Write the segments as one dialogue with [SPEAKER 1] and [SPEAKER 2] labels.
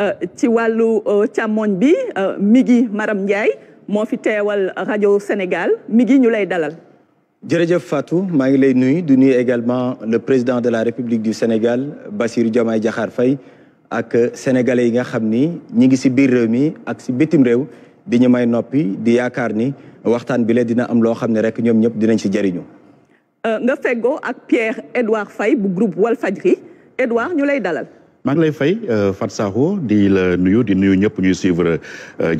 [SPEAKER 1] Euh, ci wàllu euh, càmmoñ bi euh, migi Maram Ndiaye mo fi teewal radio Sénégal migi ñu lay dalal.
[SPEAKER 2] jerejeuf Fatou ma ngi lay nuy du nuy également le président de la République du Sénégal bassir Diomaye Diakhar fay ak sénégalais yi nga xamni ñi ngi ci bir réew mi ak ci bitim réew di ñu may noppi di yaakaar ni waxtaan bi la dina am lo xamni rek ñom ñep dinañ si jëriñu.
[SPEAKER 1] nga fego ak Pierre Edouard fay bu groupe Walfadjri Edouard ñu lay dalal.
[SPEAKER 3] maa ngi lay fay Fatou Sakho di la nuyu di nuyu ñëpp ñuy suivre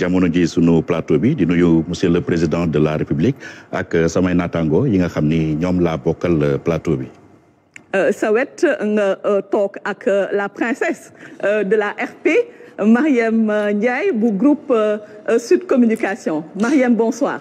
[SPEAKER 3] jamono ji sunu plateau bi di nuyu monsieur le président de la république ak samay naataango yi nga xam ni ñoom laa plateau bi.
[SPEAKER 1] Sawet nga toog ak la princesse de la RP Mariam euh, Ndiaye bu groupe euh, Sud Communication Mariam bonsoir.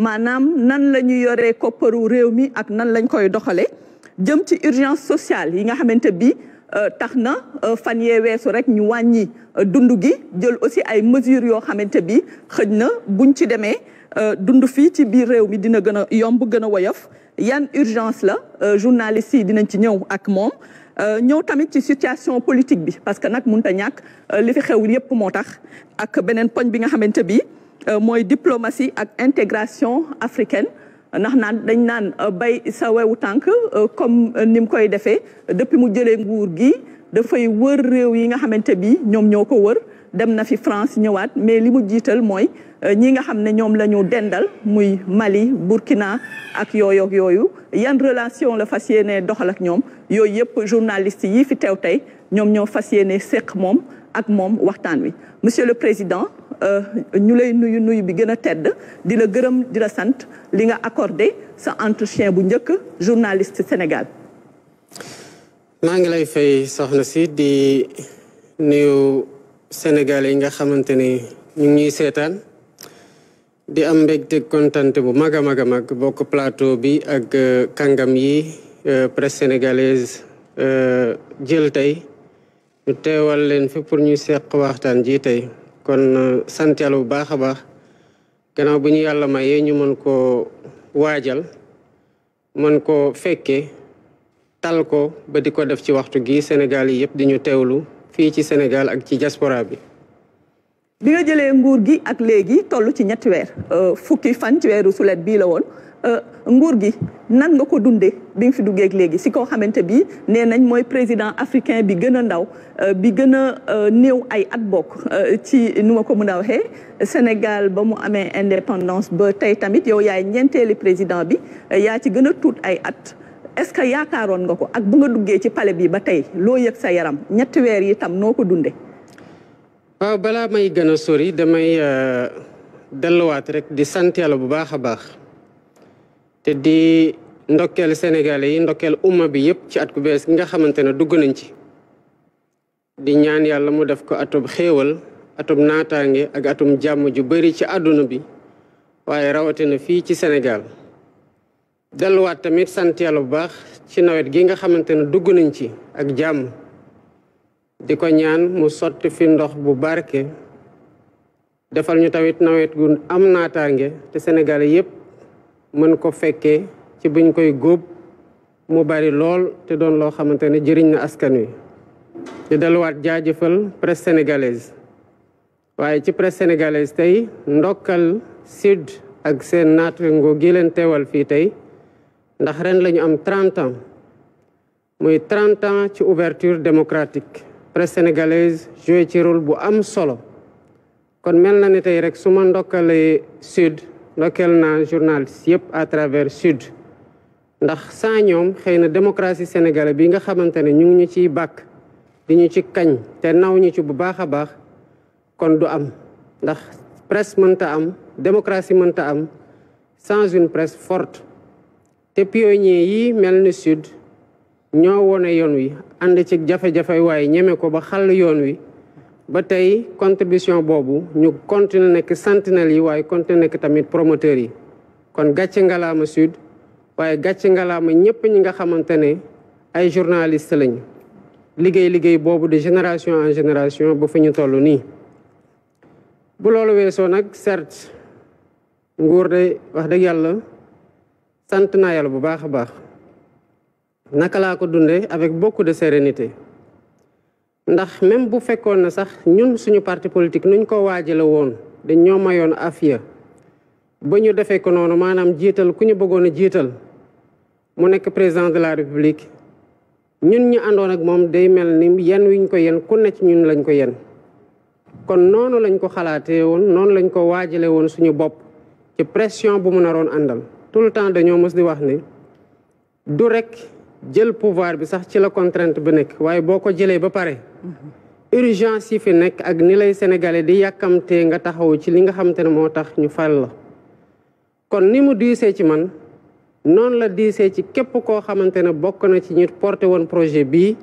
[SPEAKER 1] manam nan lañu yoré yoree kopparu réew ak nan lañ koy doxale jëm ci urgence sociale yi nga xamanté bi euh, tax na euh, fan yee rek ñu wañi euh, dundu gi jël aussi ay mesures yo xamanté bi xëj buñ ci démé dundu fi ci biir rewmi dina gëna yomb gëna woyof yan urgence la journaliste yi dinañ ci ñëw ak mom ñëw tamit ci situation politique bi parce que nak mënut a ñàkk li fi xew yépp moo tax ak benen poñ bi nga xamanté bi euh, moy diplomatie ak intégration africaine ndax naan dañ naan euh, bay sa wewu euh, comme nim koy defé depuis mu jëlee nguur gi dafay wër rew yi nga xamante bi ñom ñoko wër dem na fi France ñëwaat mais limu mu moy ñi nga xamné ñom lañu dendal muy Mali Burkina ak yooyu ak yooyu yan relation la fas doxal ak ñom yoy yep journaliste yi fi tew tay ñom ñoo fas yéene mom ak mom waxtaan wi monsieur le président Euh, ñu lay nuyu nuyu bi gën a tedd di la gërëm di la sant li nga accordé sa entretien bu njëkk journaliste Sénégal.
[SPEAKER 4] maa ngi lay fay soxna si di nuyu Sénégal yi nga xamante ni ñu ngi seetaan di am mbégte kontante bu mag a mag a mag bokk plateau bi ak euh, kàngam yi euh, presse sénégalaise jël tey ñu teewal leen fi pour ñu seq waxtaan ji tey. kon euh, sant yàlla bu baax a baax gannaaw bu ñu yàlla mayee ñu mën koo waajal mën koo fekkee tal ko ba di ko def ci waxtu gi senegal yi yëpp di ñu teewlu fii ci Sénégal ak ci diaspora bi.
[SPEAKER 1] bi nga jëlee nguur gi ak léegi toll ci ñetti weer euh, fukki fan ci weeru sulet bii la woon. Euh, nguur gi nan nga ko dundee bi nga fi duggeeg léegi si koo xamante bi nee nañ mooy président africain bi gën a ndaw euh, bi gën a euh, néew ay at bokk ci nu ma ko mën a waxee Sénégal ba mu amee indépendance ba tey tamit yow yaay ñeenteeli président bi yaa ci gën a tuut ay at est-ce que yaakaaroon nga ko ak bu nga duggee ci pale bi ba tey loo yëg sa yaram ñetti weer yi tam noo ko dundee.
[SPEAKER 4] waaw balaa may gën a sori damay delluwaat rek di sant yàlla bu baax a baax. te di ndokkel sénégalais yi ndokkel umma bi yépp ci at ku bés nga xamante dugg nañ ci di ñaan yalla mu def ko atub xéewal atub natangé ak atum jamm ju bari ci aduna bi waaye rawatina fi ci Sénégal wat tamit sant yalla bu baax ci nawet gi nga xamante ne dugg nañ ci ak jamm di ñaan mu sotti fi ndox bu barké defal ñu tamit nawet gu am natangé te sénégalais yépp mën ko fekkee ci buñ koy góob mu bari lool te doon loo xamante ne jëriñ na askan wi di delluwaat jaajëfal presse sénégalaise waaye ci presse sénégalaise tey ndokkal sud ak seen naataango gi leen teewal fii tey ndax ren la am 30 ans muy 30 ans ci ouverture démocratique presse sénégalaise joué ci rôle bu am solo kon mel na ne tey rek su ma ndokkalee sud ndokkeel naa journaliste yëpp à travers sud ndax sans ñoom xëy na démocratie sénégalaise bi nga xamante ne ñu ngi ñu ciy bàkk di ñu ci kañ te naw ñu ci bu baax a baax kon du am ndax presse mënta am démocratie mënta am sans une presse forte te pionniers yi mel ni sud ñoo wone yoon wi ànd ci jafe-jafe waaye ñeme ko ba xàll yoon wi ba tey contribution boobu ñu continuer nekk sentinelle yi waaye continuer nekk tamit promoteur yi kon gàcce ngalaama sud waaye gàcce ngalaama ñëpp ñi nga xamante ne ay journaliste lañ liggéey liggéey boobu de génération en génération ba fi ñu toll nii. bu loolu weesoo nag certes nguur de wax dëgg yàlla sant naa yàlla bu baax a baax naka laa ko dundee avec bokk de sérénité. ndax même bu fekkoon na sax ñun suñu parti politique nuñ ko waajale woon dañ ñoo mayoon afiya ba ñu defee ko noonu maanaam jiital ku ñu bëggoon a jiital mu nekk président de la république ñun ñu àndoon ak moom day mel ni yenn wiñ ko yen ku na ci ñun lañ ko yen kon noonu lañ ko xalaatee woon noonu lañ ko waajale woon suñu bopp ci pression bu mu roon àndal tout le temps dañoo mës di wax ni du rek jël pouvoir bi sax ci la contrainte bi nek waye boko jëlé ba paré urgence fi nek ak ni lay sénégalais di yakamté nga taxaw ci li nga xamanté ne tax ñu fal la kon ni mu diisee ci man non la diisee ci képp ko xamanté na bokk na ci ñu porté won projet bi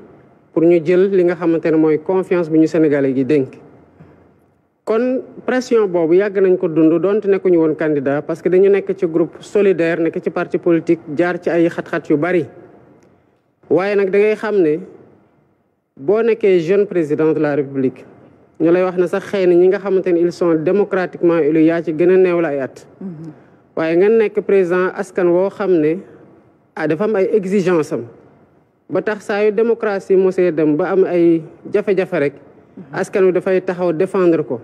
[SPEAKER 4] pour ñu jël li nga xamanté moy confiance bi ñu sénégalais gi dénk kon pression bobu yag nañ ko dund donte ñu won candidat parce que dañu nek ci groupe solidaire nek ci parti politique jaar ci ay xat-xat yu bari waaye nak da ngay xam bo boo jeune président de la république ñu lay wax ne sax xéne ñi nga xamante ils sont démocratiquement élus ya ci gëna néw la yatt mm-hmm. waye nga nekk président askan wo xamné ne ah dafa am ay exigence am ba tax sa yu démocratie mosee dem ba am ay jafé jafé rek mm-hmm. askan da fay taxaw défendre ko.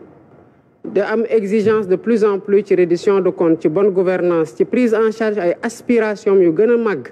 [SPEAKER 4] De am exigence de plus en plus ci reddition de compte ci bonne gouvernance ci prise en charge ay aspirations yu gëna mag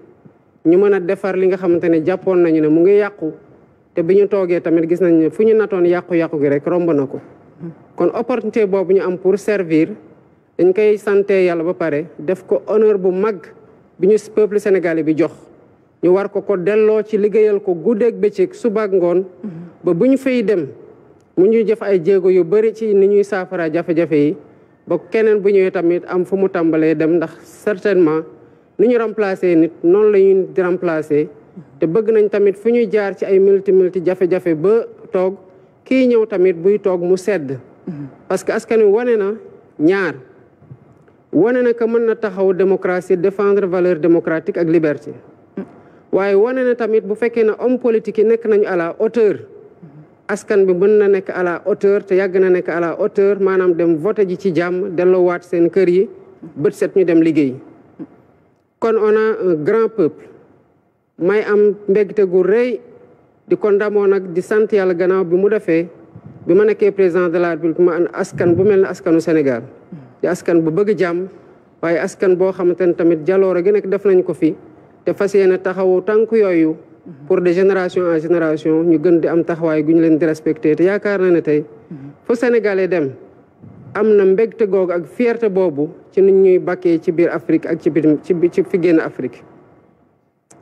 [SPEAKER 4] ñu mën a defar li nga xamante ne jàppoon nañu ne mu ngi yàqu te bi ñu toogee tamit gis nañ ne fu ñu natoon yàqu-yàqu gi rek romb na ko kon opportunité boobu ñu am pour servir dañ koy sante yàlla ba pare def ko honneur bu mag bi ñu peuple sénégalais bi jox ñu war ko ko delloo ci liggéeyal ko guddeeg bëccëg suba ak ngoon mm-hmm. ba bu ñu fay dem mu ñuy jëf ay jéego yu bëri ci ni ñuy saafara jafe-jafe yi ba keneen bu ñëwee tamit am fu mu tàmbalee dem ndax certainement ni ñu remplacer nit noonu la ñuy te bëgg nañ tamit fu ñuy jaar ci ay multi multi jafe-jafe ba toog kii ñëw tamit buy toog mu sedd parce que askan wi wane na ñaar wane na que mën na taxaw démocratie défendre valeur democratique ak liberté waaye wane na tamit bu fekkee ne om politique yi nekk nañu à la hauteur askan bi mën na nekk à la hauteur te yàgg na nekk à la hauteur maanaam dem voté ji ci jàmm delloowaat seen kër yi bët set ñu dem liggéey kon on a un grand peuple may am mbegte gu rëy di ko ndamoo nag di sant yàlla gannaaw bi mu defee bi ma nekkee président de la république ma an askan bu mel ne askanu Sénégal di askan bu bëgg jàmm waaye askan boo xamante ne tamit jaloore gi nekk def nañ ko fi te fas yéene taxawu tànk yooyu pour de génération en génération ñu gën di am taxawaay gu ñu leen di respecté te yaakaar na ne tey fu Sénégalais dem am na mbégte goog ak fierte boobu ci nu ñuy bakkee ci biir Afrique ak ci biir ci ci fi génn Afrique.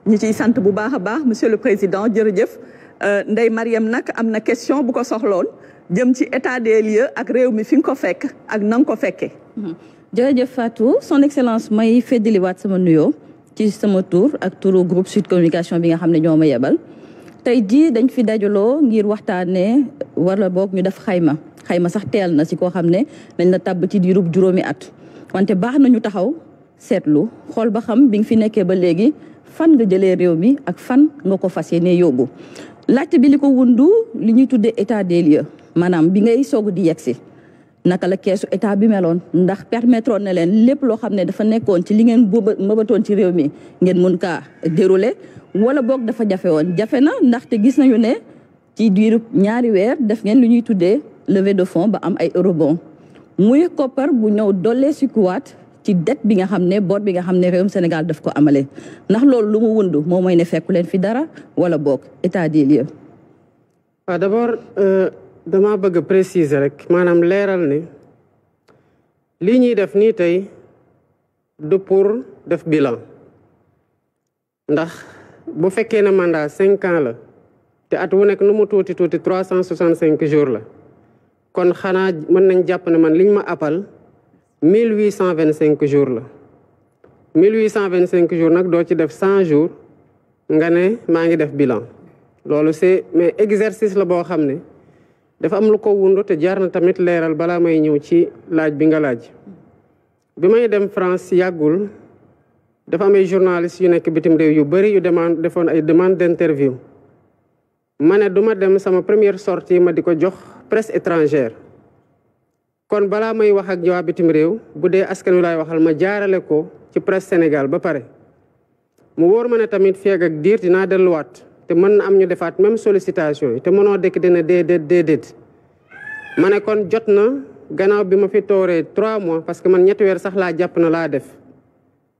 [SPEAKER 1] ñu ciy sant bu baax a baax monsieur le président jërëjëf euh, ndey Mariam nag am na question bu ko soxloon jëm ci état des lieux ak réew mi fi nga ko fekk ak na nga ko fekkee.
[SPEAKER 5] Mhm.
[SPEAKER 6] jërëjëf Fatou son excellence may feddaliwaat sama nuyoo ci sama tour ak turu groupe Sud Communication bi nga xam ne ñoo ma yebal tey jii dañ fi dajaloo ngir waxtaanee wala boog ñu def xayma. xayma sax tel na ci ko xamne lañ la tab ci diirub juromi at wante baax na ñu taxaw setlu xol ba xam biñ fi nekké ba légui fan nga jëlé réew mi ak fan nga ko fas yéenee yóbbu bi liko wundu li ñuy tuddé état des lieux manam bi ngay soog di yexsi naka la keesu état bi meloon ndax permettre na len lepp lo xamne ne dafa nekkoon ci li ngeen mabaton ci rewmi ngeen mun ka dérouler wala bok dafa jafe woon jafe na gis nañu ne ci diru ñaari weer def ngeen lu ñuy tuddé levée de fonds ba am ay eurobond muy koppar bu ñëw dollee si ci dette bi nga xam ne boot bi nga xam ne réewum Sénégal def ko amale ndax loolu lu mu wund moo moy ne fekku leen fi dara wala boog état des lieux.
[SPEAKER 4] waaw ah, d'abord euh, dama bëgg a préciser rek maanaam leeral ne lii ñuy def nii tey du pour def bilan ndax bu fekkee ne mandat cinq ans la te at wu nekk nu mu tuuti tuuti trois cent soixante cinq jours la. kon xana mën nañ japp ne man liñ ma appal 1825 jours la 1825 jours nak do ci def 100 jours nga ne ma ngi def bilan lolu c'est mais exercice la bo xamne dafa am lu ko wundu te jarna tamit leral bala may ñew ci laaj bi nga laaj bi may dem France yagul dafa am ay journalistes yu nek bitim rew yu bari yu demande defone ay demande d'interview mané duma dem sama première sortie ma diko jox presse étrangère kon balaa may wax ak jawaa bitim réew bu dee askan wi laay waxal ma jaarale ko ci presse Sénégal ba pare mu wóor ma ne tamit feeg ak diir dinaa delluwaat te mën na am ñu defaat même sollicitation yi te mënoo dëkk dina déedéet déedéet ma ne kon jot na gannaaw bi ma fi tooree trois mois parce que man ñetti weer sax laa jàpp na laa def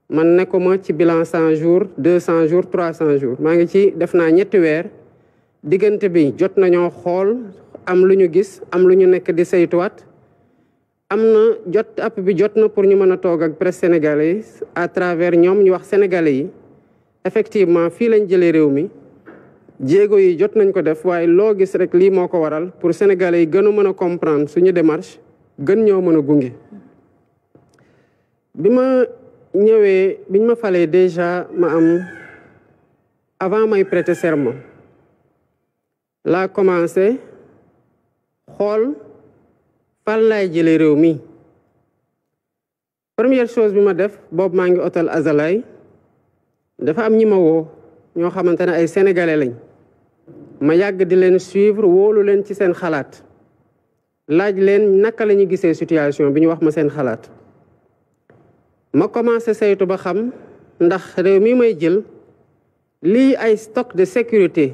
[SPEAKER 4] man nekkuma ci bilan cent jours deux cent jours trois cent jours maa ngi ci def naa ñetti weer diggante bi jot nañoo xool am lu ñu gis am lu ñu nekk di saytuwaat am na jot app bi jot na pour ñu mën a toog ak presse sénégalais yi à travers ñoom ñu wax sénégalais yi effectivement fii lañ jëlee réew mi jéego yi jot nañ ko def waaye loo gis rek lii moo ko waral pour sénégalais yi gën a mën a comprendre suñu démarche gën ñoo mën a gunge bi ma ñëwee biñ ma falee déjà ma am avant may prêter serment laa commencé xool fan laay jëlee réew mi première chose bi ma def boobu maa ngi hôtel Azalaï dafa am ñi ma ñoo xamante ne ay sénégalais lañ ma yàgg di leen suivre woolu leen ci seen xalaat laaj leen naka la gisee situation bi ñu wax ma seen xalaat ma commencé saytu ba xam ndax réew mi may jël lii ay stock de sécurité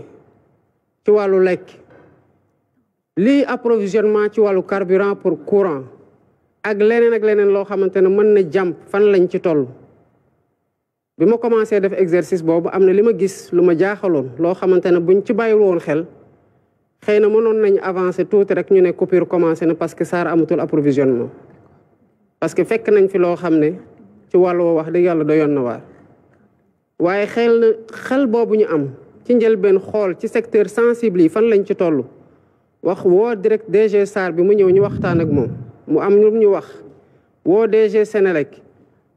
[SPEAKER 4] ci wàllu lekk lii approvisionnement ci wàllu carburant pour courant ak leneen ak leneen loo xamante ne mën na jàmp fan lañ ci toll bi ma commencé def exercice boobu am na li ma gis lu ma jaaxaloon loo xamante ne buñ ci bàyyiwul woon xel xëy na mënoon nañ avancer tuuti rek ñu ne coupure commencé na parce que SAR amatul approvisionnement parce que fekk nañ fi loo xam ne ci wàllu wax dëgg yàlla doyoon na waar waaye xel na xel boobu ñu am ci njëlbeen xool ci secteur sensible yi fan lañ ci toll wax wo direct DG Sar bi mu ñew ñu waxtaan ak mom mu am ñu ñu wax wo DG Senelec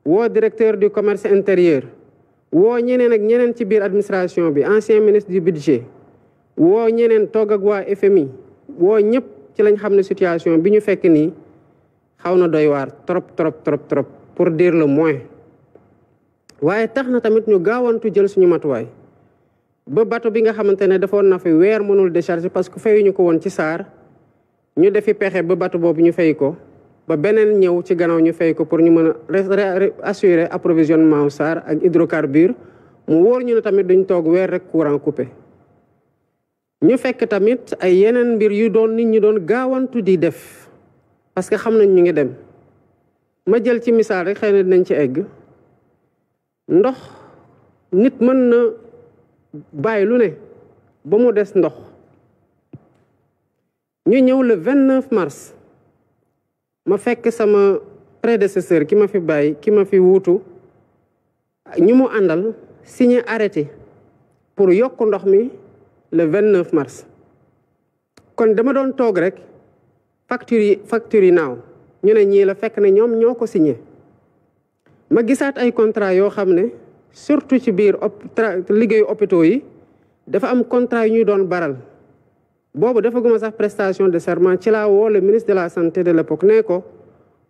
[SPEAKER 4] wo directeur du commerce intérieur wo ñeneen ak ñeneen ci biir administration bi ancien ministre du budget wo ñeneen togg ak wa FMI wo ñep ci lañ xamne situation bi ñu fekk ni xawna doy war trop trop trop trop pour dire le moins waye taxna tamit ñu gawantu jël suñu matuway ba bateau bi nga xamantene ne defoon na fi weer mënul décharger parce que fayuñu ko won ci sar ñu defi pexé ba bateau bobu ñu fay ko ba benen ñew ci gannaaw ñu fay ko pour ñu mëna assurer approvisionnement wu ak hydrocarbure mu wor ñu tamit duñ tok weer rek courant coupé ñu fekk tamit ay yenen bir yu doon nit ñi doon gaawantu di def parce que xamnañ ñu ngi dem ma jël ci misal rek xeyna dinañ ci egg ndox nit mën na bàyyi lu ne ba mu des ndox ñu ñëw le 29 mars ma fekk sama prédécesseur ki ma fi bàyyi ki ma fi wutu ñu mu àndal signé arrêté pour yokk ndox mi le 29 mars kon dama doon toog rek facture yi facture yi naaw ñu ne ñii la fekk ne ñoom ñoo ko signé ma gisaat ay contrat yoo xam ne surtout ci biir liggéeyu hôpitaux yi dafa am contrat yu ñuy doon baral boobu dafa guma sax prestation de serment ci laa woole ministre de la santé de l'époque nee ko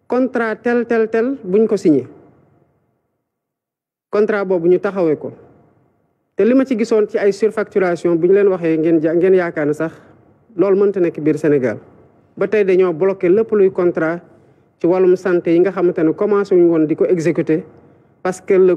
[SPEAKER 4] contrat tel tel tel buñ ko signé contrat boobu ñu taxawee ko te li ma ci gisoon ci ay surfacturation bu ñu leen waxee ngeen ja ngeen yaakaar ne sax loolu mënta nekk biir Sénégal ba tey dañoo bloqué lépp luy contrat ci wàllum santé yi nga xamante ne commencé wuñu woon di ko exécuter parce que le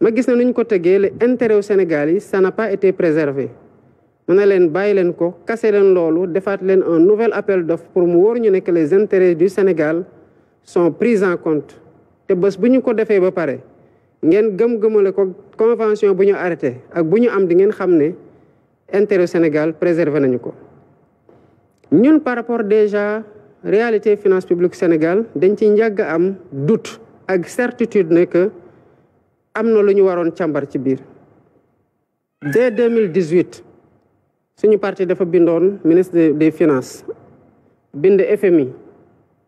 [SPEAKER 4] ma gis na nu ñu ko tegee le intérêt Sénégal yi ça n'a pas été préservé mu ne leen bàyyi leen ko kase leen loolu defaat leen un nouvel appel d'offres pour mu wóor ñu ne que les intérêts du Sénégal sont pris en compte te bés bu ñu ko defee ba pare ngeen gëm-gëmale ko convention bu ñu arrêté ak bu ñu am di ngeen xam ne intérêt Sénégal préservé nañu ko ñun par rapport déjà réalité finance publique Sénégal dañ ci njàgg am doute ak certitude ne que am na lu ñu waroon càmbar ci biir dès 2018 suñu parti dafa bindoon ministre des finance bind FMI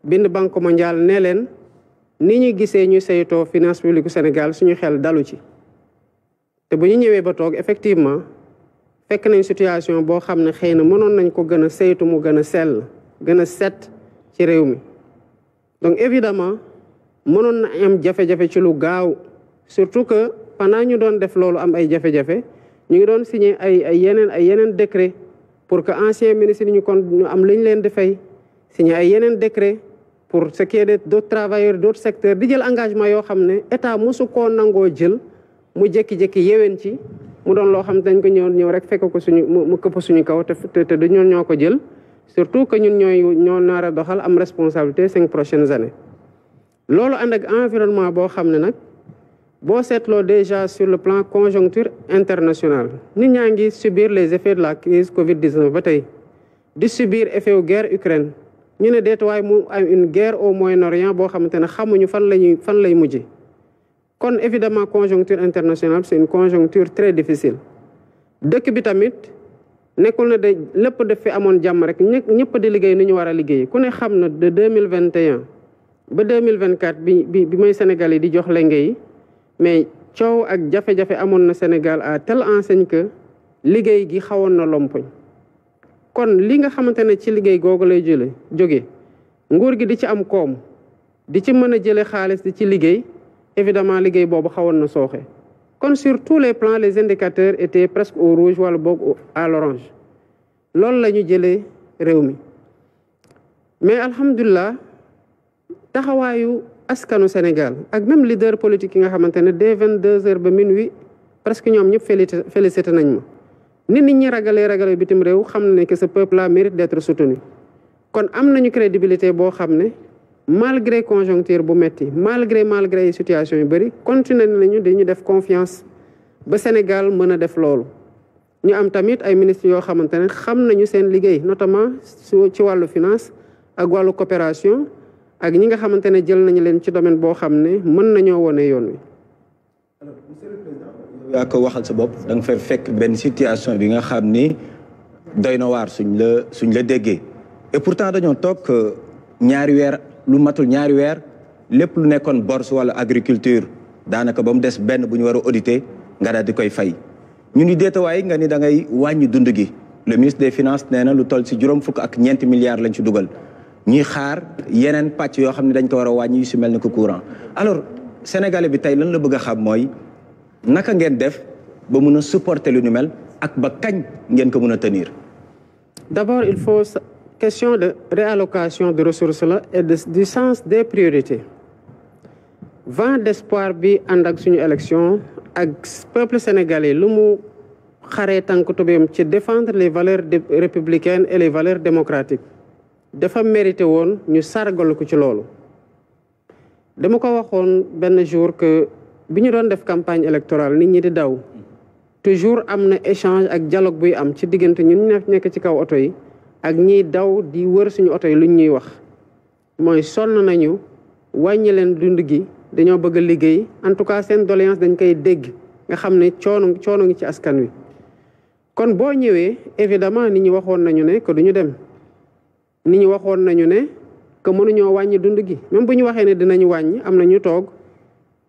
[SPEAKER 4] bind banque mondiale ne leen ni ñu gisee ñu saytoo finance publique u Sénégal suñu xel dalu ci te bu ñu ñëwee ba toog effectivement fekk nañ situation boo xam ne xëy na mënoon nañ ko gën a saytu mu gën a sell gën a set ci réew mi donc évidemment mënoon na am jafe-jafe ci lu gaaw surtout que pendant ñu nous def lolu am ay nous jafé ñu ngi signé ay décret pour que ancien ministre ñu décret pour ce qui est d'autres travailleurs d'autres secteurs jël engagement yo état jël mu ci mu xam dañ surtout que ñun ñoo doxal am responsabilité cinq prochaines années lolu and ak environnement boo seetloo déjà sur le plan conjoncture internationale nit ngi subir les effets de la crise Covid-19 De di subir effet de guerre Ukraine ñu ne mu une guerre au Moyen-Orient boo xamante ne xamuñu fan lañuy fan lay mujj kon évidemment conjoncture internationale c'est une conjoncture très difficile dëkk bi tamit nekkul na de lépp daf fi amoon jàmm rek ñëpp di liggéey ni ñu war a liggéey ku ne xam na de 2021 ba 2024 bi bi bi may Sénégalais. di jox yi mais coow ak jafe-jafe amoon na Sénégal à telle enseigne que liggéey gi xawoon na lompoñ kon li nga xamante ne ci liggéey googu lay jële jóge nguur gi di ci am koom di ci mën a jële xaalis di ci liggéey évidemment liggéey boobu xawoon na sooxe kon surtout les plans les indicateurs étaient presque au rouge wala boog à l'orange loolu la ñu jëlee réew mi mais alhamdulilah taxawaayu askanu Sénégal ak même leader politique yi nga xamantene ne dès vingt heures ba minuit presque ñom ñëpp félicité félicité nañ ma ni nit ñi ragalé ragalé bitim réew xam ne que ce peuple là mérite d'être soutenu kon am nañu crédibilité bo xamné malgré conjoncture bu metti malgré malgré situation yu bari continuer nañu di def confiance ba Sénégal mën def loolu ñu am tamit ay ministres yo xamantene xam nañu seen liggéey notamment ci walu finance ak walu coopération ak ñi nga xamantene jël nañu leen ci domaine bo xamne mën nañu woné yoon wi
[SPEAKER 2] ya ko waxal sa bop da nga fay fekk ben situation bi nga xamni doyna war suñ la suñ la déggé et pourtant dañu tok euh, ñaari weer lu matul ñaari weer lepp lu nekkon bourse wala agriculture danaka bam dess ben buñu wara auditer nga dal di koy fay ñu ni déta way nga ni da ngay wàññi dund gi le ministre des finances néna lu toll ci juroom fuk ak ñent milliards lañ ci duggal Nous xaar yeneen pàcc yoo xam dañ ko wara a wàññi yu ko courant alors sénégalais bi tay lan la bëgg xam moy naka ngeen def ba mëna supporter lu ñu mel ak ba kañ ngeen ko mëna tenir.
[SPEAKER 4] d'abord il faut question de réallocation de ressources là et du sens des priorités vent d'espoir bi ànd ak suñu élection ak peuple sénégalais lu mu xaré tànk tubéem ci défendre les valeurs républicaines et les valeurs démocratiques. dafa mérité woon ñu sargal ko ci loolu dama ko waxoon benn jour que bi ñu doon def campagne électorale nit ñi di daw toujours am na échange ak dialogue buy am ci diggante ñun ñu nekk ci kaw oto yi ak ñiy daw di wër suñu oto yi luñ ñuy wax mooy sonn nañu wàññi leen dund gi dañoo bëgg liggéey en tout cas seen doléance dañ koy dégg nga xam ne coono coono ngi ci askan wi kon boo ñëwee évidemment nit ñi waxoon nañu ne que duñu dem nit ñi waxoon nañu ne que mënuñoo wàññi dund gi même bu ñu waxee ne dinañu wàññi am na ñu toog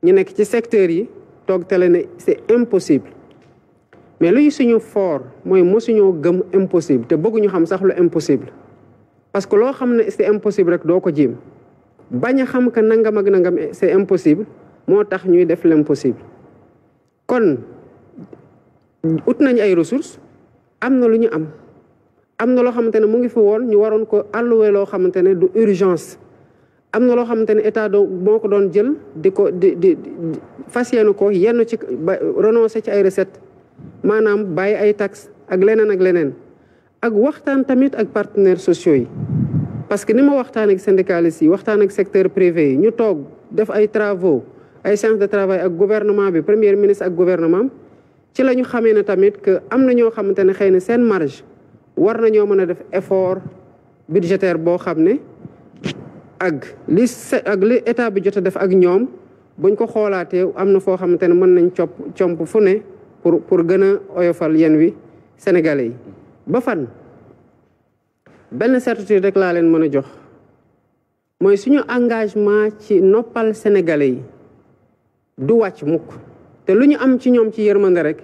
[SPEAKER 4] ñu nekk ci secteur yi toog tele ne c'est impossible mais luy suñu fort mooy mosuñoo gëm impossible te bëgguñu xam sax lu impossible parce que loo xam ne c'est impossible rek doo ko jéem bañ a xam que nangam ak nangam c'est impossible moo tax ñuy def l'impossible kon ut nañ ay ressources am na lu ñu am am na loo xamante ne mu ngi fi woon ñu waroon ko alloué loo xamante ne du urgence am na loo xamante ne état do moo ko doon jël di ko di di fas yéene ko yenn ci ba renoncé ci ay recette maanaam bàyyi ay tax ak leneen ak leneen ak waxtaan tamit ak partenaires sociaux yi parce que ni ma waxtaan ak syndicalistes yi waxtaan ak secteur privé yi ñu toog def ay travaux ay séance de travail ak bi premier ministre ak gouvernement ci la ñu xamee ne tamit que na ñoo xamante ne xëy na seen marge war nañoo mën a def effort budgétaire boo xam ne ak li état bi jot a def ak ñoom buñ ko xoolaatee am na foo xamante ne mën nañ copp comp fu ne pour pour gën a oyofal yéen wi sénégalais yi ba fan benn certitude rek laa leen mën a jox mooy suñu engagement ci noppal sénégalais yi du wàcc mukk te lu ñu am ci ñoom ci yërmande rek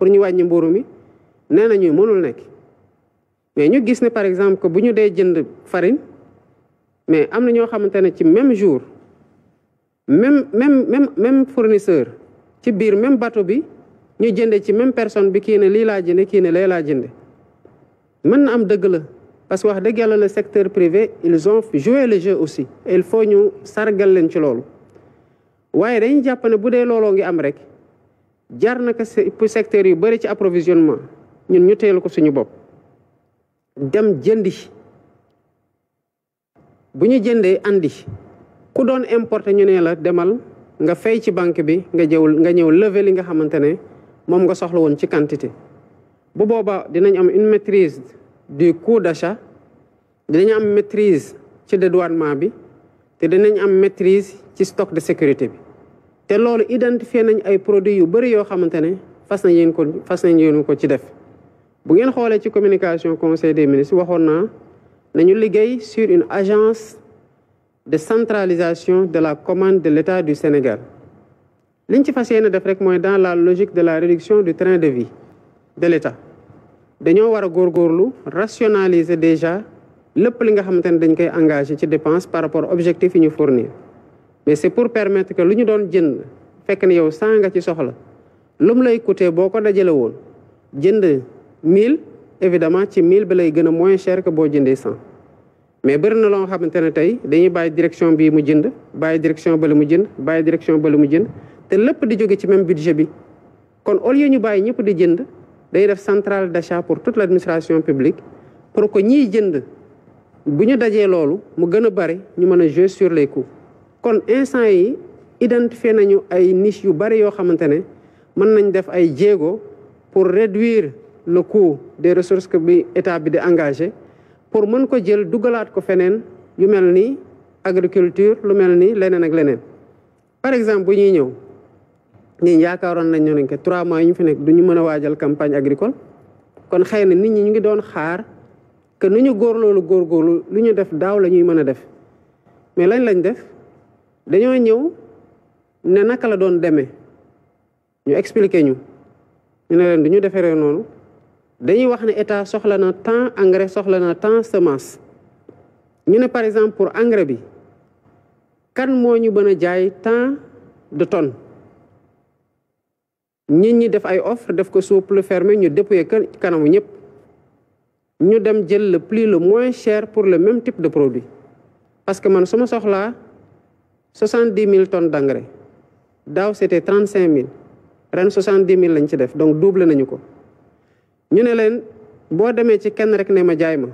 [SPEAKER 4] pour ñu mënul nek mais ñu gis par exemple que nous nous jënd farine mais même jour même même même même fournisseur ci même bateau bi ñu jëndé ci même personne bi ne avons Nous, ne parce que wax le secteur privé ils ont joué le jeu aussi il faut ñu sargal ci nous ngi am jar na ko secteur yu bëri ci approvisionnement ñun ñu teelu ko suñu bop dem jëndi bu ñu andi ku doon importer ñu la demal nga fay ci banque bi nga jëwul nga ñëw lever li nga xamantene mom nga soxla won ci quantité bu boba dinañ am une maîtrise du coût d'achat dinañ am maîtrise ci dédouanement bi té dinañ am maîtrise ci stock de sécurité bi et loolu identifier nañ ay produits yu bëri yoo xamante ne fas nañ yéen ko fas nañ yéen ko ci def bu conseil des ministres nous naa nañu sur une agence de centralisation de la commande de l'État du Sénégal liñ ci fas dans la logique de la réduction du train de vie de l'État Nous avons a rationaliser déjà lépp li nga xamante ne dañ koy engagé par rapport objectifs yi ñu fournir mais c'est pour permettre que lu ñu doon jënd fekk ne yow cent nga ci soxla lu lay coûter boo ko dajalee woon jënd mille évidemment ci mille bi lay gën a moins cher que boo jëndee cent mais bëri na loo xamante ne tey dañuy bàyyi direction bii mu jënd bàyyi direction bale mu jënd bàyyi direction bale mu jënd te lépp di jóge ci même budget bi kon au lieu ñu bàyyi ñëpp di jënd day def centrale d'achat pour toute l'administration publique pour que ñiy jënd bu ñu dajee loolu mu gën a bari ñu mën a jouer sur kon instant yi identifier nañu ay niche yu bari yoo xamante ne mën nañ def ay jéego pour réduire le coût des ressources que bi état bi de engagé pour mën ko jël dugalaat ko feneen yu mel nii agriculture lu mel ni leneen ak leneen par exemple bu ñuy ñëw ñun yaakaaroon nañ ne que trois mois yu ñu fi nekk du ñu mën a waajal campagne agricole kon xëy na nit ñi ñu ngi doon xaar que nu ñu góor góor góorgóorlu lu ñu def daaw la ñuy mën a def mais lañ lañ def dañoo ñëw ne naka la doon demee ñu expliquer ñu ñu ne leen du ñu deferee noonu dañuy wax ne état soxla na tant engrais soxla na tant semence ñu ne par exemple pour engrais bi kan moo ñu mën a jaay tant de tonne nit ñi def ay offre def ko sous fermé ñu kan kanamu ñëpp ñu dem jël le plus le moins cher pour le même type de produit parce que man suma soxlaa soixante-dix mille tonnes d'engrais daaw c'était trente-cinq mille ren soixante-dix mille lañ ci def donc double nañu ko ñu ne leen boo demee ci kenn rek ne ma jaay ma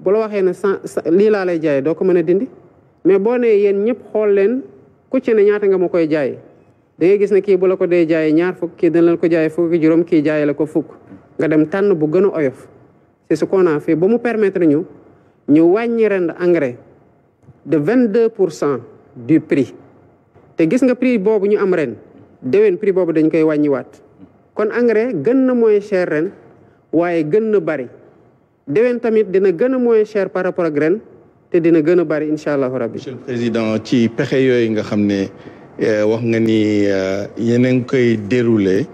[SPEAKER 4] bu la waxee ne cent lii laa lay jaayee doo ko mën a dindi mais boo nee yéen ñëpp xool leen ku ci ne ñaata nga ma koy jaay da ngay gis ne kii bu la ko dee jaayee ñaar fukk kii dina la ko jaayee fukk ki juróom kii jaayee la ko fukk nga dem tànn bu gën a oyof c'est ce qu'on a ba mu permettre ñu ñu wàññi ren engrais de 22 pour cent du prix te gis nga prix bobu ñu am ren déwén prix bobu dañ koy wat. kon engrais gën na moins cher ren waaye gën na bari déwén tamit dina gën na moins cher par rapport ak ren te dina gën na bari inshallah rabbi. monsieur le
[SPEAKER 7] président ci pexé yoy nga xamné eh, wax nga ni eh, yeneen koy dérouler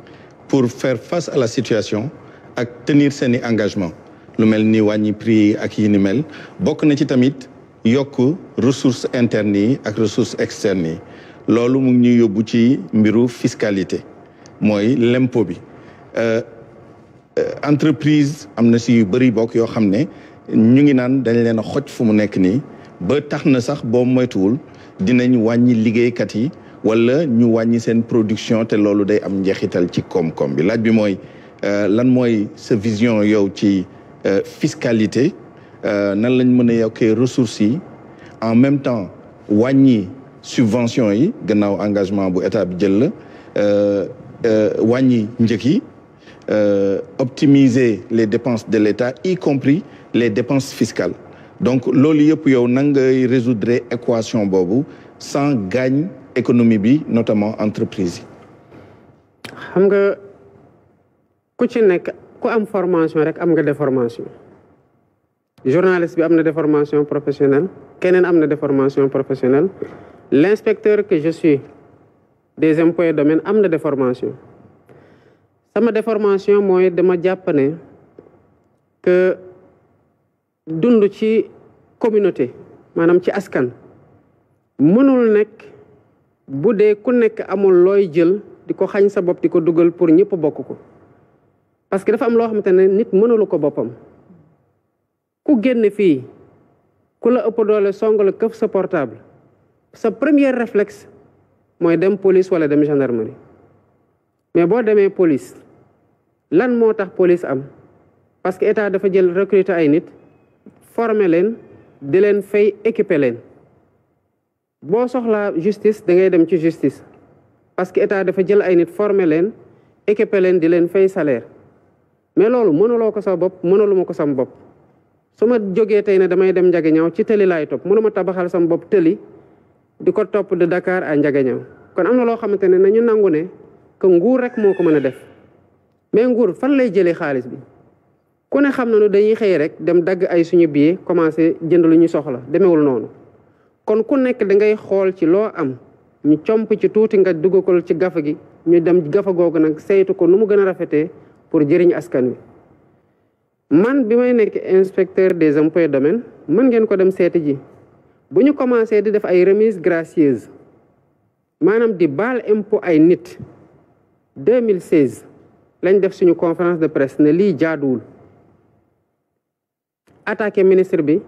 [SPEAKER 7] pour faire face à la situation ak tenir ses engagement lu mel ni wañi prix ak yini mel bok na ci tamit. yokk ressource internes yi ak ressources externes yi loolu mu ngi ñuy yóbbu ci mbiru fiscalité mooy lempo bi euh, euh, entreprise am na si yu bëri bokk yoo xam ne ñu ngi naan dañ leen a xoj fu mu nekk nii ba tax na sax boo moytuwul dinañ wàññi liggéeykat yi wala ñu wàññi seen production te loolu day am njeexital ci koom-koom bi laaj bi mooy euh, lan mooy sa vision yow ci fiscalité Euh, nan lañ mëna a yokkee ressources yi en même temps wañi subvention yi gannaaw engagement bu état bi jël euh, euh wañi njëg yi euh, optimiser les dépenses de l'État y compris les dépenses fiscales donc loolu yëpp yow nan ngay résoudre équation bobu sans gagne économie bi notamment entreprise
[SPEAKER 4] xam nga ku ci nekk ku am formation rek am nga déformation journaliste bi amna na déformation professionnelle kenen amna na déformation professionnelle l'inspecteur que je suis des impôts et amna am déformation sama déformation moy dama japp ne que dund ci communauté manam ci askan mënul nek bu ku nek amul loy jël di xagn sa bop di duggal dugal pour ñepp bokku ko parce que dafa am lo xamantene nit mënul ko bopam ku génn fii ku la ëpp doole song la këf sa portable sa premier réflexe mooy dem police wala dem gendarmerie mais boo demee police lan moo tax police am parce que état dafa jël recruter ay nit former leen di leen fay équiper leen boo soxlaa justice da ngay dem ci justice parce que état dafa jël ay nit former leen équiper leen di leen fay salaire mais loolu mënuloo sa bopp mënuluma ko sam bopp su ma jógee tey ne damay dem Ndiaganiao ci tëli laay topp mënuma tabaxal sama bopp tëli di ko topp de Dakar à Ndiaganiao kon am na loo xamante ne nañu nangu ne que nguur rek moo ko mën a def mais nguur fan lay jëlee xaalis bi ku ne xam na nañu dañuy xëy rek dem dagg ay suñu billet commencé jënd lu ñu soxla demewul noonu kon ku nekk da ngay xool ci loo am ñu comp ci tuuti nga dugg ko ci gafa gi ñu dem gafa googu nag saytu ko nu mu gën a rafetee pour jëriñ askan wi man bi may nekk inspecteur des impôts et domaines mën ngeen ko dem seeti ji bu ñu commencé di def ay remise gracieuse maanaam di baal impôt ay nit 2016 lañ def suñu conférence de presse ne lii jaaduwul attaqué ministre bi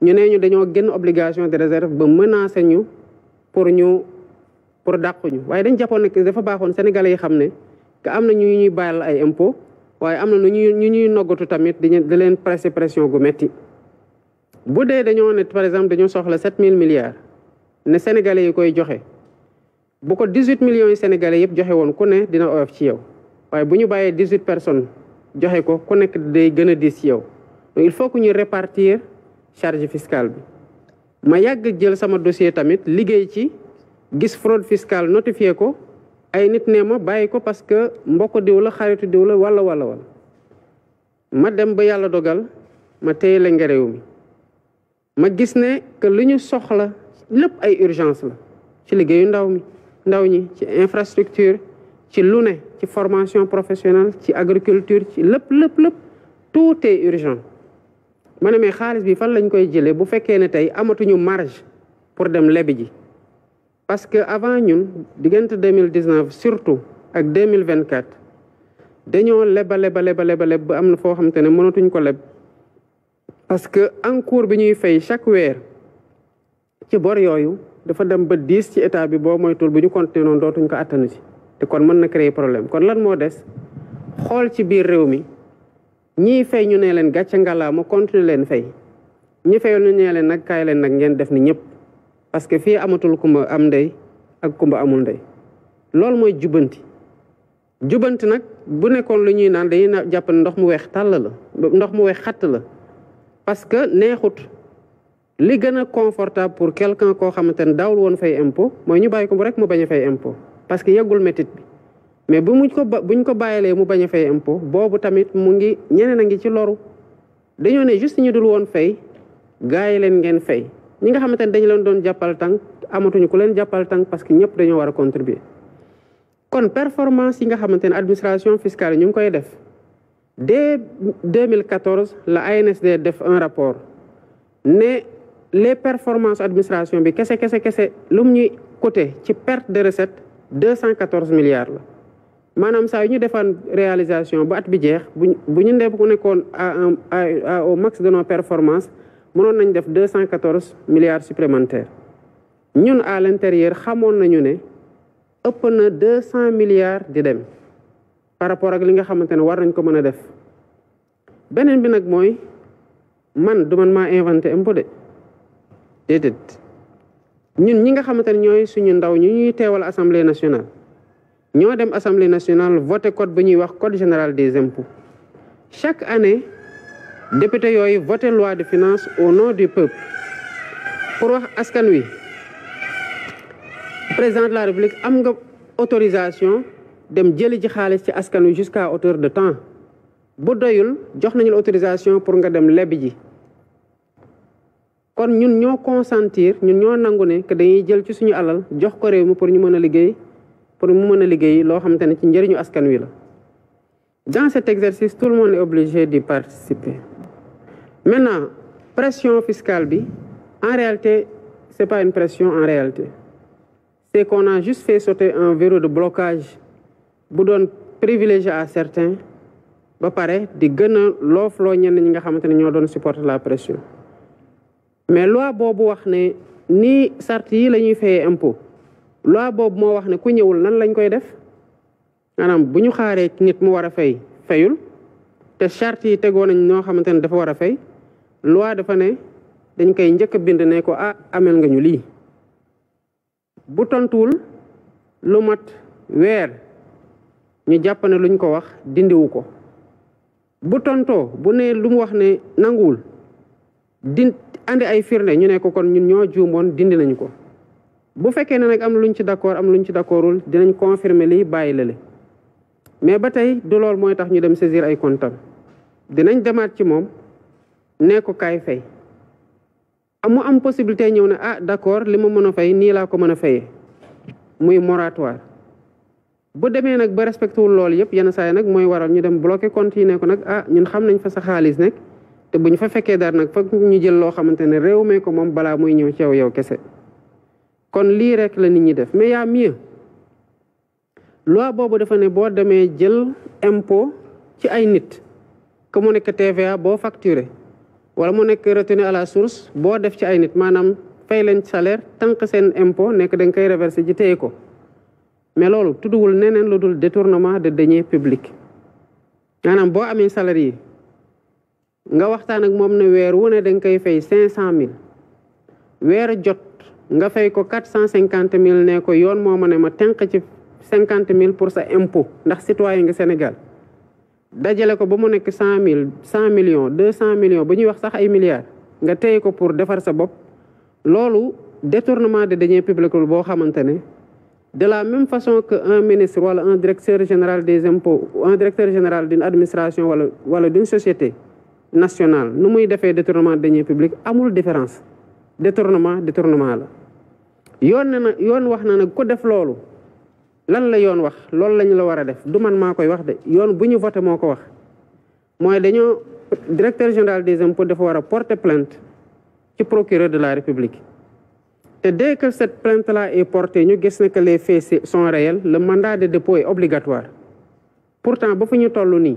[SPEAKER 4] ñu ne ñu dañoo génn obligation de réserve ba menacé ñu pour ñu pour dàqu ñu waaye dañ jàppoon ne dafa baaxoon sénégalais yi xam ne que am na ñu ñuy baal ay impôt waaye am na lu ñuy ñu ñuy noggatu tamit di di leen pressé pression gu métti bu dee dañoo ne par exemple dañoo soxla sept mille milliards ne sénégalais yi koy joxe bu ko dix huit millions yi sénégalais yëpp joxe woon ku ne dina oyof ci yow waaye bu ñu bàyyee dix huit personnes joxe ko ku nekk day gën a diis ci yow donc il foo que ñuy répartir charge fiscale bi. ma yàgg jël sama dossier tamit liggéey ci gis fraude fiscale notifié ko. ay nit ne ma bàyyi ko parce que mbokk diw xaritu diw la wala wala wala ma dem ba yàlla dogal ma téye la ngerew mi ma gis ne que lu ñu soxla lépp ay urgence la ci liggéeyu ndaw mi ndaw ñi ci infrastructure ci lu ne ci formation professionnelle ci agriculture ci lépp lépp lépp tout est urgent ma ne mais xaalis bi fan lañ koy jëlee bu fekkee ne tey amatuñu marge pour dem lebi ji parce que avant ñun diggante deux mille dix neuf surtout ak deux mille vingt quatre dañoo leba leba leba leba leb ba am na foo xamante ne mënatuñ ko leb parce que encours bi ñuy fay chaque weer ci bor yooyu dafa dem bët dix ci état bi boo moytul bu ñu continué noonu dootuñ ko attanu ci te kon mën na créer problème kon lan moo des xool ci biir réew mi ñii fay ñu nee leen gàcce ngalaa ma continuer leen fay ñi fayoon ñu ne leen nag kaay leen nag ngeen def ni ñëpp parce que fii amatul kumba am ndey ak kumba amul ndey loolu mooy jubbanti jubbanti nag bu nekkoon lu ñuy naan dañuy na ndox mu weex tàll la ndox mu weex xat la parce que neexut li gën a confortable pour quelqu'un koo xamante ne daawul woon fay impôt mooy ñu bàyyi ko rek mu bañ a fay impôt que yeggul métit bi mais bu mu ko buñ ko bàyyilee mu bañ a fay impôt boobu tamit mu ngi ñeneen a ngi ci loru dañoo ne juste ñu dul woon fay gars yi leen ngeen fay ñi nga xamantene dañ leen doon jàppal tànk amatuñu ku leen jappal tank parce que ñepp dañu wara contribuer kon performance yi nga xamantene administration fiscale ñu ngi koy def dès 2014 la ANSD def un rapport ne les performances administration bi kese kese kese lum ñuy côté ci perte de recette 214 milliards la manam sa ñu defan réalisation bu at bi jeex bu ñu nekkoon à au max de nos performances mënoon nañ def 214 milliards supplémentaires ñun à l'intérieur xamoon nañu ne ëpp na 200 milliards di dem par rapport ak li nga xamante ne war nañ ko mën a def beneen bi nag mooy man du man maa inventé impôt de déedéet ñun ñi nga xamante ne ñooy suñu ndaw ñu ñuy teewal assemblée nationale ñoo dem assemblée nationale voté code bu ñuy wax code général des impôts chaque année député yoy voté loi de finances au nom du peuple pour wax askan wi président de la république am nga autorisation dem jëli ci xaalis ci askan wi jusqu'à hauteur de temps bu doyul jox nañu autorisation pour nga dem leb ji kon ñun ñoo consentir ñun ñoo nangu ne que dañuy jël ci suñu alal jox ko réew mi pour ñu mën a liggéey pour mu mën a liggéey loo xamante ne ci njëriñu askan wi la dans cet exercice, tout le monde est obligé de participer. Maintenant, pression fiscale, en réalité, ce n'est pas une pression en réalité. C'est qu'on a juste fait sauter un verrou de blocage pour donner privilège à certains, ba pareil, di gën a l'offre ñenn ñi nga supporter la pression mais loi boobu wax sorti ni sart yi la loi Bobo, moo wax ne ku ñëwul nan lañ maanaam bu ñu xaaree nit mu war a fay fayul te charte yi tegoo nañ ñoo xamante ne dafa war a fay loi dafa ne dañ koy njëkk a bind ne ko ah amel nga ñu lii bu tontuwul lu mat weer ñu jàpp ne luñ ko wax dindiwu ko bu tontoo bu nee lu mu wax ne nanguwul din andi ay firnde ñu ne ko kon ñun ñoo juumoon dindi nañ ko bu fekkee ne nag am luñ ci d'accord am luñ ci d'accordul dinañ confirmer lii bàyyi lale mais ba tey du loolu mooy tax ñu dem saisir ay comptes dinañ demaat ci moom nee ko kaay fay amu am possibilité ñëw ne ah d'accord li ma mën a fay nii laa ko mën a fayee muy moratoire bu demee nag ba respecté wul loolu yëpp yenn saa nag mooy waral ñu dem bloqué compte yi ne ko nag ah ñun xam nañ fa sa xaalis nekk te bu ñu fa fekkee dara nag foog ñu jël loo xamante ne réew mee ko moom balaa muy ñëw ci yow kese kon lii rek la nit ñi def mais yaa mieux loi boobu dafa ne boo demee jël impôt ci ay nit que mu nekk TVA boo facturé wala mu nekk retenu à la source boo def ci ay nit maanaam fay leen salaire tanq seen impôt nekk da nga koy reversé ji téye ko mais loolu tudduwul neneen lu dul détournement de deniers publics maanaam boo amee salaire yi nga waxtaan ak moom ne weer wu ne da nga koy fay cinq cent mille weer jot nga fay ko quatre cent cinquante mille ne ko yoon moo ma ne ma tenq ci cinquante 000 pour sa impôt ndax citoyen nga Sénégal dajalé ko ba mu nekk 100 000 cent millions 200 millions bañuy wax sax ay milliards nga téye ko pour défar sa bop lolu détournement de deniers publics bo xamantene de la même façon que un ministre wala un directeur général des impôts ou un directeur général d'une administration wala wala d'une société nationale nu muy défé détournement de deniers publics amul différence détournement détournement la yon na yon wax na nag ko def loolu lan la yoon wax loolu lañ la war a def du man maa koy wax de yoon bu ñu voté moo ko wax mooy dañoo directeur général des impôts dafa war porter plainte ci procureur de la république te dès que cette plainte là est portée ñu gis que les faits sont réels le mandat de dépôt est obligatoire pourtant ba nous ñu toll nii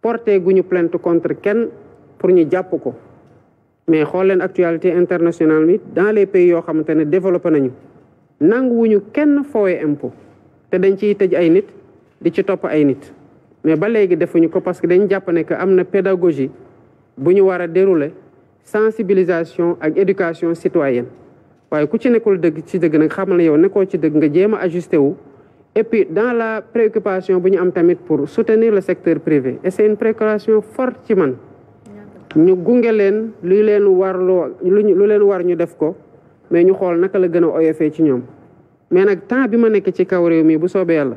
[SPEAKER 4] porté plainte contre kenn pour ñu jàpp ko mais xool leen actualité internationale dans les pays yoo nous ne développé pas nanguwuñu kenn foowe impôt te dañ ciy tëj ay nit di ci topp ay nit mais ba léegi defuñu ko parce que dañ jàpp ne que am na pédagogie bu ñu war a dérouler sensibilisation ak éducation citoyenne waaye ku ci nekkul dëgg ci dëgg nag xamal yow nekkoo ci dëgg nga jéem a ajusté wu et puis dans la préoccupation bu ñu am tamit pour soutenir le secteur privé et c'est une préoccupation forte ci man ñu gunge leen luy leen war loo lu leen war ñu def ko mais ñu xool naka la gën a oyofee ci ñoom mais nag temps bi ma nekk ci kaw réew mii bu soobee yàlla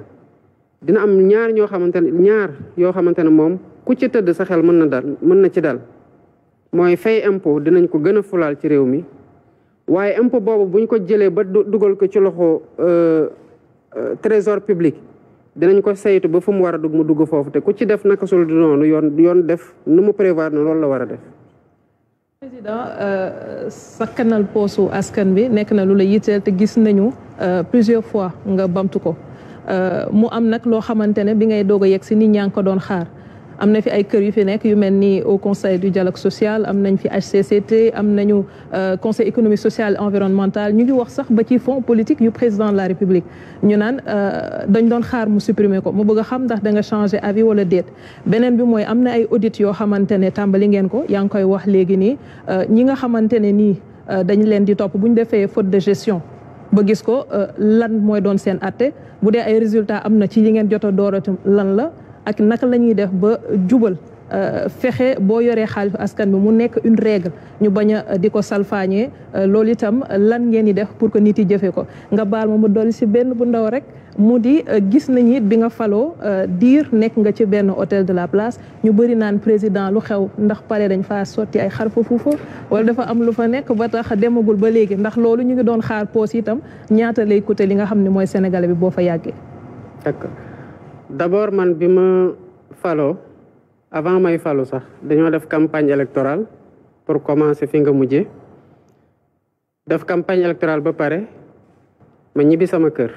[SPEAKER 4] dina am ñaar ñoo xamante ne ñaar yoo xamante ne moom ku ci tëdd sa xel mën na dal mën na ci dal mooy fay impôt dinañ ko gën a fulaal ci réew mi waaye impôt boobu buñ ko jëlee ba dugal ko ci loxo euh, euh, trésor public dinañ ko saytu ba fu mu war a dugg mu dugg foofu te ku ci def naka sul noonu yoon yoon def nu mu prévoir na loolu la war a def
[SPEAKER 8] président euh, sakkanal poosu askan bi nekk na lu la yitteel te gis nañu euh, plusieurs fois nga bamtu ko euh, mu am nag loo xamante ne bi ngay dog a yegg si nit ñaa ngi ko doon xaar am na fi ay kër yu fi nekk yu mel ni au conseil du dialogue social am nañ fi HCCT am nañu euh, conseil économie sociale environnemental ñu ngi wax sax ba ci fonds politique yu président de la république ñu naan euh, dañ doon xaar mu supprimer ko mu bëgg a xam ndax da nga changer avis wala déet beneen bi mooy am na ay audit yoo xamante ne tàmbali ngeen ko yaa ngi koy wax léegi nii euh, ñi nga xamante ne nii dañ leen di topp bu ñu defee faute de gestion ba gis ko lan mooy doon seen atte bu dee ay résultats am na ci yi ngeen jot a dooratu lan la ak naka lañuy def ba jubal euh, fexe boo yoree xaalisu askan bi mu nekk une règle ñu bañ a euh, di ko salfaañee euh, loolu itam lan ngeen di def pour que nit yi jëfe ko nga baal ma mu dolli si benn bu ndaw rek mu di gis nañu it bi nga faloo diir nekk nga ci benn hôtel de la place ñu bëri naan président lu xew ndax pare dañ fa sotti ay xar fa fuufa wala dafa am lu fa nekk ba tax demagul ba léegi ndax loolu ñu ngi doon xaar poos itam ñaata lay coûter li nga xam ne mooy sénégalais bi boo fa yàggee
[SPEAKER 4] d'abord man bima falo avant may falo sax dañu def campagne électorale pour commencer fi nga mujjé def campagne électorale ba pare ma ñibi sama kër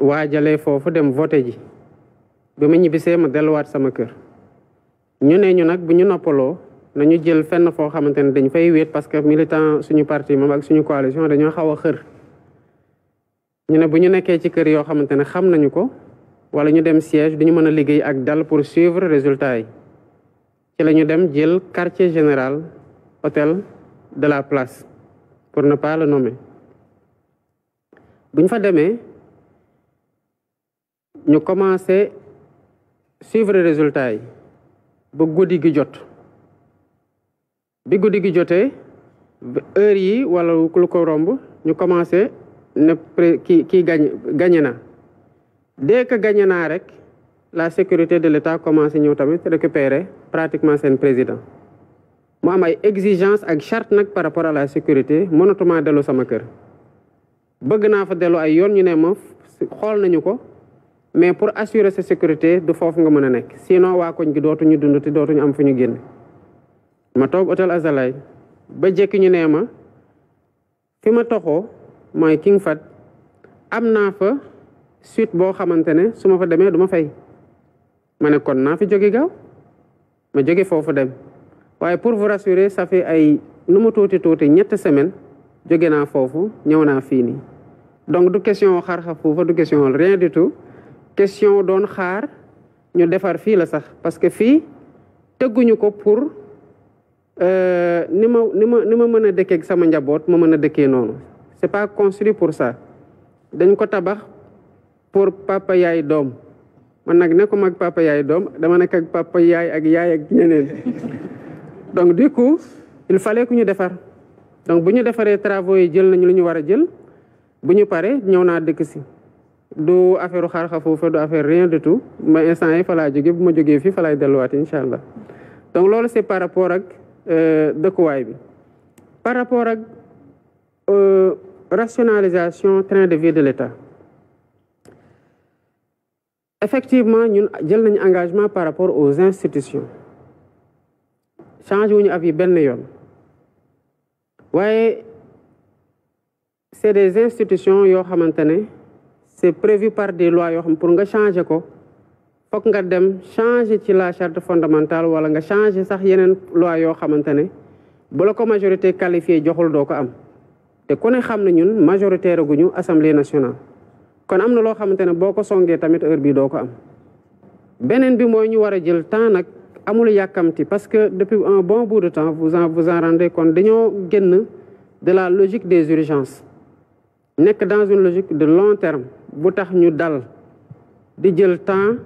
[SPEAKER 4] wajalé fofu dem voter ji bi ma ma sama kër ñu né ñu nak bu ñu noppaloo nañu jël fenn fo xamanteni dañ fay wéet parce que militant suñu parti mom ak suñu coalition dañu xawa xër ñu ne bu ñu nekkee ci kër yoo xamante ne xam nañu ko wala ñu dem siège duñu mën a liggéey ak dal pour suivre résultat yi ci la ñu dem jël quartier général hôtel de la place pour ne pas le nommer buñ fa demee ñu commencé suivre résultat yi ba guddi gi jot bi guddi gi jotee heure yi wala lu ko romb ñu commencé ne kii kii gañ gañe na dès que gañe naa rek la sécurité de l'État commencé ñëw tamit récupérer pratiquement seen président mu am ay exigence ak charte nag par rapport à la sécurité mënatuma dellu sama kër bëgg naa fa dellu ay yoon ñu ne ma xool nañu ko mais pour assurer sa sécurité du foofu nga mën a nekk sinon waa koñ gi dootuñu dund te dootuñu am fu ñu génn ma toog hôtel Azalay ba jekki ñu nee ma fi ma toxoo mooy King Fahd am naa fa suite boo xamante ne su ma fa demee du ma fay ma ne kon naa fi jóge gaaw ma jóge foofu dem waaye pour vous rassurer ay nu mu tuuti tuuti ñetti semaine jóge naa foofu ñëw naa fii nii donc du question xar-xar foofa du question rien du tout question doon xaar ñu defar fii la sax parce que fii tëgguñu ko pour euh, ni ma ni ma ni ma mën a dëkkee sama njaboot ma mën a dëkkee noonu c'est pas construit pour ça dañ ko tabax pour papa yaay dom man nag nekkuma ak papa yaay dom dama nak ak papa yaay ak yaay ak ñeneen donc du coup il fallait kuñu ñu donc buñu ñu travaux yi jël nañu luñu wara jël buñu paré ñëw na dëkk ci du affaire xar xafu fa du affaire rien de tout ma instant yi fa la joggé bu ma joggé fi fa lay delluwaat incha donc lolu c'est par rapport ak euh, dëkkuwaay bi par rapport ak euh, rationalisation train de vie de l'État effectivement nous avons un engagement par rapport aux institutions changé wuñu ab yi yoon Oui, c'est des institutions qui sont prévues c'est prévu par des lois pour nga changer ko faut nga dem changer ci la charte fondamentale wala nga changer sax yenen loi yo xamante bu la ko majorité qualifiée joxul doo ko am te kone ne xam na ñun majoritaire guñu assemblée nationale kon am na loo xamante ne boo ko songee tamit heure bi doo ko am beneen bi mooy ñu war a jël temps nag amul yàkkamti parce que depuis un bon bout de temps vous vous en rendez compte nous génn de la logique des urgences nekk dans une logique de long terme bu tax ñu dal di jël temps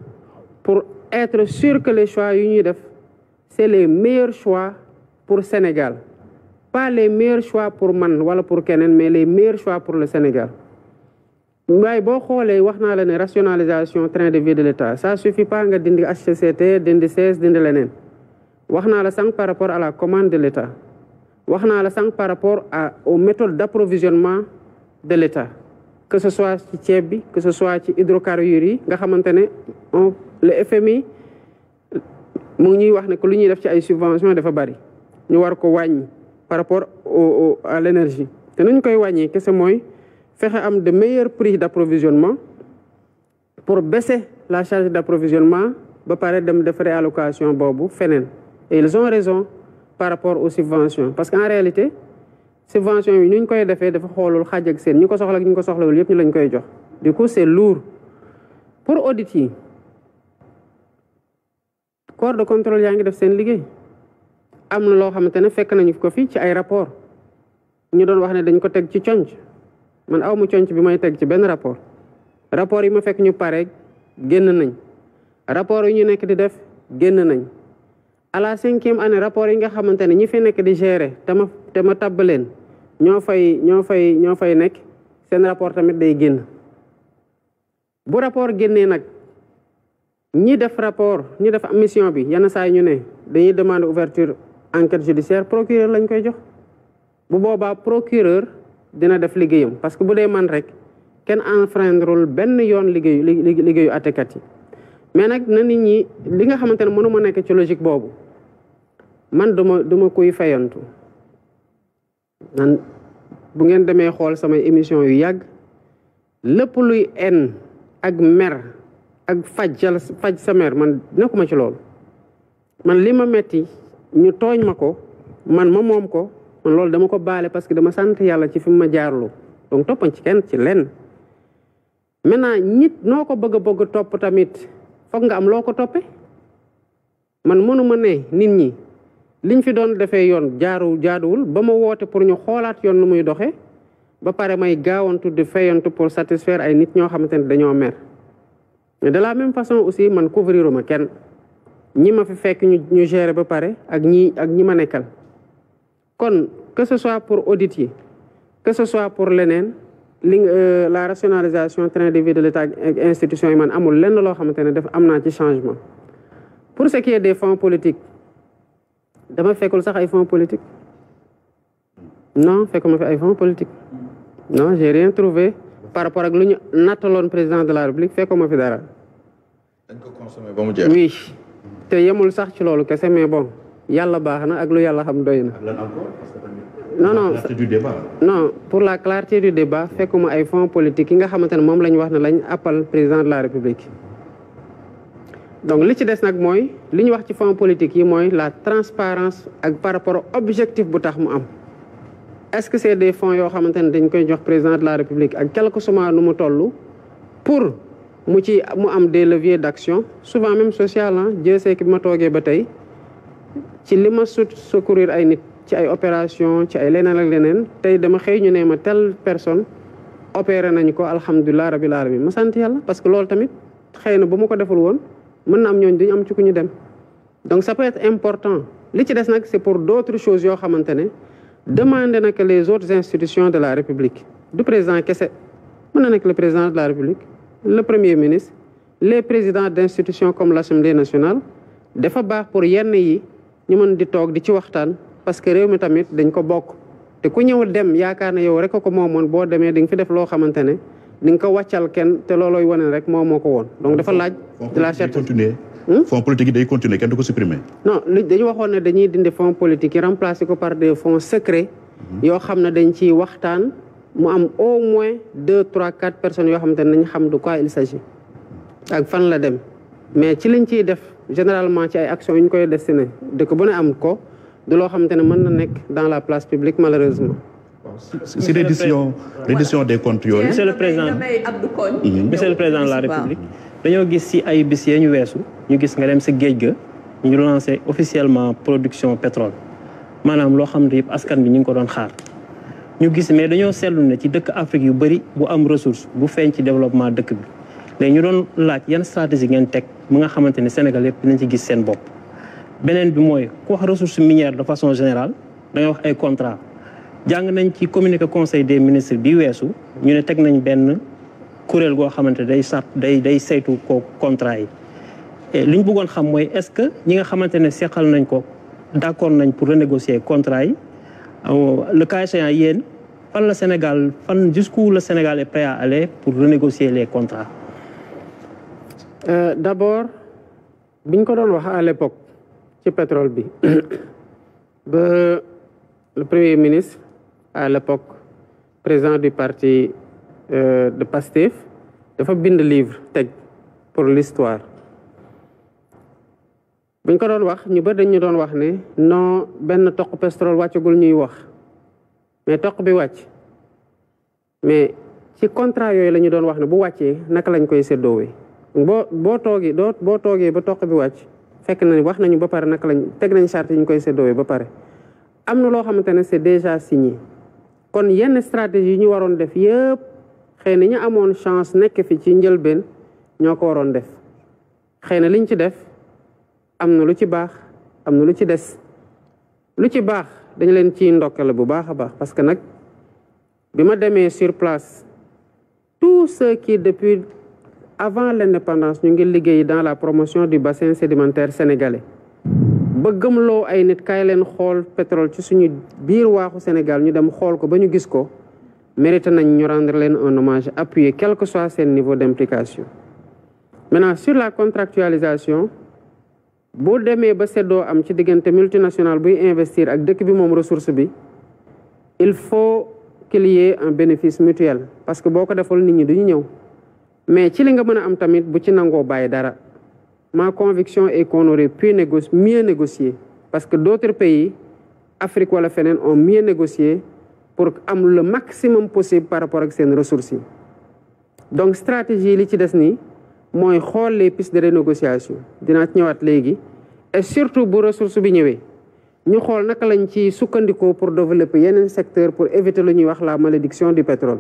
[SPEAKER 4] pour être sûr que les choix yu ñuy def c'est les meilleurs choix pour Sénégal pas les meilleurs choix pour moi, ou pour Kenen, mais les meilleurs choix pour le Sénégal Mais beaucoup xoolee wax la rationalisation train de vie de l'État ça suffit pas nga dindi HCCT dindi CES dindi Il wax la sang par rapport à la commande de l'État wax la sang par rapport à aux méthodes d'approvisionnement de l'État que ce soit ci tchibi, que ce soit ci hydrocarbures yi nga le FMI mu ngi wax que lu ñuy def ci subventions dafa bari ñu war ko par rapport au à l'énergie. énergie nous, nous ñu c'est faire de meilleurs prix d'approvisionnement pour baisser la charge d'approvisionnement pour ba de frais def et ils ont raison par rapport aux subventions parce qu'en réalité les subventions, nous, avons koy des faire de xaaj qui seen ñi ko du coup c'est lourd pour auditer. le corps de contrôle est en def de faire amna lo loo fekk nañu ko fi ci ay rapport ñu doon wax ne dañ ko teg ci conc man awmu mu bi may teg ci ben rapport rapport yi ma fekk ñu paré genn nañ rapport yi ñu nekk di def genn nañ à la 5e année rapport yi nga xamantene ñi fi nekk di gérer te ma te ma tàbb leen fay ño fay ño fay nekk seen rapport tamit day genn bu rapport genné nak ñi def rapport ñi def mission bi yana say ñu ne dañuy demander ouverture enquête judiciaire procureur lañ koy jox bu boba procureur dina def liggéeyam parce que bu man rek ken enfreindrul benn yoon liggéeyu liggéeyu attekat yi mais nak na nit ñi li nga xamantene mënu ma nek ci logique bobu man duma duma koy fayantu nan bu ngeen démé xol sama émission yu yag lepp luy en ak mer ak fajjal faj sa mer man nekkuma ci lool man lima metti ñu togn mako man ma mom ko man lol dama ko baale parce que dama sante yalla ci fimu ma jaarlu donc topan ci kenn ci lenn mena nit noko bëgg bëgg top tamit fokk nga am loko topé man mënuma né nit ñi liñ fi doon défé yoon jaaru jaadul ba ma pour ñu xolaat yoon nu muy doxé ba pare may gaawon tudd fayantu pour satisfaire ay nit ño xamanteni dañoo mer mais de la même façon aussi man couvriruma kenn ñi ma fi fekk ñu ñu gérer ba pare ak ñi ak que ce soit pour auditier, que ce soit pour leneen euh, la rationalisation train de vie de l'État et institution yi man amul lenn loo xamante def changement pour ce qui est des fonds politiques dama fekkul sax ay fonds politiques non ma fi ay fonds politiques non j'ai rien trouvé par rapport à lu ñu président de la République fekkuma fi dara dañ ko oui té yémul sax ci lolu kese mais bon yalla baxna na ak lu yalla xam doy na. non non non pour la clarté du débat fekkuma ay fonds politiques yi nga xamante mom lañ wax na lañ appel président de la république. donc li ci dess nak moy liñ wax ci fonds politique yi moy la transparence ak par rapport objectif bu tax mu am. est-ce que c'est des fonds yo xamante dañ koy jox président de la république ak quelque suma nu mu pour mu ci mu am des leviers d'action souvent même social ah Dieu sait que ma toogee ba tey ci li ma sut secourir ay nit ci ay opération ci ay leneen ak leneen tey dama xëy ñu ne ma telle personne opéré nañ ko alhamdulilah rabil alamin ma sant yàlla parce que loolu tamit xëy na bu ma ko deful woon mën na am ñooñu duñu am ci ku ñu dem donc ça peut être important li ci des nag c'est pour d'autres choses yoo xamante demander na que les autres institutions de la république du président kese mën na nekk le président de la république le premier ministre les présidents d'institutions comme l'Assemblée nationale dafa baax pour yenn yi ñu mën di toog di ci waxtaan parce que réew mi tamit dañ ko bokk te ku ñëw dem yaakaar ne yow rek ko moomoon bo demee di nga fi def loo xamante ne di nga ko wàccal te loolooy wane rek moo moo donc dafa laaj de la cherté
[SPEAKER 3] Fond politique yi hmm? day continuer kenn du ko supprimer
[SPEAKER 4] non li dañu waxoon ne dañuy dindi fonds politique yi remplacer ko par des fonds secrets hmm. Yo xam ne dañ ciy waxtaan mu am au moins deux trois quatre personnes yoo xamante ne nañ xam de quoi il s'agit ak fan la dem mais ci liñ ciy def généralement ci ay actions yu ñu koy destiné dëkk bu ne am ko du loo xamante ne mën na nekk dans la place publique malheureusement. c'est reddition
[SPEAKER 5] reddition des comptes yooyu. monsieur le président
[SPEAKER 1] mhm. monsieur le président de la république.
[SPEAKER 5] dañoo gis si ay bis yee ñu weesu ñu gis nga dem si géej ga ñu lancer officiellement production pétrole maanaam loo xam ne yëpp askan bi ñu ngi ko doon xaar. ñu gis mais dañoo seetlu ne ci dëkk Afrique yu bëri bu am ressource bu feeñ ci développement dëkk bi léegi ñu doon laaj yan stratégie ngeen teg mu nga xamante ne Sénégal yëpp nañ ci gis seen bopp. beneen bi mooy ku wax ressource minière de façon générale da wax ay contrat jàng nañ ci communiqué conseil des ministre bi weesu ñu ne teg nañ benn kuréel goo xamante day sat day day saytu ko contrat yi. li ñu bëggoon xam mooy est-ce que ñi nga xamante ne seqal nañ ko d'accord nañ pour renégocier contrat yi euh, le cas yéen. fan le Sénégal fan jusqu'où le Sénégal est prêt à aller
[SPEAKER 4] pour renégocier les contrats. D'abord, euh, D'abord, biñ ko doon à l'époque, sur ci pétrole bi le premier ministre à l'époque, président du parti euh, de Pastef fait un livre texte pour l'histoire buñ ko doon wax ñu bëri dañu doon wax ne non benn toq pétrole nous ñuy wax. mais toq bi wàcc mais ci contrat yooyu la ñu doon wax ne bu wàccee naka lañ koy séddoowee boo boo toogee doo boo toogee ba toq bi wàcc fekk nañ wax nañu ba pare naka lañ teg nañ charte yi ñu koy séddoowee ba pare am na loo xamante ne c'est déjà signé kon yenn stratégie yi ñu waroon def yëpp xëy na ñu amoon chance nekk fi ci njëlbeen ñoo ko waroon def xëy na liñ ci def am na lu ci baax am na lu ci des lu ci baax dañ leen ciy bu parce que sur place tout ce qui depuis avant l'indépendance ñu ngi dans la promotion du bassin sédimentaire sénégalais ba gëmloo ay nit kaay leen de pétrole ci rendre hommage appuyé quel que soit seen niveau d'implication maintenant sur la contractualisation si demee ba seddoo am ci diggante multinationale buy investir ak dëkk bi moom ressource bi il faut qu'il y ait un bénéfice mutuel parce que boko ko deful nit ñi duñu ñëw mais ci li nga mëna a am tamit bu ci nangoo bàyyi dara ma conviction est qu'on aurait pu négocier mieux négocier parce que d'autres pays Afrique wala feneen ont mieux négocié pour am le maximum possible par rapport à ces ressources yi donc stratégie li ci des ni mooy xool les pistes de renégociation dinaa ci ñëwaat léegi et surtout bu ressource bi ñëwee ñu xool naka lañ ci sukkandikoo pour développer yeneen secteur pour éviter lu ñuy wax la malédiction du pétrole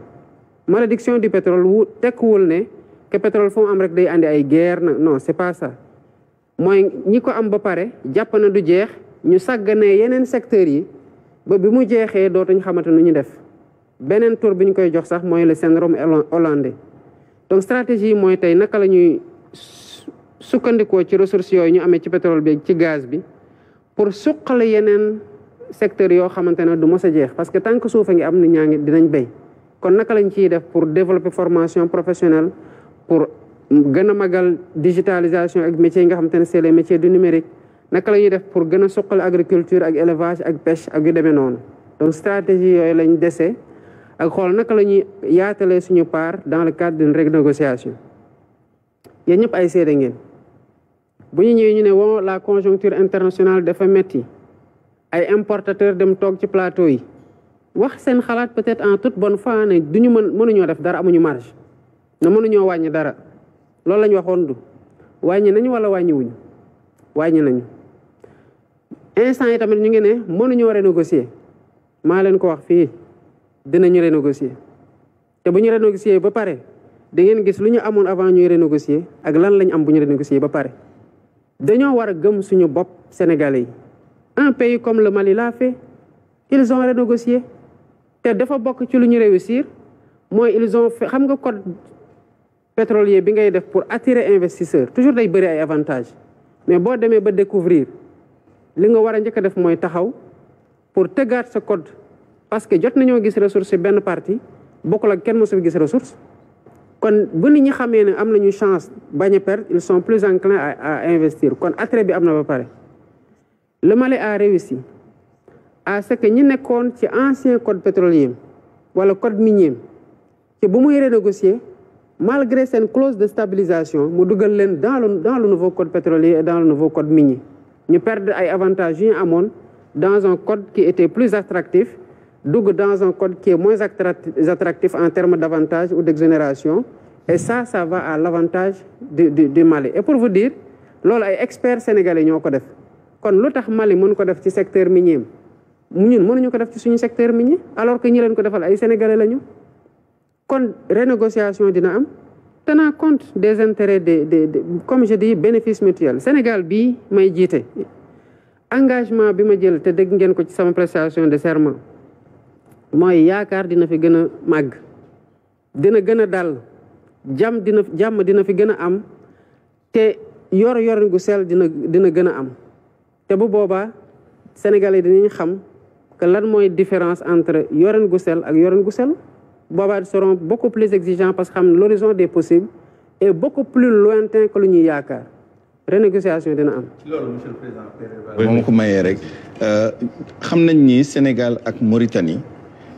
[SPEAKER 4] malédiction du pétrole wu tekkiwul ne que pétrole fu mu am rek day andi ay guerre na non c'est pas ça mooy ñi ko am ba pare jàpp na du jeex ñu sàgganee yeneen secteurs yi ba bi mu jeexee dootuñu xamante nu ñu def beneen tour bi ñu koy jox sax mooy le syndrome hollandais donc stratégie mooy tey naka la ñuy sukkandikoo ci ressources yooyu ñu amee ci pétrole bi ci gaz bi pour suqale yeneen secteurs yoo xamante ne du mos a jeex parce que tant que suuf a ngi am nit ñaa ngi dinañ béy kon naka lañ ciy def pour développer formation professionnelle pour gën a magal digitalisation ak métiers yi nga xamante ne c'est les métiers du numérique naka la ñuy def pour gën a agriculture ak élevage ak pêche ak yu demee noonu donc stratégie yooyu ak xol nak la ñuy yaatalee suñu part dans le cadre d'une renégociation ya ñep ay sédé ngeen bu ñu ñëw ñu né woo la conjoncture internationale dafa metti ay importateur dem tok ci plateau yi wax seen xalaat peut-être en toute bonne foi né duñu mën ñoo def dara amuñu marge na ñoo wàññi dara loolu lañ waxon du wàññi nañu wala wuñu wàññi nañu instant yi tamit ñu ngi mënu ñoo renégocier ma leen ko wax fii dinañu renégocier te buñu ñu renégocier ba paré da ngeen gis luñu amone avant ñuy renégocier ak lan lañ am buñu ñu renégocier ba paré dañoo war a gëm suñu bopp sénégalais yi un pays comme le Mali l'a fait ils ont renégocié te dafa bokk ci lu ñu réussir mooy ils ont fait xam nga code pétrolier bi ngay def pour attirer investisseur toujours day bëri ay avantages mais boo demee ba découvrir li nga war a njëkk a def mooy taxaw pour tëggaat sa code parce que jot nañu gis des ressources, bien parti bokkul ak kenn mosu gis ressource kon bu nit ñi xamé né am nañu chance bañ perdre ils sont plus enclins à investir kon attrait bi amna ba paré le Mali a réussi à ce que ñi nekkoon ci ancien code pétrolier wala code minier ci bu muy renégocier malgré cette clause de stabilisation mu duggal len dans le dans le nouveau code pétrolier et dans le nouveau code minier ñu perdre ay avantages dans un code qui était plus attractif dans un code qui est moins attractif en termes d'avantages ou d'exonération. Et ça, ça va à l'avantage du, Mali. Et pour vous dire, l'expert ay experts sénégalais nous ko def kon lu Mali mënu ko def secteur minier nous mënuñu ko def ci secteur minier alors que nous sommes ko defal ay sénégalais lañu la renégociation dina am tenant compte des intérêts comme je dis mutuels. Le Sénégal bii may engagement l'engagement que jël te c'est ngeen ko ci prestation de serment moy Yakar, dina fi gëna mag dina gëna dal jam dina jam, dina fi gëna am te yor yorin gu dina dina gëna am té bu boba sénégalais dinañ xam que lan moy différence entre yorin gu sell ak yorin gu sell boobaa seront beaucoup plus exigeants parce que xam l'horizon des possibles est beaucoup plus lointain que lu ñuy yaakaar renégociation dina am. lolu monsieur le président. moom ko
[SPEAKER 7] mayé rek euh, xam nañ ni Sénégal ak Mauritanie.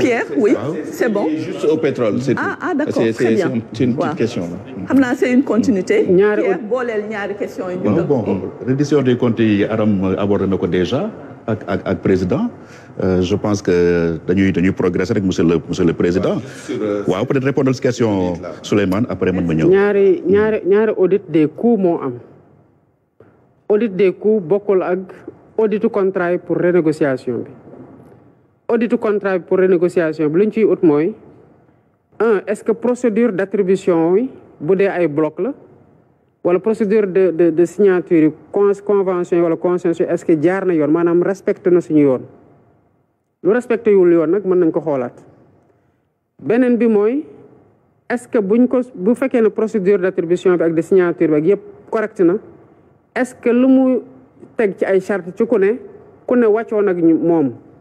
[SPEAKER 7] Pierre, oui, c'est bon. Juste au pétrole, c'est ah, tout. Ah, d'accord, très bien. C'est une petite question.
[SPEAKER 1] Hamna, c'est une continuité. ñaari Pierre booleel ñaari question questions. ñu
[SPEAKER 3] bon rédition des comptes yi a abordé déjà avec le président. Euh, je pense que nous avons progresser avec monsieur le monsieur le président. Vous euh, peut-être répondre à cette question Souleymane après mon mignon.
[SPEAKER 4] Il ñaari ñaari ñaari audit des coûts moo am. audit des coûts bokkul ak du contrat pour renégociation auditu contrat bi pour renégociation bi lu ñu ciy ut mooy un est-ce que procédure d'attribution bi bu dee ay bloc la wala procédure de de de signature yi convention yi wala consensus est-ce que jaar na yoon maanaam respecté na suñu yoon lu respecté wul yoon nag mën nañ ko xoolaat beneen bi mooy est-ce que buñ ko bu fekkee ne procédure d'attribution bi ak de signature bi ak yépp correct na est-ce que lu mu teg ci ay charte ci ku ne ku ne wàccoon ak moom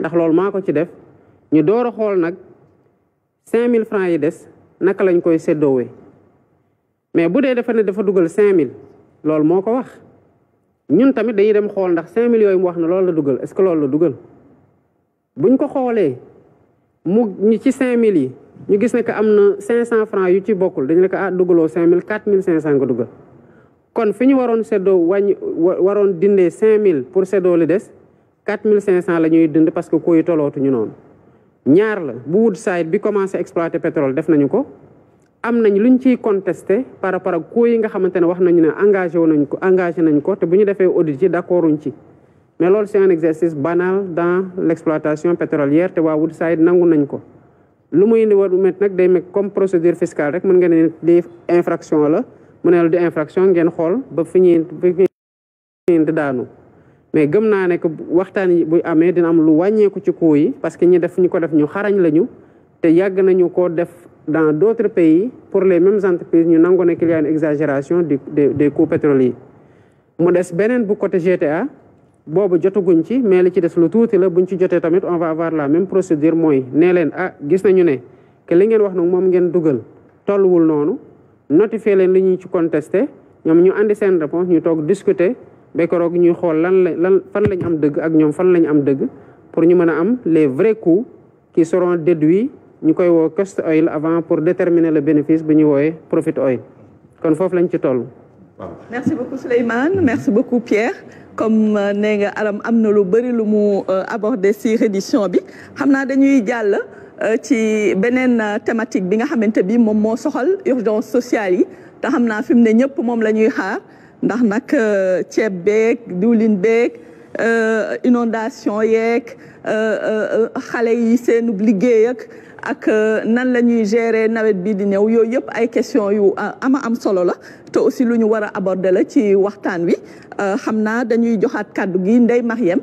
[SPEAKER 4] ndax loolu maa ko ci def ñu door xool nag 5000 francs yi des naka lañ koy séddoowee mais bu dee dafa ne dafa dugal 5000 loolu moo ko wax ñun tamit dañuy dem xool ndax 5000 yooyu mu wax na loolu la dugal est-ce que loolu la dugal bu buñ ko xoolee mu ñu ci 5000 yi ñu gis ne que am na 500 francs yu ci bokkul dañu ne ko ah dugaloo 5000 4500 nga dugal kon fi ñu waroon seddoo wàññi waroon dindee 5000 pour séddoo li des. quatre mille cinq cent la ñuy dund parce que koy tolootuñu noonu ñaar la bu Woodside bi commencé exploiter pétrole def nañu ko am nañ luñ ciy contesté par rapport ak koy yi nga xamante ne wax nañu ne engagé wu nañ ko engagé nañ ko te bu ñu defee audit yi d'accorduñ ci mais loolu c'est un exercice banal dans l'exploitation pétrolière te waa Woodside nangu nañ ko lu muy indi war bu met nag day meg comme procédure fiscale rek mën ngeen di infraction la mu ne la di infraction ngeen xool ba fi ñuy fi ñuy daanu mais gëm naa ne que waxtaan yi bu amee dina am lu wàññeeku ci coût yi parce que ñi def ñu ko def ñu xarañ lañu te yàgg nañu ko def dans d' autres pays pour les mêmes entreprises ñu nangu ne qu'il y a une exagération du des coûts pétroliers mu des beneen bu côté GTA boobu jotaguñ ci mais li ci des lu tuuti la buñ ci jotee tamit on va avoir la même procédure mooy nee leen ah gis nañu ne que li ngeen wax nag moom ngeen dugal tolluwul noonu notifier leen li ñu ci contesté ñoom ñu andi seen réponse ñu toog discuter béykoroog ñuy xol lan lan fan lañ am deug ak ñom fan lañ am deug pour ñu mëna am les vrais coûts qui seront déduits ñu wo cost oil avant pour déterminer le bénéfice bi ñu woyé profit oil kon foofu lañ ci toll
[SPEAKER 1] merci beaucoup Souleymane merci beaucoup Pierre comme euh, nee nga alam amna lu bari lu mu euh, aborder ci reddition bi xamna dañuy jall euh, ci benen thématique bi nga xamanté bi mom mo soxal urgence sociale yi te xam naa ñëpp mom lañuy xaar ndax nag euh, ceeb beeg diwlin beeg euh, inondation yeeg euh, xale yi seenub liggéey ak ak nan la ñuy gérer nawet bi di ñëw yooyu yëpp ay question yu ama am solo la te aussi lu ñu war a aborder ci waxtaan wi xam naa dañuy joxaat kàddu gi Ndeye Marième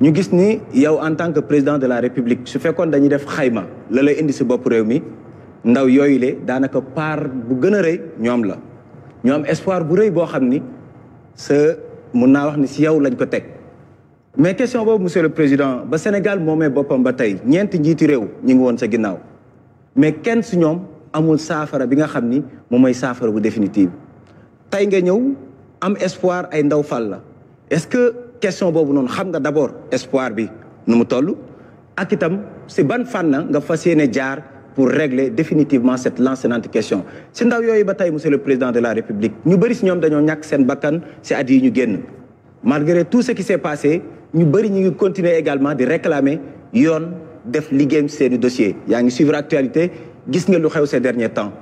[SPEAKER 2] ñu gis ni yow en tant que président de la république su fekkoon dañuy def xayma la lay indi si bopp réew mi ndaw yooyu le daanaka part bu gën a rëy ñoom la ñu am espoir bu rëy boo xam ni sa mun naa wax ni si yow lañ ko teg mais question boobu monsieur le président ba Sénégal moomee boppam ba tey ñeenti njiiti réew ñu ngi woon sa ginnaaw mais kenn su ñoom amul saafara bi nga xam ni moom mooy saafara bu définitive tey nga ñëw am espoir ay ndaw fal la est-ce que question bobu non xam nga d'abord espoir bi nu mu toll ak itam ci ban fan nga fassiyene jaar pour régler définitivement cette lancinante question ci ndaw yoy ba tay monsieur le président de la république ñu bari ci ñom dañu ñak sen bakkan ci adi ñu malgré tout ce qui s'est passé ñu bari ñi ngi continuer également di réclamer yoon def liggéeyam seeni dossier ya ngi suivre actualité gis nga lu xew ces derniers temps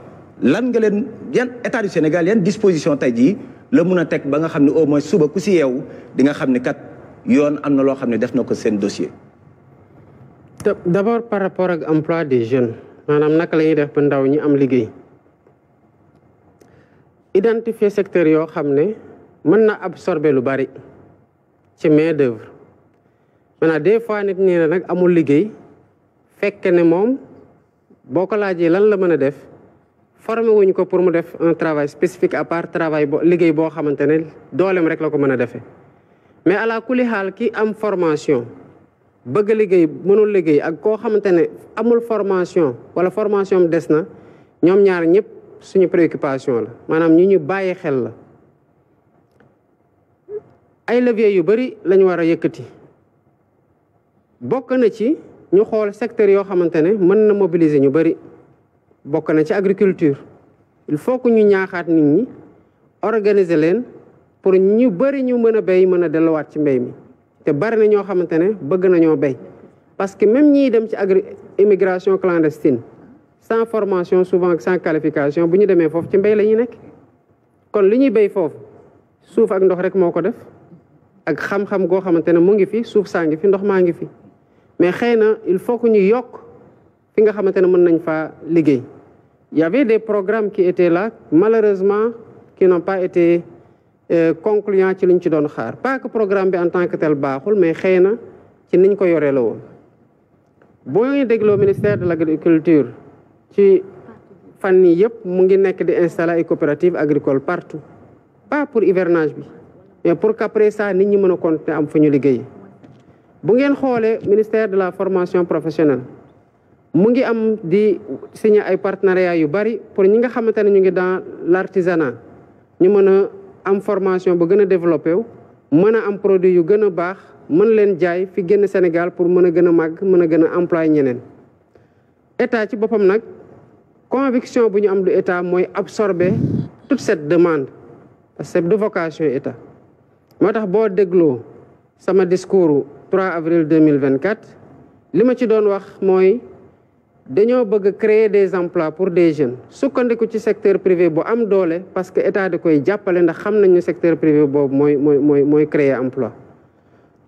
[SPEAKER 2] lan nga len état du Sénégal une disposition tay jii la mëna tek ba nga xamni au moins suba ku ci yew di nga xamni kat yoon amna lo xamni def nako sen dossier.
[SPEAKER 4] d'abord par rapport ak emploi des jeunes manam nak lañuy def ba ndaw ñi am liggéey identifier secteur yo xam ne mën na absorber lu bari ci main d'œuvre oeuvre des fois nit ñi nak amul liggéey fekk ne mom boko ko lan la mëna def. formé wuñu ko pour mu def un travail spécifique à part bo liggéey boo xamante ne dooleem rek la ko mën a defee mais ala kuli xaal ki am formation bëgg liggéey mënul liggéey ak koo xamante ne amul formation wala formation des na ñoom ñaar ñëpp suñu préoccupation la maanaam ñi ñu bàyyi xel la ay leviers yu bëri lañu war a yëkkati bokk na ci ñu xool secteur yoo xamante ne mën na mobiliser ñu bëri bokk na ci agriculture il faut que ñu ñaaxaat nit ñi organiser leen pour ñu bëri ñu mën a béy mën a delluwaat ci mbéy mi te bari na ñoo xamante ne bëgg nañoo bay parce que même ñiy dem ci agri immigration clandestine sans formation souvent sans qualification bu ñu demee foofu ci mbéy la ñuy nekk kon li ñuy bay foofu suuf ak ndox rek moo ko def ak xam-xam goo xamante ne mu ngi fi suuf saa ngi fi ndox maa ngi fi mais xëy na il faut que ñu yokk fi nga xamante ne mën nañ faa liggéey il y avait des programmes qui étaient là, malheureusement, qui n'ont pas été euh, concluants pas que programme en tant que tel mais il y ci niñ ko qui là. Si vous avez ministère de l'Agriculture vous ci fan mu ngi nekk di installer ay coopératives agricoles partout pas pour l'hivernage, mais pour qu'après ça nit ñi mën a continuer am fu ñu liggéey bu ngeen xoolee ministère de la formation professionnelle. mu ngi am di signé ay partenariat yu bari pour ñi nga xamantene ñu ngi dans l'artisanat ñu mëna am formation bu gëna a développé wu am produit yu gëna bax mën leen jaay fi génn Sénégal pour mëna gëna mag mëna gëna employé ñeneen état ci bopam nak conviction bu ñu am du état moy absorber toute cette demande parce que de vocation état motax bo sama discours 3 avril 2024 lima ci doon wax moy dañoo bëgg créer des emplois pour des jeunes sukkandiku ci secteur privé bu am doole parce que état da koy jàppale ndax xam nañu secteur privé boobu mooy mooy mooy mooy créer emploi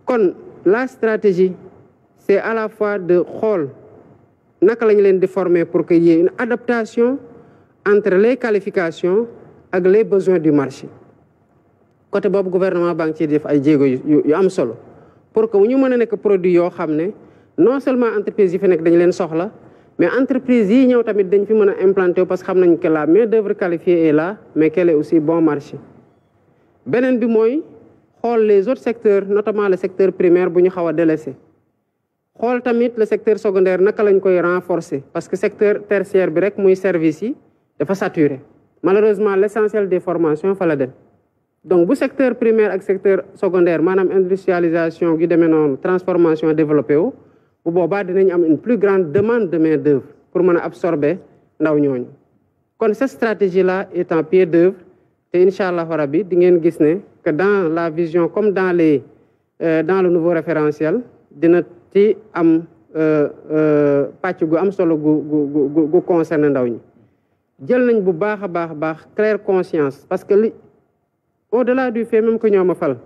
[SPEAKER 4] kon la stratégie c'est à la fois de xool naka lañ leen di former pour qu'il y ait une adaptation entre les qualifications ak les besoins du marché côté boobu gouvernement baa ngi ciy def ay jéego yu am solo pour que ñu mën a nekk produit yoo xam ne non seulement entreprise yi fi nekk dañ leen soxla mais entreprise yi ñëw tamit dañ fi mëna implanté parce que xamnañ que la main d'œuvre qualifiée est là mais qu'elle est aussi bon marché Benen bi moy les autres secteurs notamment le secteur primaire buñu xawa xaw tamit le secteur secondaire naka lañ koy renforcer parce que secteur tertiaire bi rek muy service yi saturé malheureusement l'essentiel des formations fa la Donc, donc bu secteur primaire ak secteur secondaire manam industrialisation gi demee non transformation développé wu bu boobaa dinañ am une plus grande demande de main d'œuvre pour mën a absorber ndaw ñooñu kon cette stratégie là est en pied d'œuvre te incha allah rabi di ngeen gis que dans la vision comme dans les euh, dans le nouveau référentiel dina ci am euh, euh, pàcc gu am solo gu gu gu gu concerne ndaw ñi jël nañ bu baax a baax baax claire conscience parce que au delà du fait même que ñoo ma fal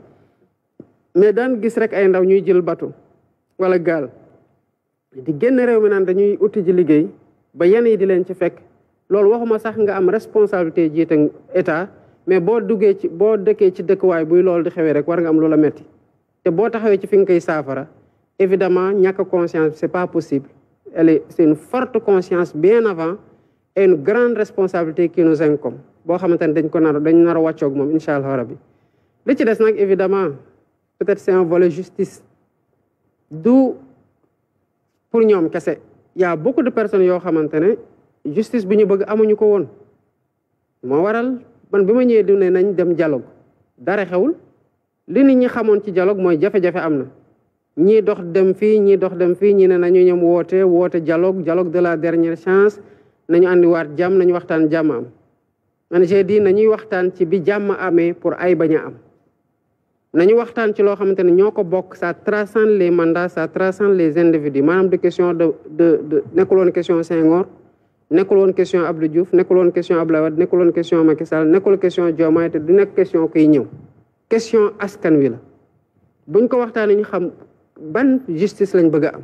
[SPEAKER 4] mais daan gis rek ay ndaw ñuy jël bateau wala gaal di génn réew mi naan dañuy uti ji liggéey ba yenn yi di leen ci fekk loolu waxuma sax nga am responsabilité jiite état mais boo duggee ci boo dëkkee ci dëkkuwaay buy loolu di xewee rek war nga am lu la metti te boo taxawee ci fi nga koy saafara évidemment ñàkk conscience c'est pas possible elle est c'est une forte conscience bien avant et une grande responsabilité qui nous incombe boo xamante ne dañ ko nar dañ nar a wàccoog moom incha allah rabbi li ci des nag évidemment peut-être c'est un volet justice du pour ñom ya ya beaucoup de personnes yo xamantene justice bi ñu bëgg amuñu ko won mo waral man bima ñëw du nañ dem dialogue dara xewul li nit ñi xamone ci dialogue moy jafé jafé amna ñi dox dem fi ñi dox dem fi ñi ne nañu ñoom woté dialogue dialogue de la dernière chance nañu waat jam nañu waxtaan jamam am man jé di nañuy waxtaan ci bi jam amé pour ay baña am nañu waxtaan ci lo xamanteni ñoko bok ça traçant les mandats ça traçant les individus manam de question de de de nekul won question Senghor nekul won question Abdou Diouf nekul won question Abdoulaye Wade nekkul woon question Macky Sall nekul question Diomaye te du nek question kuy ñew question askan wi la buñ ko waxtaan ñu xam ban justice lañ bëgg a am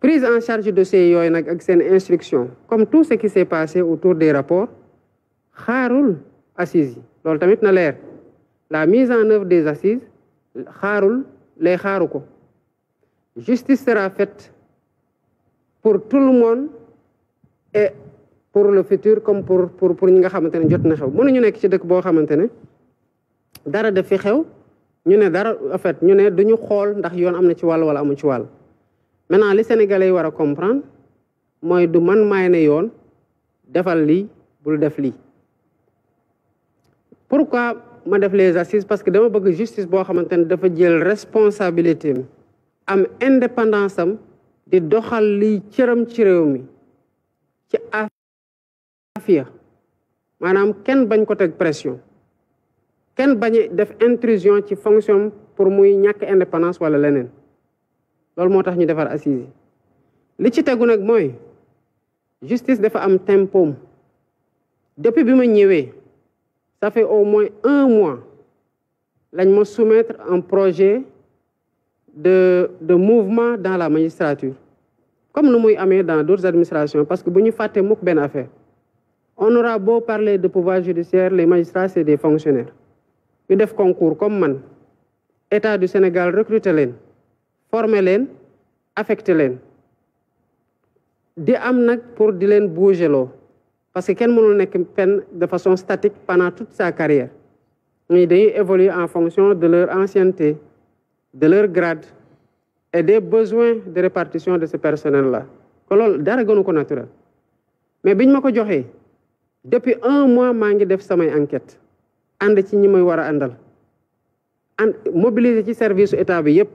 [SPEAKER 4] prise en charge dossier yoy nak ak sen instruction comme tout ce qui s'est passé autour des rapports xaarul assises lol tamit na leer la mise en œuvre des assises xaarul lay xaaru justice sera faite pour tout le monde et pour le futur comme pour pour pour ñi nga xamante ne jot na xew mënuñu nekk ci dëkk boo xamante ne dara daf fi xew ñu ne dara en fait ñu ne duñu xool ndax yoon am na ci wàll wala amu ci wàll maintenant les sénégalais yi comprendre moy du man maay yone defal li bul def li pourquoi ma def les assises parce que dama bëgg justice boo xamante ne dafa jël responsabilité am indépendance am di doxal liy cëram ci réew mi ci afia maanaam kenn bañ ko teg pression kenn bañ def intrusion ci fonction pour muy ñàkk indépendance wala leneen loolu moo tax ñu defar assise li ci tegu nag mooy justice dafa am tempoom depuis bi ma ñëwee ça fait au moins un mois que avons soumettre un projet de mouvement dans la magistrature comme nous l'avons dans d'autres administrations parce que nous avons fait beaucoup on aura beau parler de pouvoir judiciaire les magistrats c'est des fonctionnaires ñu un concours comme l'État état du Sénégal recrute les, formez les, affectez les di pour les parce que ne peut nekk peine de façon statique pendant toute sa carrière mais dañuy évoluer en fonction de leur ancienneté de leur grade et des besoins de répartition de ce personnel là C'est ce dara gënu naturel mais biñ je ko depuis un mois j'ai fait def enquête Je ci ñi may war a mobiliser ci service état bi yépp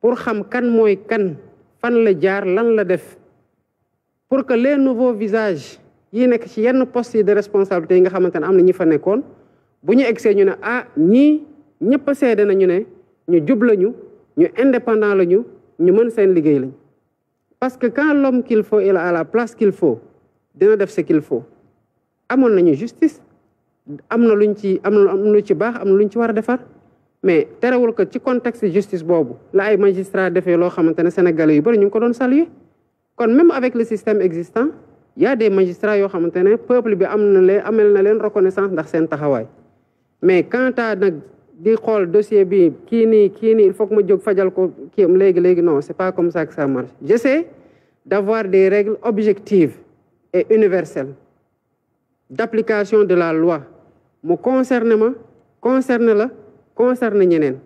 [SPEAKER 4] pour xam kan mooy kan fan la jaar lan la def pour que les nouveaux visages yi nekk ci yenn poste yi de responsabilité yi nga xamante ne am na ñi fa nekkoon bu ñu egsee ñu ne ah ñii ñëpp a seede nañu ne ñu jub lañu ñu indépendant lañu ñu mën seen liggéey lañ parce que quand l'homme qu'il faut il a à la place qu'il faut dina def ce qu'il faut amoon nañu justice am na luñ ci am na lu ci baax am na luñ ci war a defar mais terewul que ci contexte justice boobu la ay magistrat defee loo xamante ne sénégalais yu bëri ñu ngi ko doon saluer kon même avec le système existant il y a des magistrats qui ont ne peuple bi am reconnaissance dans reconnaissance ndax sen taxaway mais quand on a di xol dossier bi ki ni il faut que ma jog fadjal ko ce am non c'est pas comme ça que ça marche j'essaie d'avoir des règles objectives et universelles d'application de la loi mo concerne ma concerne la concerne ñenen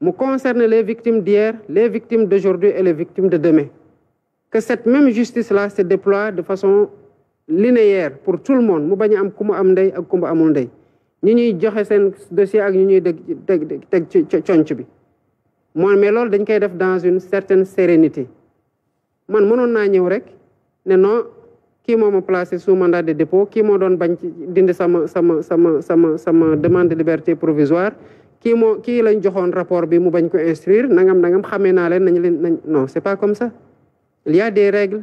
[SPEAKER 4] mo concerne les victimes d'hier les victimes d'aujourd'hui et les victimes de demain cette même justice-là se déploie de façon linéaire pour tout le monde mu bañ a am am ndey dossier ak suis mais dans une certaine sérénité man rek suis non qui ma sous mandat de dépôt qui m'a donné bañ demande de liberté provisoire qui qui lañ rapport bi mu ko instruire nangam nangam non c'est pas comme ça il y a des règles.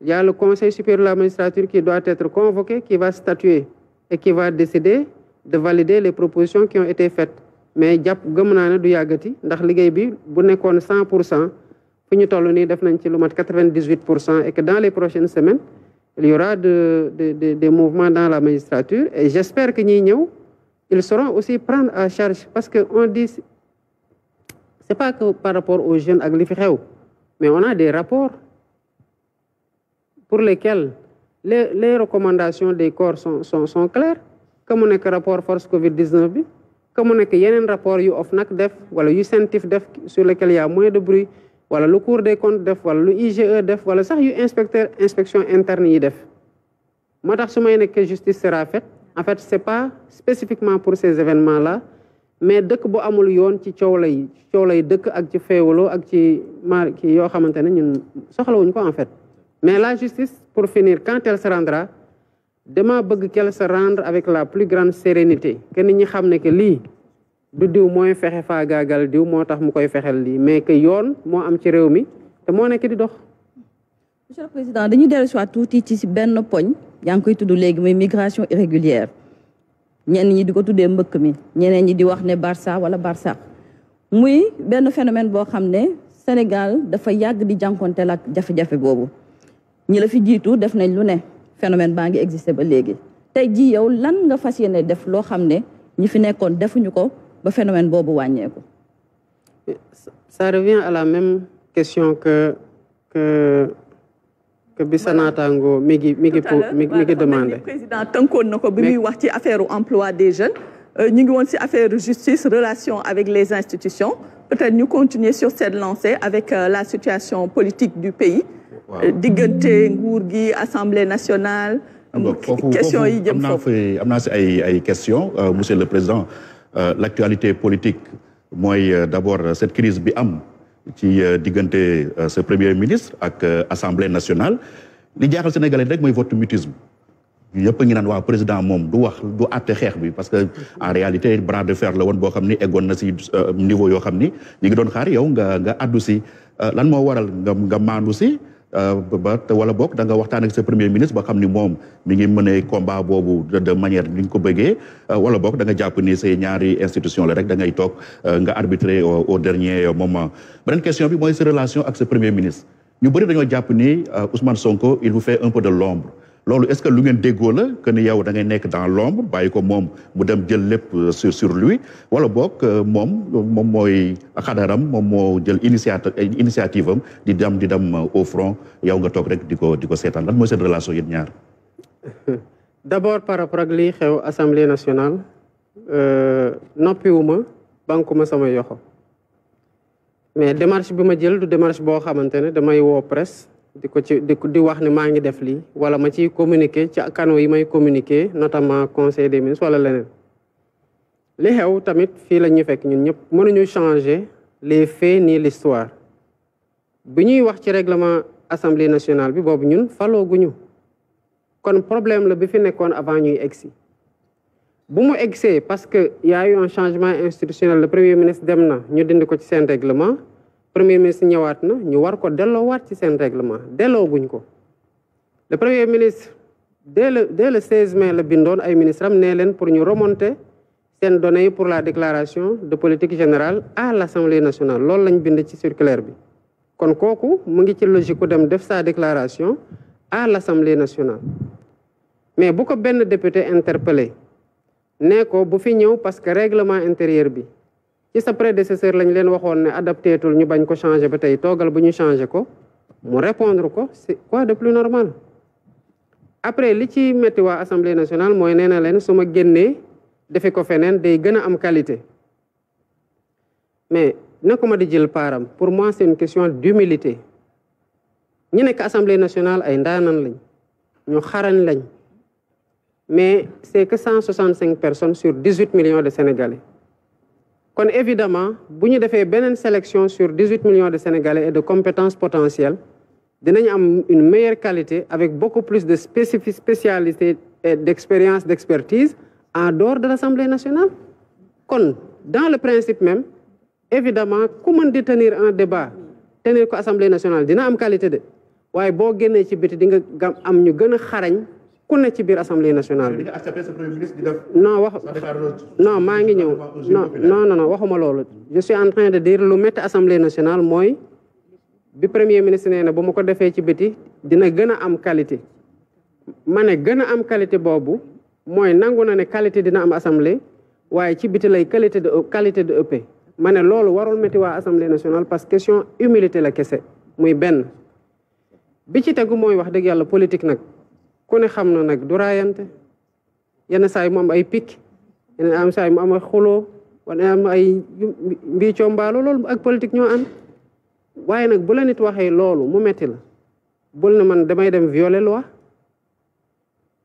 [SPEAKER 4] Il y a le Conseil supérieur de la magistrature qui doit être convoqué, qui va statuer et qui va décider de valider les propositions qui ont été faites. mais il y a des du qui ndax bi bu 100% et que dans les prochaines semaines il y aura de des mouvements dans la magistrature et j'espère que nous, ils seront aussi prendre à charge parce que on dit c'est pas que par rapport aux jeunes ak mais on a des rapports pour lesquels les, recommandations des corps sont, claires. Comme on a que rapport force COVID-19, comme on est que y a un rapport you def, voilà, you CENTIF def, sur lequel il y a moins de bruit, ou le cours des comptes def, voilà, le IGE def, voilà, ça, you inspecteur, inspection interne Je def. Moi, que justice sera faite, en fait, ce n'est pas spécifiquement pour ces événements-là, mais dëkk bu amul yoon ci coow lay coow dëkk ak ci féewaloo ak ci ma kii yoo xamante ne ñun soxlawuñ ko en fait mais la justice pour finir quand elle se rendra dama bëgg qu'elle se rendre avec la plus grande sérénité que nit ñi xam ne que lii du diw mooy fexe faagaagal diw moo tax mu koy fexel lii mais que yoon moo am ci réew mi te moo nekk di dox
[SPEAKER 6] monsieur le président dañuy dellu si waat tuuti ci benn poñ yaa ngi koy tudd léegi muy migration irrégulière ñen ñi di ko tuddee mbëkk mi ñeneen ñi di wax né Barça wala Barça muy benn phénomène bo xamné Sénégal dafa yag di jankonté lak jafé jafé bobu ñi la fi jitu def nañ lu né phénomène baa ngi existé ba légui tay ji yow lan nga fassiyéné def lo xamné ñi fi nekkoon defuñu ko ba phénomène bobu wañé ko
[SPEAKER 4] ça revient à la même question que que que bi sa naataango
[SPEAKER 1] président tënkoon na affaire bi muy wax ci affaire emploi des jeunes Nous euh, ngi aussi ci affaire justice relation avec les institutions peut-être nous continuer sur cette lancée avec euh, la situation politique du pays euh, diggante Ngourgi, assemblée nationale question yi jëm
[SPEAKER 3] foofu question monsieur le président l'actualité politique moi d'abord cette crise bi am ci euh, diggante euh, ce premier ministre ak euh, assemblée nationale li jaxal sénégalais rek moy vote mutisme yëpp ngi nan wa président mom du wax du atté xeex bi parce que en réalité bras de fer la won bo xamni ni na ci niveau yo xamni ñi ngi doon xaar yow nga nga addu si lan mo waral nga nga maandu wala bokk da eh, nga waxtaan ak sa premier ministre ba xam ni moom mi ngi mëne combat boobu de manière ni nga ko bëggee wala bokk da nga jàpp ni say ñaari institution la rek da ngay toog nga arbitrer au dernier moment beneen question bi mooy sa relation ak sa premier ministre ñu bëri dañoo jàpp ni eh, Ousmane Sonko il vous fait un peu de l'ombre lolu est ce que lu ngeen déggoo la que ne yow da ngay nekk dans l'ombre bàyyi ko moom mu dem jël lépp euh, sur sur lui wala boog euh, moom moom mooy xadaram moom moo jël initiative euh, initiative am di dem di dem au front yow nga toog rek di ko di ko seetaan lan mooy seen relation yéen ñaar
[SPEAKER 4] d' abord par rapport ak lii xew assemblée nationale banku ma sama yoxo mais démarche bi ma jël du démarche boo xamante ne damay woo presse diko ci di wax ni ma ngi def li wala ma ci communiquer ci canaux yi may communiquer notamment conseil des ministres wala leneen li xew tamit fii la ñuy fekk ñun ñëpp mënuñu changer les faits ni l'histoire bi ñuy wax ci règlement assemblée nationale bi boobu ñun falooguñu kon problème la bi fi nekkoon avant ñuy egsi bu mu egsee parce que y a eu un changement institutionnel le premier ministre dem na ñu dindi ko ci sen règlement premier ministre ñëwaat na ñu war ko delo delloowaat ci seen règlement delo guñ ko le premier ministre dès le 16 mai le bindon ay ministre am né leen pour ñu remonter seen données pour la déclaration de politique générale à l'Assemblée nationale lool lañ bind ci circulaire bi kon koku mu ngi ci logique ku dem def sa déclaration à l'Assemblée nationale mais bu ko ben député interpellé né ko bu fi ñëw parce que règlement intérieur bi Si sa prédécesseur lañ leen adapté tul ñu bañ ko changé ba tey toogal bu ko mu répondre ko c'est quoi de plus normal après li ci metti wa assemblée nationale moy que leen su ma ko fenen qualité mais di jël pour moi c'est une question d'humilité ñi pas assemblée nationale ay ndaanan lañ ñu xaran lañ mais c'est que 165 personnes sur 18 millions de sénégalais kon évidemment si nous faisons une sélection sur 18 millions de sénégalais et de compétences potentielles dinañ am une meilleure qualité avec beaucoup plus de spécialités spécialité et d'expérience d'expertise en dehors de l'Assemblée nationale dans le principe même évidemment comment détenir tenir un débat tenir l'Assemblée nationale dina une qualité de ci ku ne ci biir assemblée nationale bi. non wax non maa ngi ñëw non non non waxuma loolu. je suis en de dire lu métti assemblée nationale mooy bi premier ministre nee na bu ma ko defee ci biti dina gën a am qualité. ma ne gën a am qualité boobu mooy nangu na ne qualité dina am assemblée waaye ci biti lay qualité de qualité de EP. ma ne loolu warul métti waa assemblée nationale parce que question humilité la kese muy benn bi ci tegu mooy wax dëgg yàlla politique nag. ku ne xam na nag du raayante yenn saa yi mu am ay picc yenn am saa yi mu am ay xuloo wala am ay mbii coombaalo ak politique ñoo ànd waaye nag bu la nit waxee loolu mu metti la bul na man damay dem violer loi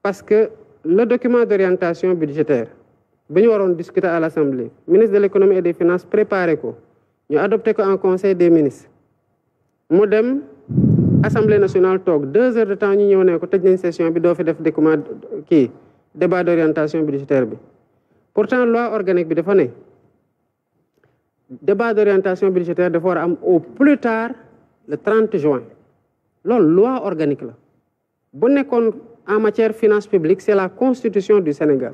[SPEAKER 4] parce que le document d'orientation budgétaire bi ñu waroon discuter à l'Assemblée ministre de l'économie et des finances préparé ko ñu adopté ko en conseil des ministres mu dem assemblée nationale toog deux heures de temps ñu avons ne une session bi doo fi def document débat d'orientation budgétaire Pourtant, la loi organique est dafa débat d'orientation budgétaire dafa war au plus tard le 30 juin La loi organique la bu en matière de finances publiques, c'est la constitution du Sénégal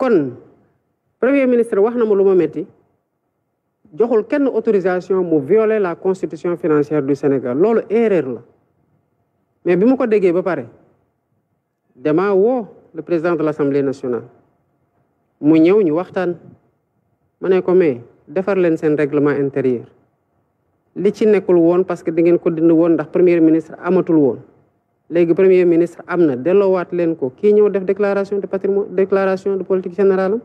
[SPEAKER 4] le premier ministre wax na ma lu ma joxul kenn autorisation mu violer la constitution financière du Sénégal loolu erreur la mais bi mu ko déggee ba pare dama woo le président de l'Assemblée nationale mu ñëw ñu waxtaan ma ne ko mais defar leen seen règlement intérieur li ci nekkul woon parce que di ngeen ko dind woon ndax premier ministre amatul woon léegi premier ministre am na delloowaat leen ko kii ñëw def déclaration de patrimoine déclaration de politique générale am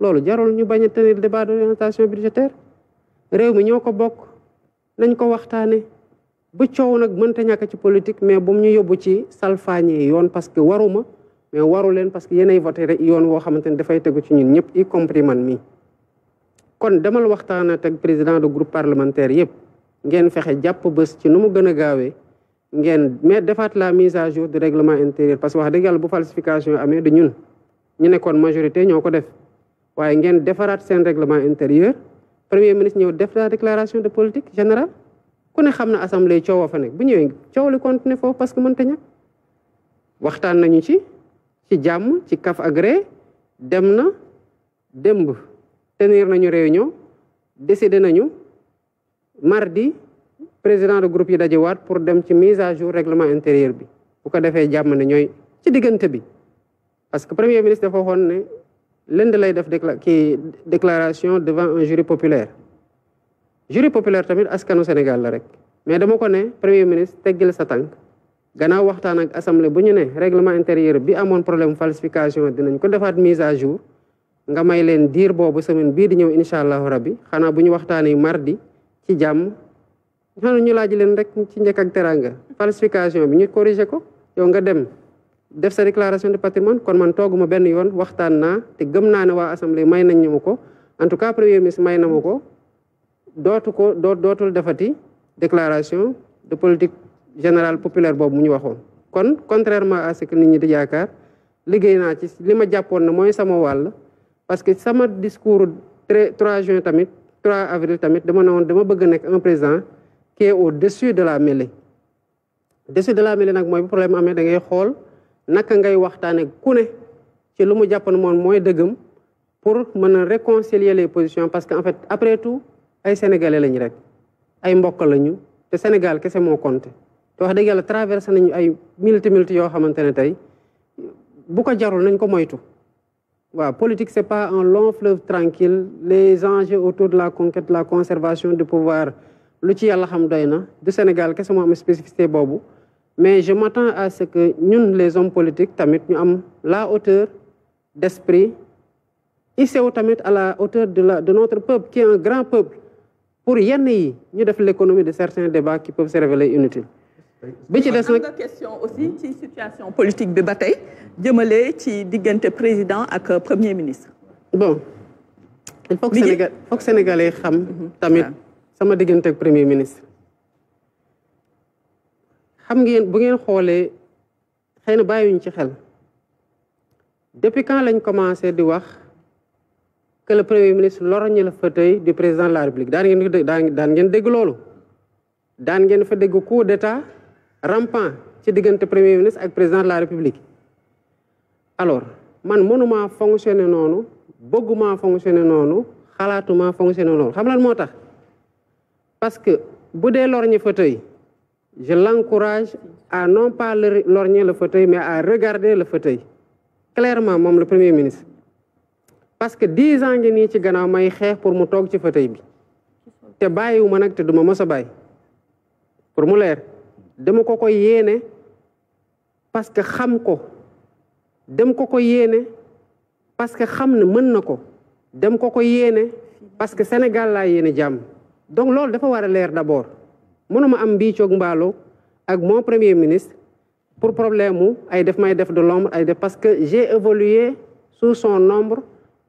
[SPEAKER 4] loolu jarul ñu bañ a tenir débat d'orientation budgétaire réew mi ñoo ko bokk nañ ko waxtaane bu coow nag mënta ñàkk ci politique mais bu mu ñu yóbbu ci salfaañee yoon parce que waruma mais waru leen parce que yéenay voté rek yoon woo xamante ni dafay tegu ci ñun ñëpp y compris man mii kon demal waxtaan teg président de groupe parlementaire yëpp ngeen fexe jàpp bés ci nu mu gën a gaawee ngeen mais defaat la mise à jour du règlement intérieur parce que wax dëgg yàlla bu falsification amee du ñun ñu nekkoon majorité ñoo ko def waaye ngeen defaraat seen règlement intérieur premier ministre ñëw def la déclaration de politique générale ku ne xam na assemblée coow fa nekk bu ñëwee coow li continuer foofu parce que mënta ñàkk waxtaan nañu ci ci jàmm ci kaf ak ree dem na démb tenir nañu réunion décidé nañu mardi président de groupe yi dajewaat pour dem ci mise à jour règlement intérieur bi bu ko defee jàmm ne ñooy ci diggante bi parce que premier ministre dafa waxoon ne lundi lay def décla déclaration devant un jury populaire jury populaire tamit askanu Sénégal la rek mais dama ko ne premier ministre teggil sa tank gannaaw waxtaan ak assemblée bu ñu ne règlement intérieur bi amoon problème falsification dinañ ko defaat mise à jour nga may leen diir boobu semaine bii di ñëw incha allahu rabbi xanaa bu ñu waxtaanee mardi ci jàmm xanaa ñu laaj leen rek ci njëkk ak teranga falsification bi ñu corriger ko yow nga dem. def sa déclaration de patrimoine kon man tooguma benn yoon waxtaan naa te gëm naa ne waa assemblée may nañ ñu ma ko en tout cas premier ministre may na ma ko dootu ko doo dootul defati déclaration de politique générale populaire boobu mu ñu waxoon kon contrairement à ce que nit ñi di yaakaar liggéey naa ci li ma jàppoon na mooy sama wàll parce que sama discours très 3 juin tamit 3 avril tamit dama ne dama bëgg nekk un président qui est au-dessus de la mêlée. au-dessus de la mêlée nag mooy bu problème da ngay xool naka ngay waxtaane ku ne ci lu mu jàppoon moom mooy dëggam pour mën a réconcilier les positions parce que en fait après tout ay sénégalais lañu rek ay mbokk lañu te Sénégal kese moo compté te wax dëgg yàlla traversé nañu ay multi multi yoo xamante ne tey bu ko jarul nañ ko moytu waaw politique c'est pas un long fleuve tranquille les enjeux autour de la conquête la conservation du pouvoir lu ci yàlla xam doy na du Sénégal kese moo am spécificité boobu mais je m'attends à ce que nous, les hommes politiques nous ñu la hauteur d'esprit ici, tamit à la hauteur de la de notre peuple qui est un grand peuple pour yenn yi nous def l'économie de certains débats qui peuvent se révéler inutiles bi ci une
[SPEAKER 1] question aussi la situation politique
[SPEAKER 4] de bataille. tey que ci es président et premier ministre bon il faut que les sénégalais xam mhm. tamit sama premier ministre xam ngeen bu ngeen xoolee xëy na bàyyiwuñ ci xel depuis quand lañ commencé di wax que le premier ministre lorgne le fauteuil du président de la république daan ngeen daan daan ngeen dégg loolu daan ngeen fa dégg coup d' état rampant ci diggante premier ministre ak président de la république alors man mënuma fonctionné noonu bëgguma fonctionné noonu xalaatuma fonctionné noonu xam lan moo tax parce que bu dee lorgne fauteuil je l'encourage à non pas lorgner le fauteuil, mais à regarder le fauteuil. Clairement, moom le premier ministre. parce que 10 ans ngi nii ci gannaaw may pour mu toog ci fauteuil bi te bàyyiwu ma nag te duma mos a bàyyi pour mu leer dama ko ko parce que xam ko dem ko yene parce que xam ne mën nako ko dem ko ko parce que Sénégal la yene jam. donc lool dafa wara a leer d'abord mënuma am mbiicoog mbaalo ak mon premier ministre pour problème ay def may def de l'ombre ay def parce que j'ai évolué sous son ombre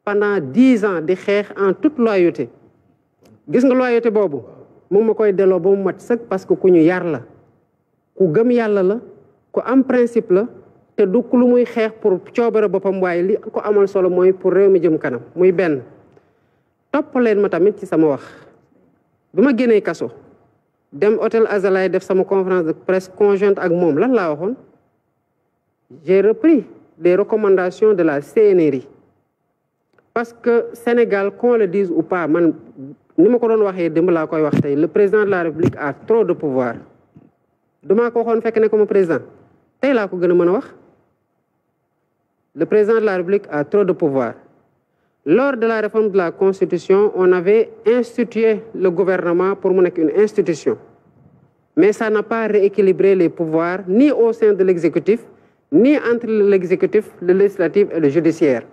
[SPEAKER 4] pendant dix ans di xeex en toute loyauté gis nga loyauté boobu mu ma koy delloo ba mu mat sëkk parce que ku ñu yar la ku gëm yàlla la ku am principe la te du lu muy xeex pour coobare boppam waaye li ko amal solo mooy pour réew mi jëm kanam muy benn topp leen ma tamit ci sama wax bi ma génnee kaso dem hôtel Azalay def sama conférence de presse conjointe ak mom lan j'ai repris les recommandations de la CNRI parce que Sénégal qu'on le dise ou pas man nima ko don la koy wax le président de la République a trop de pouvoir damaa ko waxone fekk ne ko président tay la ko gëna mëna wax le président de la République a trop de pouvoir lors de la réforme de la Constitution, on avait institué le gouvernement pour mon une institution. Mais ça n'a pas rééquilibré les pouvoirs ni au sein de l'exécutif, ni entre l'exécutif, le législatif et le judiciaire.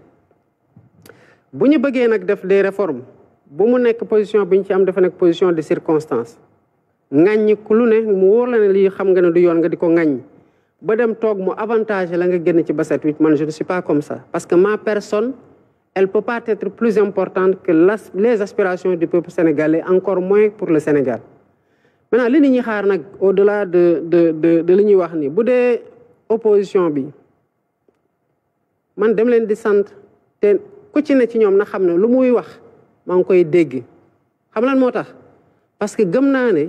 [SPEAKER 4] Si on bëggee faire des réformes si bu mu une position de circonstance, ci am a position de circonstance ŋàññi ku lu ne mu la di avantage la nga ci man je ne suis pas comme ça parce que ma personne elle ne peut pas être plus importante que les aspirations du peuple sénégalais, encore moins pour le Sénégal. Maintenant, ce que nous attendons, au-delà de, de, de, de ce que nous avons dit, opposition bi man dem leen di sant te ku ci ne ci ñoom na xam ne lu muy wax maa koy dégg xam lan parce que je sais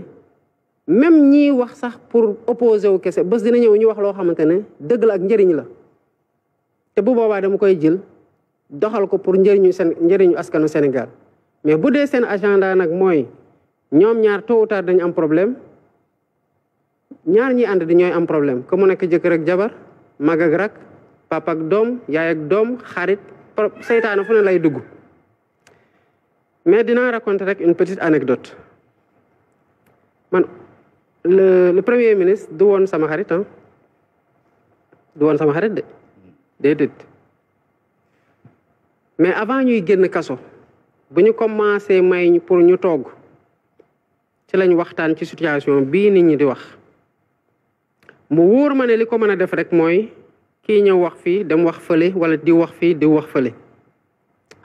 [SPEAKER 4] même ñii wax sax pour opposer wu kese bés dina ñëw ñu wax lo xamante ne dëgg la ak njëriñ la té bu boobaa dama koy jël doxal ko pour njeriñu seen askanu Senegal, mais bu dee seen agenda nyom moy ñom ñaar tôt ou tard am problème ñaar ñi and di ñoy am problème ko mu nek jëk rek jabar mag ak rak papa ak dom yaay ak dom xarit setan fu ne lay dugg mais dina raconter rek une petite anecdote man le le premier ministre du won sama xarit ah du won sama xarit de déedéet mais avant ñuy génn kaso bu ñu commencé may ñu pour ñu togg ci lañ waxtaan ci situation bi nit ñi di wax mu wóor ma ne li ko mën a def rek mooy kii ñëw wax fii dem wax fële wala di wax fii di wax fële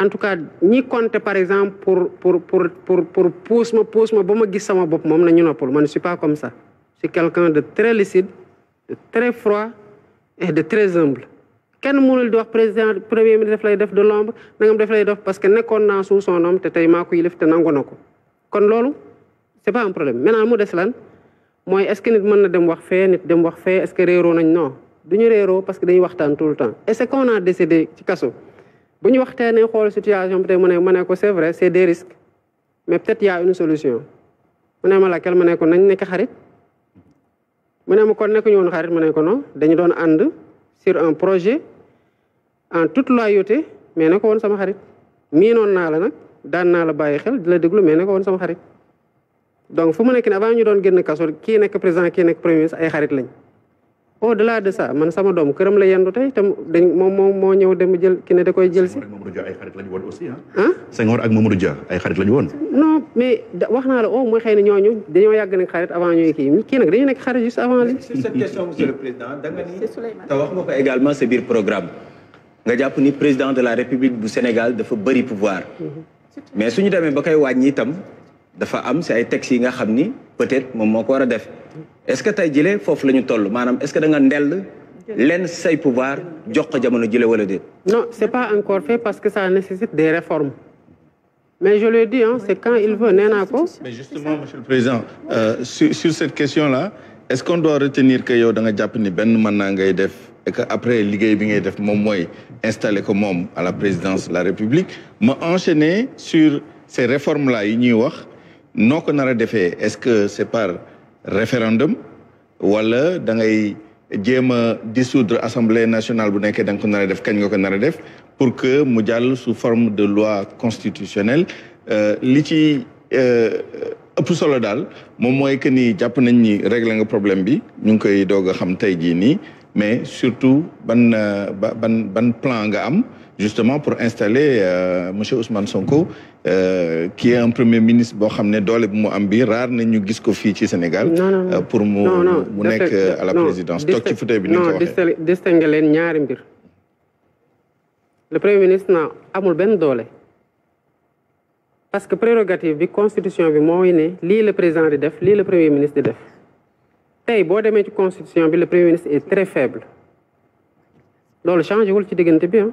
[SPEAKER 4] en tout cas ñi compter par exemple pour pour pour pour pour pousse ma pousse ma ba ma gis sama bopp moom na ñu noppal man je suis pas comme ça je suis quelqu'un de très lucide de très froid et de très humble kenn mënul di wax président premier ministre daf lay def de l'ombre nangam daf lay def parce que nekkoon na sous te tey maa ko yilif ko kon loolu c'est pas un mu des lan mooy est nit mën na dem wax fee nit dem wax fee est-ce que réeroo nañ non du ñu réeroo parce que dañuy waxtaan tout le temps et c'est qu'on a décidé ci kaso bu ñu waxtaanee xool situation bi tey mu ne ma ne ko c'est vrai c'est des risques mais peut-être y a une solution mu ne ma laquelle ma ne ko nañ nekk xarit ma kon nekk ñu woon xarit ma ne ko non dañu doon ànd sur un projet en toute loyauté mais ne ko sama xarit mi non na la nak dan na la baye xel dila la mais ne ko sama xarit donc fu mu nekk nii avant ñu doon génn kasso ki nek président ki nek premier ministre ay xarit lañ. au delà de ça man sama doom këram la yendu tey te dañ moom moo moo ñëw dem jël ki ne da koy jël si.
[SPEAKER 3] Mamadou Dia ay xarit lañu woon aussi ah. ak Mamadou Dia ay xarit lañu woon.
[SPEAKER 4] non mais wax naa la oh mooy xëy na ñooñu dañoo yàgg nag xarit avant ñooy kii kii nag dañu nekk xarit juste avant li. sur cette
[SPEAKER 3] question
[SPEAKER 2] monsieur le te wax nga ko également sa biir programme nga jàpp ni président de la république bu Sénégal dafa bëri pouvoir
[SPEAKER 5] mm-hmm.
[SPEAKER 2] mais suñu demee ba koy wàññi itam dafa am si ay textes yi nga xam ni peut-être moom moo ko war a def. est-ce que tay jilé foofu lañu ñu toll maanaam est-ce que da nga ndell len say pouvoir jox ko jamono Non, wala n'est
[SPEAKER 4] non c'est pas encore fait parce que ça nécessite des réformes mais je le dis hein, c'est quand il veut nee ko mais justement
[SPEAKER 7] monsieur le président euh, sur, cette question-là est-ce qu'on doit retenir que yow da nga japp ni ben man naa ngay def et que après liggéey bi ngay def mom moy installer ko mom à la présidence de la République ma enchaîner sur ces réformes-là yi ñuy wax noko nara défé est-ce que c'est par référendum wala da ngay jéem a dissoudre assemblée nationale bu nekkee da nga ko nar def kañ nga ko nar a def pour que mu jàll sous forme de loi constitutionnelle euh, li ci euh, ëpp solo daal moom mooy que ni jàpp nañ ni réglé nga problème bi ñu ngi koy doog a xam tey jii nii mais surtout ban euh, ban ban plan nga am justement pour installer euh, M. Ousmane Sonko euh, qui est un premier ministre qui xam ne doole bu mu am bi rare na ñu gis ko Sénégal. Euh, pour mu à la présidence. toog ci fauteuil bi ni nga non,
[SPEAKER 4] non, non non, le premier ministre na amul benn doole. parce que prérogative bi constitution bi mooy ne le président di def le premier ministre di def République. boo la constitution bi le premier ministre est très faible loolu changé vous ci diggante bi hein.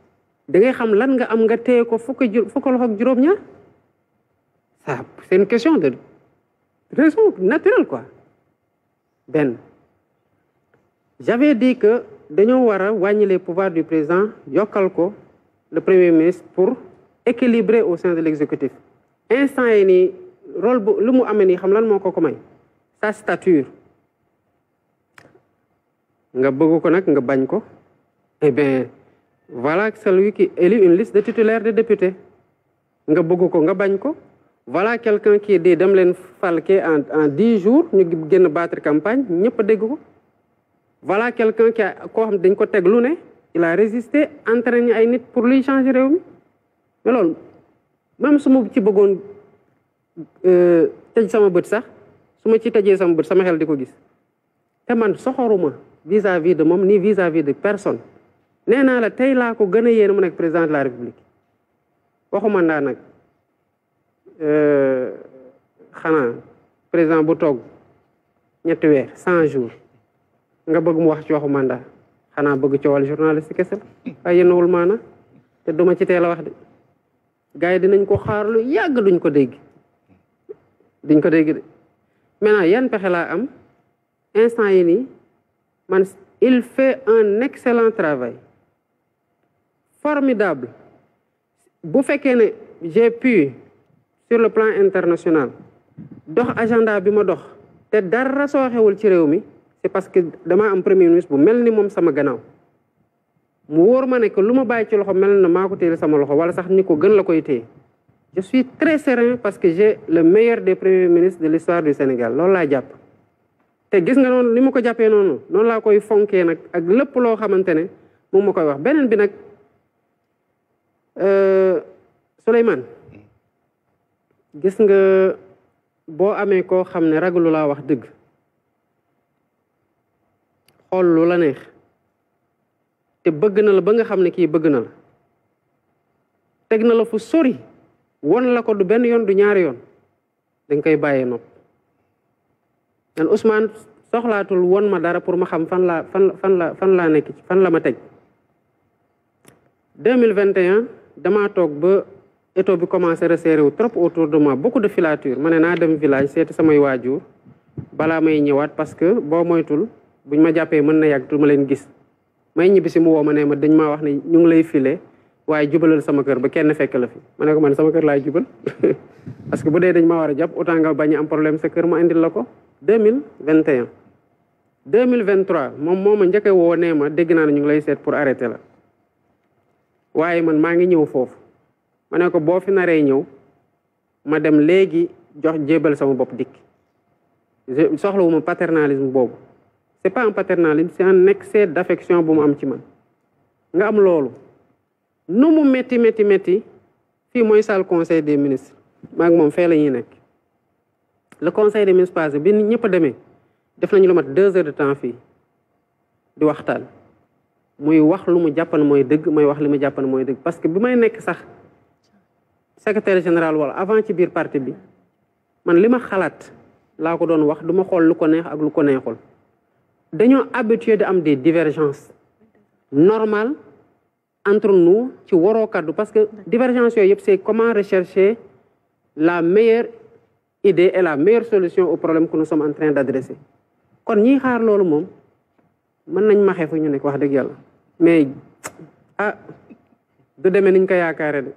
[SPEAKER 4] da ngay xam lan nga am nga téye ko fukk fukk loxo ak juróom-ñaar ça c'est une question de raison naturelle quoi benn j'avais dit que dañoo war a wàññi les pouvoirs du président yokkal ko le premier ministre pour équilibrer au sein de l'exécutif instant yi nii rôle bu lu mu amee nii xam lan moo ko ko may sa stature nga bëgg ko nag nga bañ ko eh bien voilà celui qui élit une liste de titulaires de députés nga bëgg ko nga bañ ko voilà quelqu'un qui dit dem leen falke en en dix jours ñu génn battre campagne n'y a dégg ko voilà quelqu'un qui a xam dañ ko gloune, il a résisté entraîné ay nit pour lui changer mais loolu même su ma petit bëggoon euh, tëj sama bët sax su petit ci tëjee sama bët sama xel di ko gis te man soxoruma vis-à-vis de moi ni vis-à-vis de personne nee la tay la ko gëna a mu nek président de la république waxuma na nak euh xana président bu tok ñett wër 100 jours nga bëgg mu wax ci waxu mandat xana bëgg ci wal journaliste kessel ay waaye mana té duma ci teel a wax de gaay yi dinañ ko xaar lu yàgg duñ ko dégg diñ ko dégg de maintenant yeen pexé la am instant yi ni man il fait un excellent travail formidable bu fekkee ne j'ai pu sur le plan international dox agenda bi ma dox te dara soo xewul ci réew mi c'est parce que damaa am premier ministre bu mel ni moom sama gannaaw mu wóor ma ne que lu ma bàyyi ci loxo mel na maa sama loxo wala sax ni gën la koy téye je suis très serein parce que j'ai le meilleur des premiers ministres de l'histoire du Sénégal loolu laa jàpp te gis nga noonu ni ma ko jàppee noonu noonu laa koy fonkee nag ak lépp loo xamante ne moom ma koy wax beneen bi nag Eh, Sulaiman, gis nga bo amé ko xamné ne la wax deug xol lu la neex te bëgg na la ba nga xamné ki bëgg na la teg na la fu sori won la ko du ben yoon du ñaar yoon dang koy bayé nopp dan Ousmane soxlaatul won ma dara pour ma xam fan la fan la fan la nekk fan la ma teg 2021 dama tok ba étau bi commencé resserré wu trop autour de moi beaucoup de filature mané na dem village seeti samay wajur bala may ñëwaat parce que bo moytul buñ ma jappé mën na yag duma leen gis may ñibbisi mu wo mané ma dañ ma wax ni ñu ngi lay filé waye jubalal sama kër ba kenn fekk la fi mané ko man sama kër laay jubal parce que bu dé dañ ma wara japp autant nga bañ am problème sa kër ma andil lako 2021 2023 mom moma ma wo né ma dégg na ñu ngi lay sét pour arrêter la waaye man maa ngi ñëw foofu ma ne ko boo fi naree ñëw ma dem léegi jox jébal sama bopp dikk soxlawuma paternalisme boobu c'est pas un paternalisme c'est un excès d'affection bu mu am ci man nga am loolu nu mu metti metti métti fii mooy salle conseil des ministres maag moom fee la ñuy nekk le conseil des ministres passé bi ñëpp demee def nañu lu mat deux heures de temps fii di waxtaan muy wax lu mu jàppan moy deug moy wax limu mu moy deug parce que bi may nek sax secrétaire général wala avant ci bir parti bi man lima ma la ko don wax duma xol lu ko neex ak lu ko neexul dañoo habitué de am des divergences normal entre nous ci waroo kaddu parce que divergence yoyep yëpp c'est comment rechercher la meilleure idée et la meilleure solution au problème que nous sommes en train d'adresser kon ñi xaar lolu mom man nañ maxé fu ñu nek wax deug yalla mais ah du demee niñ ko yaakaare de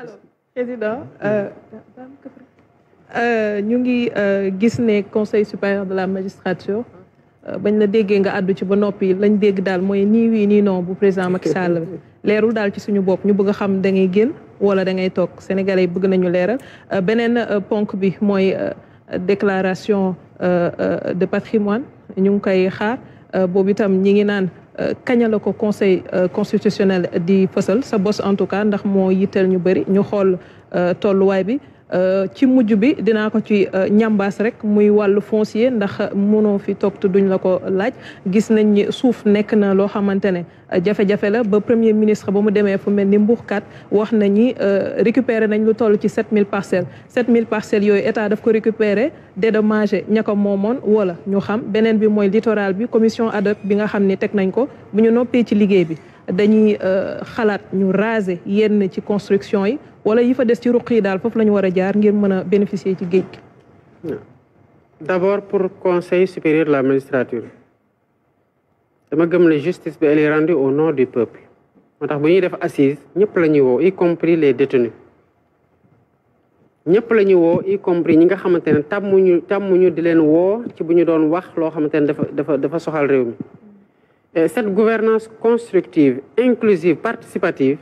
[SPEAKER 8] alors président euh, euh, ñu ngi euh, gis ne conseil supérieur de la magistrature bañ la déggee nga àddu ci ba noppi lañ dégg daal mooy nii wii nii non bu président Macky Sall leeru daal ci suñu bopp ñu bëgg a xam da ngay génn wala da ngay toog sénégalais bëgg nañu leeral beneen ponk bi mooy déclaration de patrimoine ñu ngi koy xaar boobu itam ñi ngi naan Euh, kañala ko conseil euh, constitutionnel di fësal sa boss en tout cas ndax moo yitteel ñu bëri ñu xool euh, tolluwaay bi Euh, ci mujj bi dinaa ko ci euh, ñambaas rek muy wàllu foncier ndax mënoo fi toog te duñ la ko laaj gis nañ ni suuf nekk na loo xamante ne euh, jafe-jafe la ba premier ministre ba mu demee fu mel ni mbuuxkat wax na ñi récupérer nañ lu toll ci mille parcelle parcelles mille parcelles yooyu état daf ko récupérer dédommagé ña ko moomoon wala ñu xam beneen bi mooy littoral bi commission ad hoc bi nga xam ni teg nañ ko bu ñu noppee ci liggéey bi dañuy xalaat ñu raser yenn ci construction yi wala yi fa dess ci ruqi dal daal lañu wara jaar ngir mëna bénéficier ci geej
[SPEAKER 4] d'abord pour conseil supérieur de la magistrature dama gëm ne justice bi elle est rendue au nom du peuple motax bu ñuy def assise ñepp la wo y compris les détenus ñepp la wo y compris ñi nga xamantene ne tamuñu di leen wo ci buñu doon wax lo xamantene ne dafa dafa dafa soxal réew mi cette gouvernance constructive inclusive participative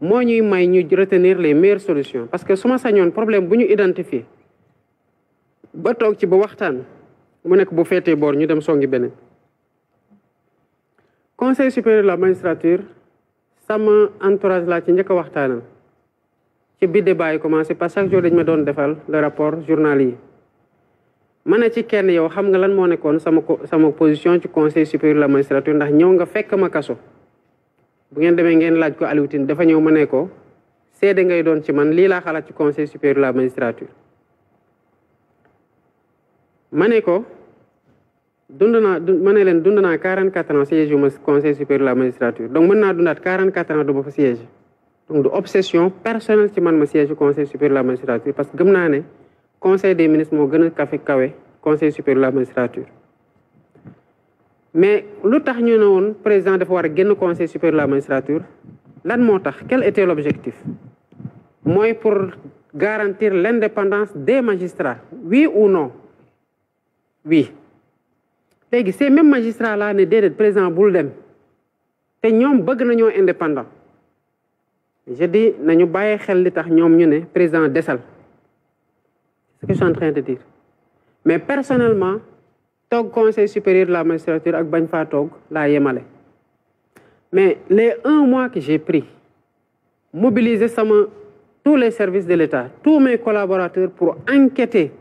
[SPEAKER 4] moo ñuy may ñu retenir les meilleures solutions parce que su ma sañoon problème bu ñu identifier ba toog ci ba waxtaan mu nekk bu feetee boor ñu dem songi beneen conseil supérieur de la magistrature sama entourage laa ci njëkk a waxtaanal ci bi débat yi commencé parce que chaque jour ma doon defal le rapport journalier. yi ma ne ci kenn yow xam nga lan moo nekkoon sama sama position ci conseil supérieur de la magistrature ndax ñëw nga fekk ma kaso bu ngeen demee ngeen laaj ko Aliou dafa ñëw ma ne ko seede ngay doon ci man lii laa xalaat ci conseil supérieur la magistrature ma ne ko dund naa ma ne leen dund naa quarante quatre ans siège yu ma conseil supérieur de la magistrature donc mën naa dundaat quarante quatre du ma fa siège du obsession personnelle ci man ma siège conseil supérieur de la magistrature parce que gëm naa ne conseil de ministres moo gën a kafe kawe conseil supérieur la magistrature mais lutax nous ñu ne président dafa conseil supérieur de la magistrature lan quel était l'objectif Moi, pour garantir l'indépendance des magistrats oui ou non oui ces mêmes magistrats là ne déedéet président bul dem te ñoom bëgg nañoo indépendant je dis nañu bàyyi xel li tax ñoom ñu ne président desal ce que je suis en train de dire mais personnellement Tog conseil supérieur de la magistrature ak bagn fa toog yemale mais les un mois que j'ai pris mobiliser sama tous les services de l'État tous mes collaborateurs pour enquêter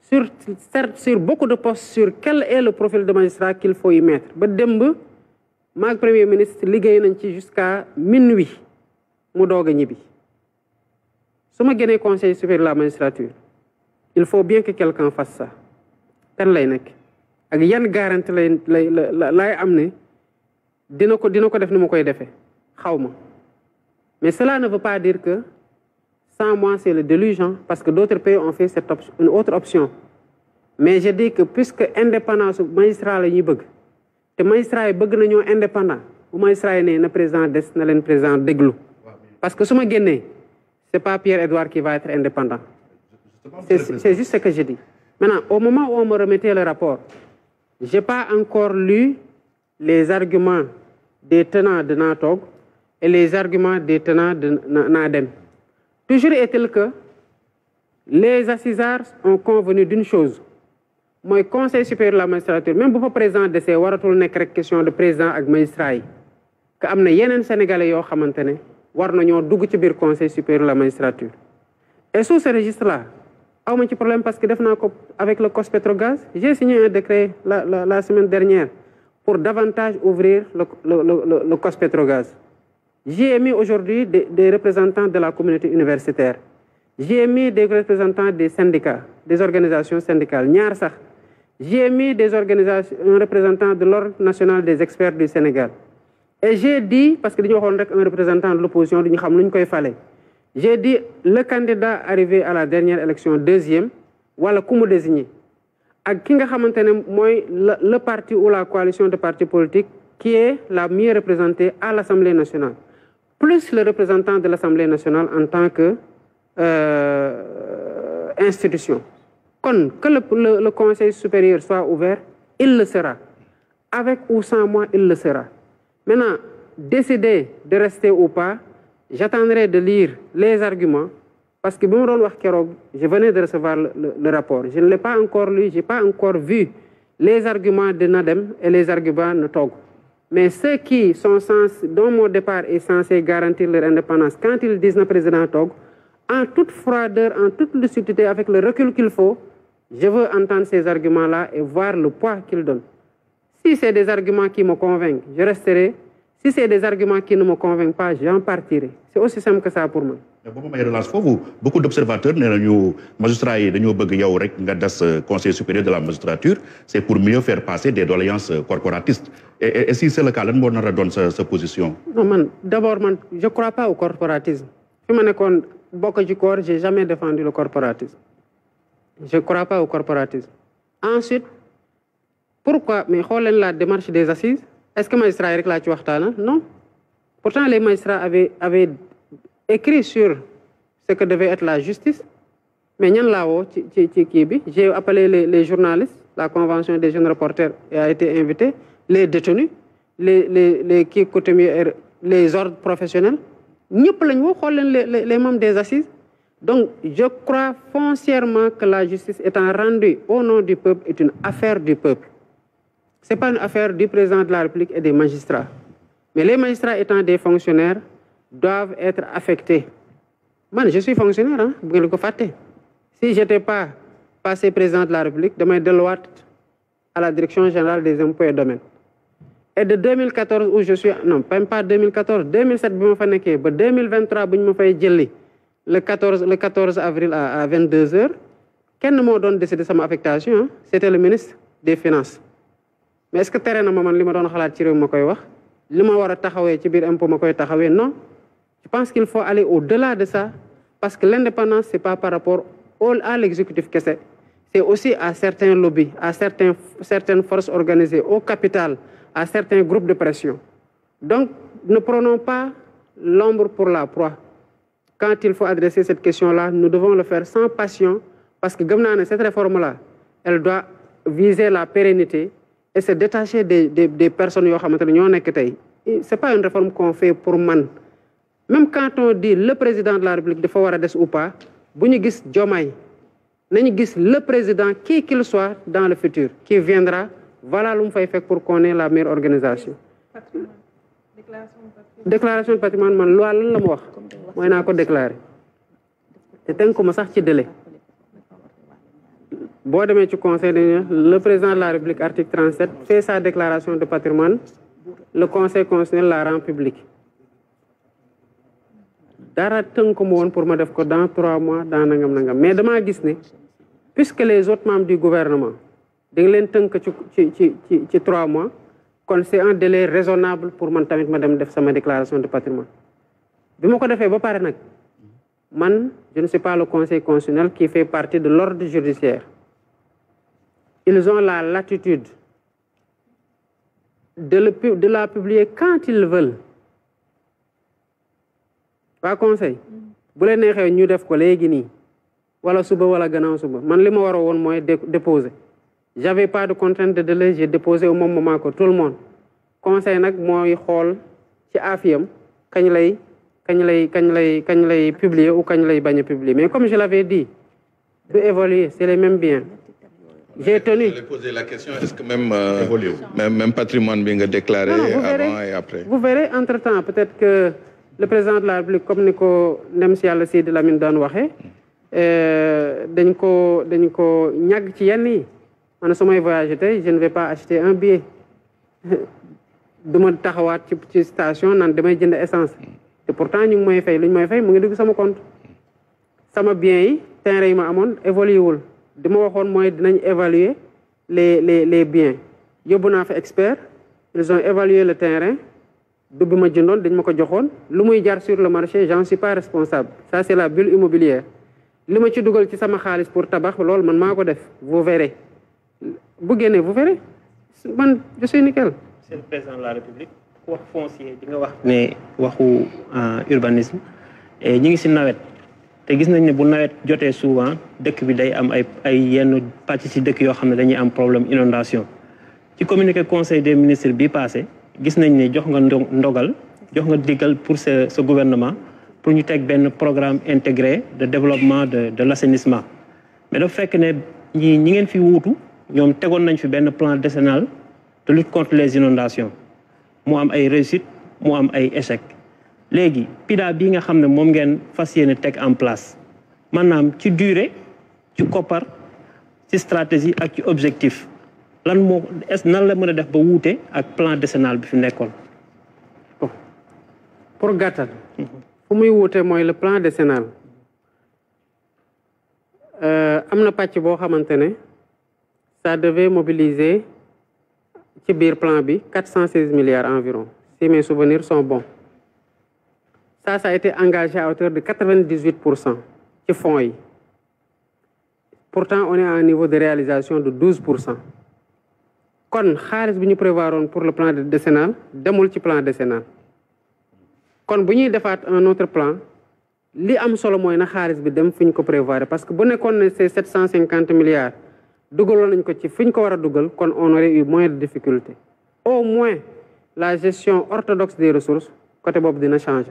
[SPEAKER 4] sur sur beaucoup de postes sur quel est le profil de magistrat qu'il faut y mettre ba demb ma premier ministre liggéey nañ ci jusqu'à minuit mu je ñibi ñibbi su conseil supérieur de la magistrature il faut bien que quelqu'un fasse ça kan lay nekk ak yan garanti lay lay lay am ne dina def ni koy mais cela ne veut pas dire que sans moi c'est le déluge parce que d'autres pays ont fait une autre option mais je dis que puisque indépendance magistrat la ñuy bëgg te magistrat yi bëgg nañoo indépendant le magistrat yi ne na président des na leen président déglu parce que su ma génnee pas Pierre Edouard qui va être indépendant c'est juste ce que je dis Maintenant, au moment où on me remettait le rapport, je n'ai pas encore lu les arguments des tenants de Natog et les arguments des tenants de Nadem. Toujours est-il que les assisards ont convenu d'une chose. Moi, conseil supérieur de la magistrature, même si président de ces a nek rek question de président et magistrat que amna yenen sénégalais yo xamantene war nañu dugg ci bir conseil supérieur de la magistrature. Et sous ce registre là, problème parce que avec le COS j'ai signé un décret la semaine dernière pour davantage ouvrir le le j'ai mis aujourd'hui des représentants de la communauté universitaire j'ai mis des représentants des syndicats des organisations syndicales j'ai mis des organisations un représentant de l'ordre national des experts du Sénégal et j'ai dit parce que nous un représentant de l'opposition nous xam j'ai dit le candidat arrivé à la dernière élection deuxième, voilà comment désigner. Avec qui le parti ou la coalition de partis politiques qui est la mieux représentée à l'Assemblée nationale, plus le représentant de l'Assemblée nationale en tant que euh, institution. que le, Conseil supérieur soit ouvert, il le sera. Avec ou sans moi, il le sera. Maintenant, décider de rester ou pas, j'attendrai de lire les arguments parce que je venais de recevoir le, rapport je ne l'ai pas encore lu je n'ai pas encore vu les arguments de Nadem et les arguments de Togo mais ceux qui sont censés dont mon départ est censé garantir leur indépendance quand ils disent le président Togo en toute froideur en toute lucidité avec le recul qu'il faut je veux entendre ces arguments là et voir le poids qu'ils donnent si c'est des arguments qui me convainquent je resterai si c'est des arguments qui ne me convainquent pas, j'en partirai. C'est aussi simple que ça pour moi.
[SPEAKER 3] Beaucoup d'observateurs, les magistrats, le euh, Conseil supérieur de la magistrature, c'est pour mieux faire passer des doléances euh, corporatistes. Et, si c'est le cas, on redonne sa position
[SPEAKER 4] D'abord, je ne crois pas au corporatisme. Je corps, je n'ai jamais défendu le corporatisme. Je ne crois pas au corporatisme. Ensuite, pourquoi, mais la démarche des assises, est-ce que magistrat Eric Non. Pourtant, les magistrats avaient, écrit sur ce que devait être la justice. Mais là-haut, j'ai appelé les, journalistes, la convention des jeunes reporters a été invitée, les détenus, les, les, les, les ordres professionnels, les membres des assises. Donc, je crois foncièrement que la justice étant rendue au nom du peuple est une affaire du peuple. Ce n'est pas une affaire du président de la République et des magistrats. Mais les magistrats étant des fonctionnaires doivent être affectés. Moi, je suis fonctionnaire, hein, vous Si je n'étais pas passé président de la République, demain de loi à la direction générale des impôts et domaines. Et de 2014 où je suis, non, même pas 2014, 2007, 2023, le 14, le 14 avril à, 22h, quel ne m'a donné de cette affectation, hein. c'était le ministre des Finances mais est-ce que terrain na ma li ma ci rew makoy wax li ma ci biir impôt makoy taxawé non je pense qu'il faut aller au-delà de ça parce que l'indépendance c'est pas par rapport au à l'exécutif que c'est aussi à certains lobbies à certains certaines forces organisées au capital à certains groupes de pression donc ne prenons pas l'ombre pour la proie quand il faut adresser cette question-là nous devons le faire sans passion parce que cette réforme-là elle doit viser la pérennité et se détacher des des des personnes qui ont été ñoo nekk Ce c'est pas une réforme qu'on fait pour man même quand on dit le président de la république de war ou pas Il ñu gis Diomaye nañu gis le président qui qu'il soit dans le futur qui viendra voilà ce mu fay faire pour qu'on ait la meilleure organisation déclaration de patrimoine man de patrimoine, la mu wax pas naa ko déclarer te tënk délai conseil le président de la république article 37 fait sa déclaration de patrimoine le conseil constitutionnel la rend publique dara comme on pour me def dans trois mois dans un an, mais demain, puisque les autres membres du gouvernement ont nga trois mois c'est un délai raisonnable pour man tamit ma dem def sa déclaration de patrimoine man je ne sais pas le conseil constitutionnel qui fait partie de l'ordre judiciaire ils ont la latitude de, le, de la publier quand ils veulent Pas conseil vous leen neexee ñu def ko léegi ce wala suba wala gannaaw suba man li ma war a woon déposer j'avais pas de contrainte de délai j'ai déposé au même moment que tout le monde conseil nag quand il ci afiyam quand lay kañ lay kañ lay kañ lay publier ou quand lay bañ a publier mais comme je l'avais dit de évoluer c'est les mêmes biens j'ai tenu. Je
[SPEAKER 7] poser la question, est-ce que même, euh, même, même, patrimoine bien déclaré non, avant et après Vous
[SPEAKER 4] verrez entre-temps, peut-être que le président de la République, comme nous avons dit, nous de la mine d'Anouahé, dañ ko dañ ko ñàgg ci yenn yi voyagé je ne vais pas acheter un billet Demande ma ci ci station nan damay jënd essence et pourtant ñu ngi may fay lu ñu may fay mu ngi dugg sama compte sama bien yi terrain yi ma amone évolué wul je ma waxoon mooy évaluer les les les biens yóbbu naa fa expert ils ont évalué le terrain du bi ma jëndoon dañ lu muy jar sur le marché j'en suis pas responsable ça c'est la bulle immobilière li ma ci dugal ci sama pour tabac, Je man maa vous verrez bu vous verrez man je suis nickel.
[SPEAKER 5] C'est le président de la république Quoi foncier di nga wax ne waxu euh, urbanisme ñi ngi si nawet te gis nañ ne bu nawet jotee souvent dëkk bi day am ay ay yenn pàcc ci dëkk yoo xam ne dañuy am problème inondation ci communiqué conseil des ministres bi passé gis nañ ne jox nga ndogal jox nga digal pour sa sa gouvernement pour ñu teg benn programme intégré de développement de de l' mais dafa fekk ne ñi ñi ngeen fi wuutu ñoom tegoon nañ fi benn plan décennal de lutte contre les inondations mu am ay réussite mu am ay échec Légi, PIDA bi nga xam mom moom ngeen fas yéene en place Manam ci durée ci copar, ci stratégie ak ci objectif lan mo est nan la mën def ba wouté ak plan décennal bi
[SPEAKER 4] fi nekkoon. bon pour gàttal. fu muy wuute le plan décennal Euh, amna patch bo xamante ça devait mobiliser ci biir plan bi 416 milliards environ si mes souvenirs sont bons. Ça, ça a été engagé à hauteur de 98 qui font ci pourtant on est à un niveau de réalisation de 12 Quand on kon un pour le plan décennal demul ci plan décennal quand on ñuy un autre plan li am solo mooy na bi dem parce que si on avait 750 milliards on aurait eu moins de difficultés au moins la gestion orthodoxe des ressources côté boobu dina changer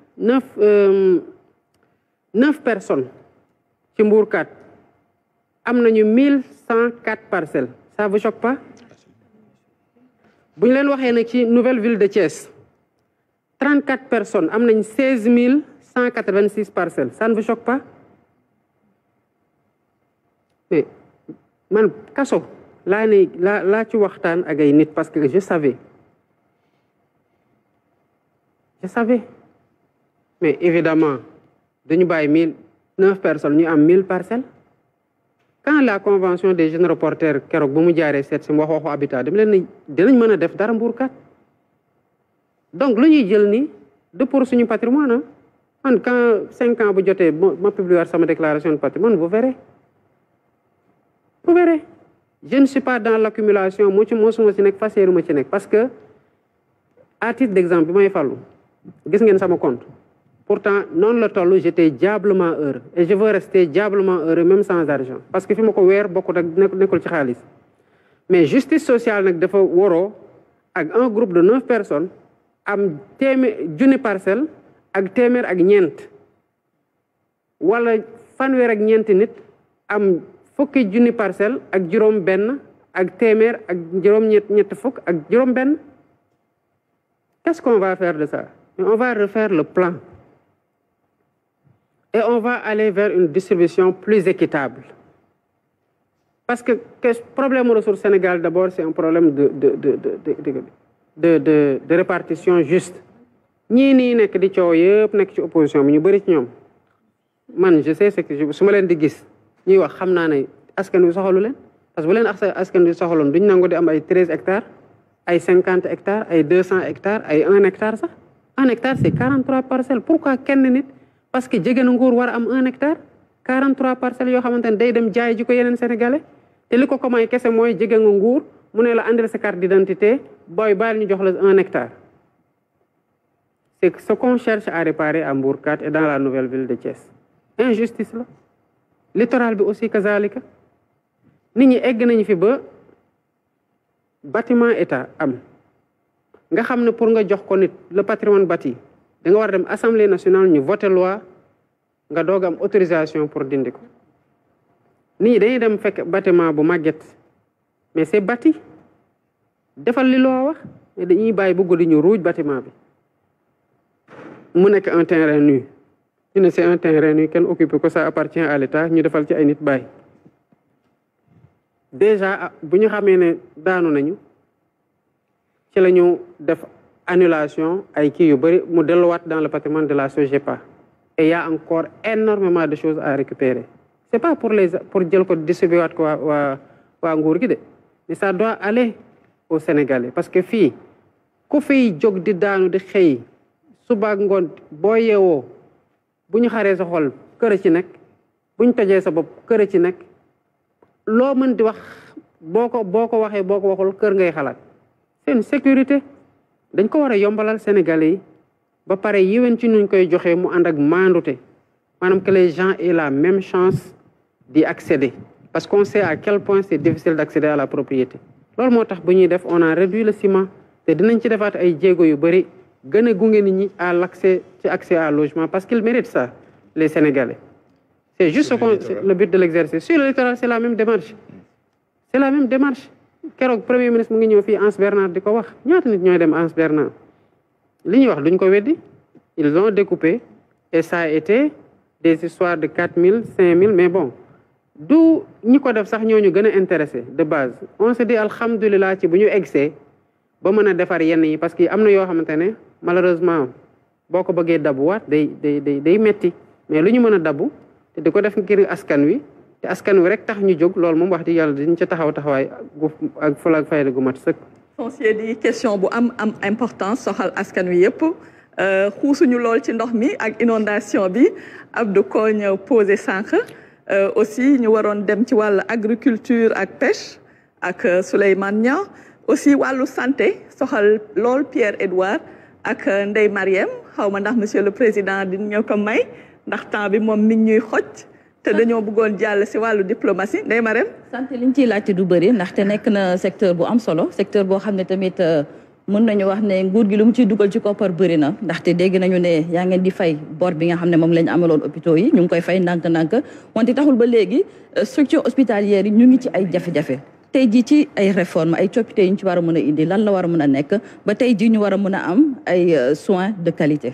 [SPEAKER 4] 9 euh, personnes qui mourent quatre. 1104 parcelles. Ça ne vous choque pas? Si vous avez une nouvelle ville de Thiès, 34 personnes, nous avons 16 186 parcelles. Ça ne vous choque pas? Mais, man, Kasso, là, là, là, tu vois que tu parce que je savais. Je savais mais évidemment nous avons 9 personnes nous avons 1000 parcelles quand la convention des jeunes reporters qui bu mu jaaree seet si wax waxu habitat dama leen dinañ mën a def dara donc lu ñuy jël ni de pour patrimoine hein. quand 5 ans bu ma publier ma déclaration de patrimoine vous verrez vous verrez je ne suis pas dans l'accumulation je ci suis ci parce que à titre d'exemple bi may fàllu gis ngeen sama compte pourtant non la toll j'étais diablement heureux et je veux rester diablement heureux même sans argent parce que je ma beaucoup de culturalistes. Mais la mais justice sociale nag dafa un groupe de neuf personnes am téeméer junni parcelle ak téeméer ak ñent wala fanweer ak ñent nit am fukki junni parcelle ak juroom ben ak téeméer ak juroom ñet ñet fuk ak juroom ben qu'est-ce qu'on va faire de ça on va refaire le plan et on va aller vers une distribution plus équitable. Parce que le problème aux ressources Sénégal, d'abord, c'est un problème de, de, de, de, de, de, de, de, de répartition juste. Nous sommes des gens qui nous, opposition, mais nous sommes beaucoup Man, je sais ce que je veux dire. Je veux dire, est-ce que nous avons Parce que nous avons que nous avons Nous avons 13 hectares, 50 hectares, 200 hectares, 1 hectare. 1 hectare, c'est 43 parcelles. Pourquoi quelqu'un n'est pas parce que jege na nguur war am un hectare 43 parcelles yoo xamante ne day dem jaay ji ko yeneen sénégalais te li ko ko kese mooy jege nga nguur mu ne la andil sa carte d'identité booy baal ñu jox la un hectare. c'est ce qu'on cherche à réparer a Mbour 4 et dans la nouvelle ville de Thiès injustice la littoral bi aussi kazalika nit ñi egg nañu fi ba bâtiment état am nga xam ne pour nga jox ko nit le patrimoine bâti da nga war dem assemblée nationale ñu voter loi nga doog am autorisation pour dindi ko nit ñi dañuy dem fekk bâtiment bu màgget mais c'est bâti defal li loo wax mais dañuy bàyyi bu guddi ñu ruuj bâtiment bi mu nekk un terrain nu ñu ne c'est un terrain nu kenn occupé ko ça appartient à l'État ñu defal ci ay nit bàyyi déjà bu ñu xamee ne daanu nañu ci la ñu def annulation ay ki yu bari mu delluwaat dans le patrimoine de la SOGEPA et il y a encore énormément de choses à récupérer c'est pas pour les pour jël ko distribuer waat ko wa waa waa nguur gi de mais ça doit aller au Sénégalais parce que fi ku fi jog di daanu di xey suba ngoon boo yeewoo bu ñu sa xol kër ci nekk buñu tejé sa bop kër ci nekk lo meun di wax boko boko boo boko waxul kër ngay xalat c'est une sécurité dañ ko war a yombalal sénégalais yi ba pare yéwén ci nuñ koy mu ànd ak que les gens aient la même chance d'y accéder parce qu'on sait à quel point c'est difficile d'accéder à la propriété loolu moo tax def on a réduit le ciment te dinañ ci defaat ay jéego yu bëri gën a gunge nit ñi à l'accès ci accès à logement parce qu'ils méritent ça les sénégalais c'est juste le but de l'exercice sur le littoral c'est la même démarche c'est la même démarche keroog premier ministre mu ngi ñëw fii Anse Bernard di ko wax ñaata nit ñooy dem Anse Bernard li ñuy wax duñ ko weddi ils ont découpé et ça a été des histoires de quatre mille cinq mille mais bon du ñi ko def sax ñooñu gën a intéressé de base on se dit alhamdulilah ci bu ñu egsee ba mën a defar yenn yi parce que am na yoo xamante ne malheureusement boo ko bëggee dabuwaat day day day day metti mais lu ñu mën a dabu te di ko def ngir askan wi te askan wi rek tax ñu jóg loolu moom wax di yàlla dañ ca taxaw taxawaay ak ak fayda gu mat sëkk
[SPEAKER 1] foncier di question bu am am importance soxal askan wi yëpp euh, xuusuñu lool ci ndox mi ak inondation bi Abdou Kogne posé sànq euh, aussi ñu waroon dem ci wàllu agriculture ak pêche ak euh, Souleymane Nia aussi wàllu santé soxal lool Pierre edouard ak ndey Marième xaw ma ndax monsieur le président dina ñoo ko may ndax temps bi moom mi ñuy xoj te dañoo bëggoon jàll si wàllu diplomatie Ndeye Marème. santé
[SPEAKER 6] liñ ciy laajte du bëri ndaxte nekk na secteur bu am solo secteur boo xam ne tamit euh, mën nañu wax ne nguur gi lu mu ciy dugal ci koppar bëri na ndaxte dégg nañu ne yaa ngeen di fay bor bi nga xam ne lañ amaloon hôpitaux yi ñu koy fay taxul ba euh, structure hospitalière ñu ngi ci ay jafe-jafe. tay jii ci ay réforme ay coppite yu ñu ci war a mën a indi lan la ba tay jii ñu am ay euh, soins de qualité.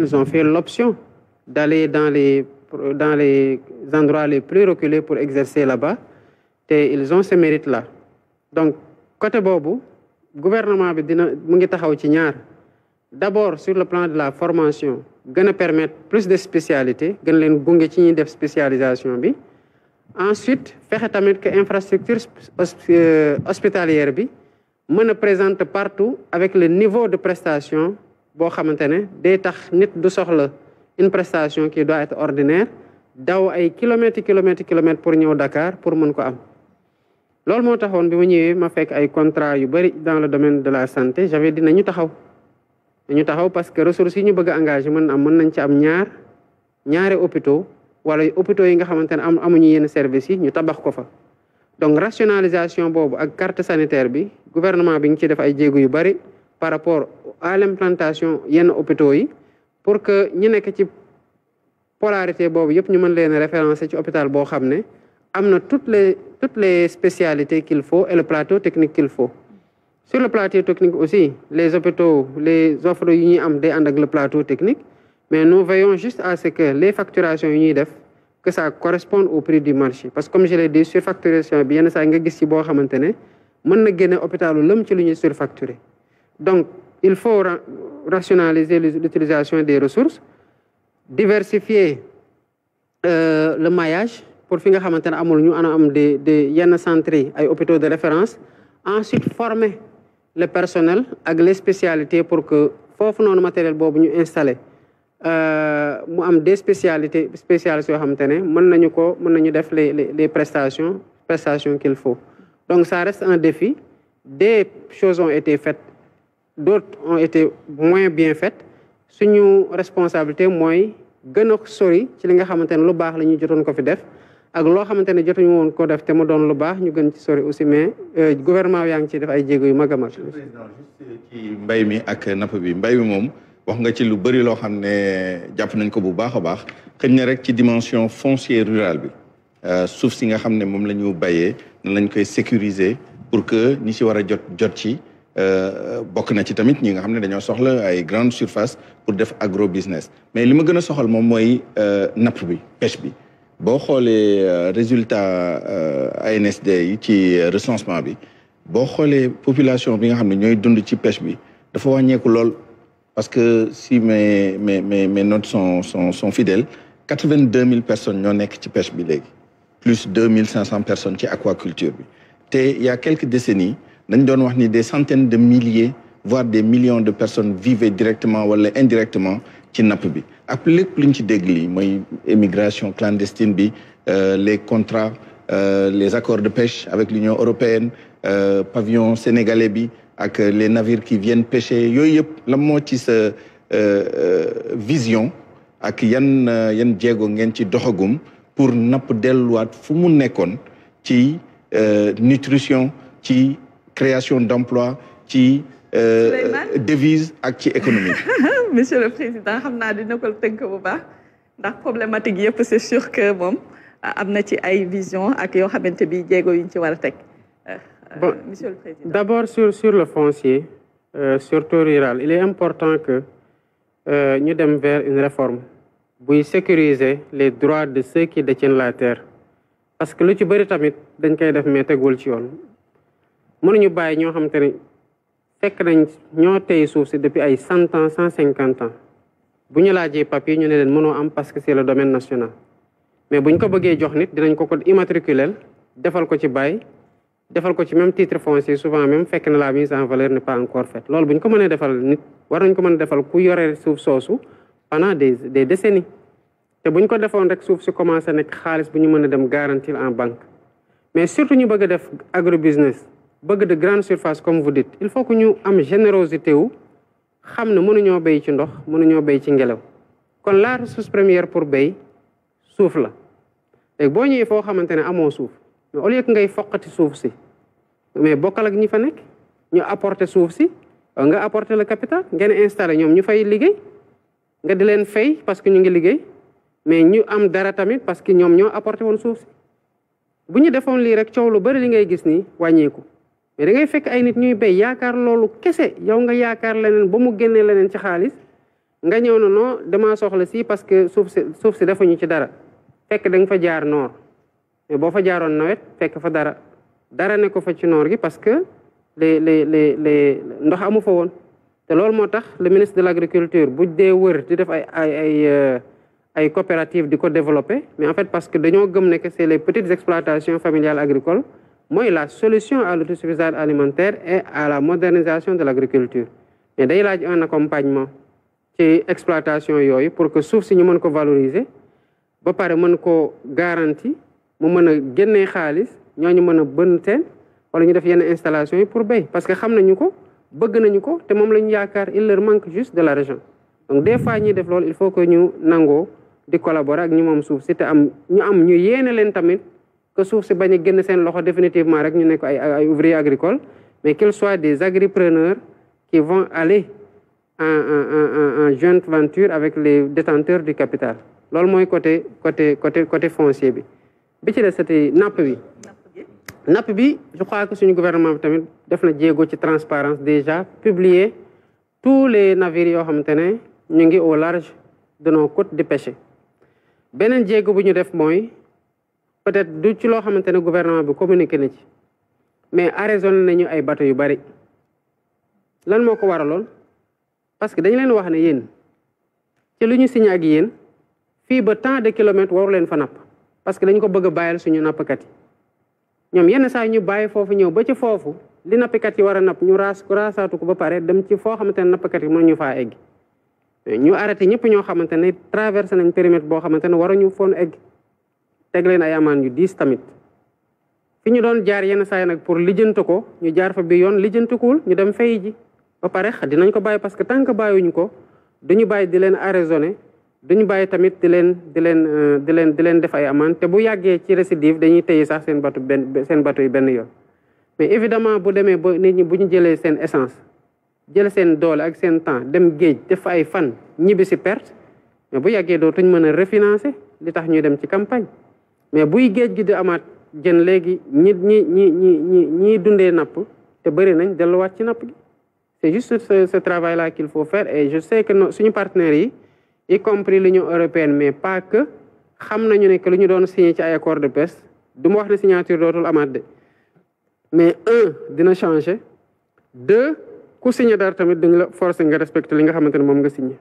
[SPEAKER 4] ils ont fait l'option d'aller dans les dans les endroits les plus reculés pour exercer là-bas Et ils ont ce mérite là donc côté le gouvernement a dit d'abord sur le plan de la formation va permettre plus de spécialités gën leen de ci spécialisations. def spécialisation ensuite faire tamit que infrastructure euh, hospitalière bi je présente partout avec le niveau de prestation bo xamantene tax nit une prestation qui doit être ordinaire daw ay kilomètre kilomètre kilomètre pour Dakar pour mën ko am Lorsque mo taxone contrat dans le domaine de la santé j'avais dit taxaw taxaw parce que ressources ñu a mën nañ ci am ñaar hôpitaux wala hôpitaux yi services ñu donc rationalisation et ak carte sanitaire bi gouvernement bi ngi ci def ay par rapport à l'implantation yenn hôpitaux pour que ñi polarités ci polarité bobu yépp ñu mën leen référencer ci hôpital toutes les toutes les spécialités qu'il faut et le plateau technique qu'il faut sur le plateau technique aussi les hôpitaux les offres yu ñi am day ak le plateau technique mais nous veillons juste à ce que les facturations yu ñi def que ça corresponde au prix du marché parce que comme je l'ai dit surfacturation c'est bien, ça on nga gis ci boo xamante ne mën na hôpitalu ci donc il faut rationaliser l'utilisation des ressources diversifier euh, le maillage pour que nga maintenir amul des centres ay hôpitaux de référence ensuite former le personnel avec les spécialités pour que les matériels matériel boobu ñu installé euh, mu am des spécialités spéciales yoo xamante ne mën nañu ko mën nañu def les les prestations prestations qu'il faut donc ça reste un défi des choses ont été faites d'autres ont été moins bien faites suñu responsabilité mooy gën a sori ci li nga xamante ne lu baax la ñu jotoon ko fi def ak loo xamante ne jotuñu woon ko def te mu doon lu baax ñu gën ci sori aussi mais euh, gouvernement yaa ngi ci def ay jéego yu mag a mag.
[SPEAKER 7] ci mbay mi ak napp bi mbay mi moom wax nga ci lu bari loo xam ne jàpp nañ ko bu baax a baax xëñ na rek ci dimension foncière rurale bi euh, suuf si nga xam ne moom la ñu béyee nan lañ koy sécuriser pour que ñi si war a jot jot ci euh, bokk na ci tamit ñi nga xam ne dañoo soxla ay grande surface pour def agro business mais li ma gën a soxal moom mooy euh, napp bi pêche bi boo xoolee résultat ANSD yi ci recensement bi boo xoolee population bi nga xam ne ñooy dund ci pêche bi dafa wàññeeku lool parce que si mes, notes sont, fidèles, 82 000 personnes y pas ci pêche plus 2500 personnes qui aquaculture bi il y a quelques décennies nous des centaines de milliers voire des millions de personnes vivaient directement ou indirectement dans napp bi ak clandestine euh, les contrats euh, les accords de pêche avec l'Union européenne euh, pavillon sénégalais ak euh, les navires qui viennent pêcher Il y a la moitié de vision ak yan euh, yan jéego ngeen ci doxagum pour napp delluwaat fu mu nekkoon ci euh, nutrition ci création d'emploi ci devise ak ci économie
[SPEAKER 1] monsieur le président xam naa dina ko tënk ndax problématique c'est sûr que moom ah, am na ci ay vision ak yoo xamante bi jéego yuñ ci war a
[SPEAKER 4] euh, d'abord, sur, le foncier, euh, surtout rural, il est important que nous euh, devions faire une réforme pour sécuriser les droits de ceux qui détiennent la terre. Parce que ce avons est des choses qui nous ont fait. avons fait des choses nous avons fait. Nous avons fait depuis 100 ans, 150 ans. Nous nous avons des papiers, nous avons fait parce que c'est le domaine national. Mais nous avons fait des choses, nous avons fait des choses nous avons fait des choses defal ko ci même titre foncier souvent même fekk na la mise en valeur n'est pas encore faite lolou buñ ko mënee defal nit war nañ ko mën defal ku yoré souf soosu pendant des des décennies té buñ ko defoon rek souf ci commencé nek khalis buñu ñu dem garantir en banque mais surtout ñu bëgg def agrobusiness bëgg de grande surface comme vous dites il faut que ñu am générosité wu xamna ne ñoo bay ci ndox ñoo bay ci ngelew kon la ressource première pour bay souf la léegi bo ñëwee fo xamantene amo souf au lieu que ngay fokati souf ci mais bokal ak ñi fa nek ñu apporter souf ci nga apporter le capital ngay installer ñom ñu fay liggey nga di len fay parce que ñu ngi liggey mais ñu am dara tamit parce que ñom ñoo apporter won souf ci bu ñu defoon lii rek ciow lu bëri li ngay gis nii wàññeeku mais da ngay fekk ay nit ñuy bay yaakar lolu kese yow nga yaakar lenen ba mu génnee leneen ci xaaliss nga ñew na non damaa soxla si parce que ci souf ci dafa ñu ci dara fekk da fa jaar noor bo fa jaaroon nawet fekk fa dara dara ne ko fa ci gi parce que les les les les ndox fa te le ministre de l'Agriculture a bu dee wër def ay ay ay euh, coopératives mais en fait parce que dañoo gëm ne que les petites exploitations familiales agricoles mooy la solution à l'autosuffisance alimentaire et à la modernisation de l'agriculture. Mais mais day laaj un accompagnement ci exploitation yooyu pour que suuf si ñu mën ko valoriser ba pare mën ko mu mën a génnee xaalis ñooñu mën a bën wala ñu def yenn installation yi pour béy parce que xam nañu ko bëgg nañu ko te moom lañu ñu yaakaar il leur manque juste de l'argent donc des fois ñuy def loolu il faut que ñu nangoo di collaborer ak ñu moom suuf si te am ñu am ñu yéene leen tamit que suuf si bañ a génn seen loxo définitivement rek ñu nekk ay ay ouvriers agricoles mais qu'ils soit des agripreneurs qui vont aller en en en en joint venture avec les détenteurs du capital loolu mooy côté côté côté côté foncier bi bi ci des c'était napp bi je crois que suñu gouvernement bi tamit def na jéego ci transparence déjà publié tous les navires yoo xamante ne ñu ngi au large de nos côtes de pêche beneen jéego bu ñu def mooy peut-être du ci loo xamante ne gouvernement bi communiqué na ci mais arraisonné nañu ay bateau yu bari lan moo ko waraloon parce que dañ leen wax ne yéen ci lu ñu signé ak yéen fii ba tant de kilomètres waru leen fa napp parce que dañ ko bëgg a suñu nappkat yi ñoom yenn saa ñu bàyyi foofu ñëw ba ci foofu li nappkat yi war a napp ñu raas raasaatu ko ba pare dem ci foo xamante ne nappkat yi mën ñu faa egg ñu arrêté ñëpp ñoo xamante ne traversé nañ périmètre boo xamante ne waruñu foon egg teg leen ay amaan yu diis tamit fi ñu doon jaar yenn saa yi nag pour lijjante ko ñu jaar fa bi yoon lijjantikuwul ñu dem fay ji ba pare dinañ ko bàyyi parce que tant que bàyyiwuñu ko dañu bàyyi di leen arraisonné duñu bàyyi tamit di leen di leen euh, di leen di leen def ay amende te bu yàggee ci récidive dañuy téye sax seen batu benn seen batu yi benn yoon mais évidemment bu demee ba nit ñi bu ñu jëlee seen essence jël seen doole ak seen temps dem géej def ay fan ñibbi si perte mais bu yàggee dootuñ mën a refinancer li tax ñuy dem ci campagne mais buy géej gi di amaat jën léegi ñi ñi ñi ñi ñi ñiy dundee napp te bëri nañ delluwaat ci napp gi c'est juste ce travail là qu'il faut faire et je sais que suñu partenaires yi y compris l'Union européenne mais pas que nous savons que doon signé accord de paix, du ma wax signature de amaat mais un dina changer. deux ku signé dara tamit force la forcé nga respecté li nga signé.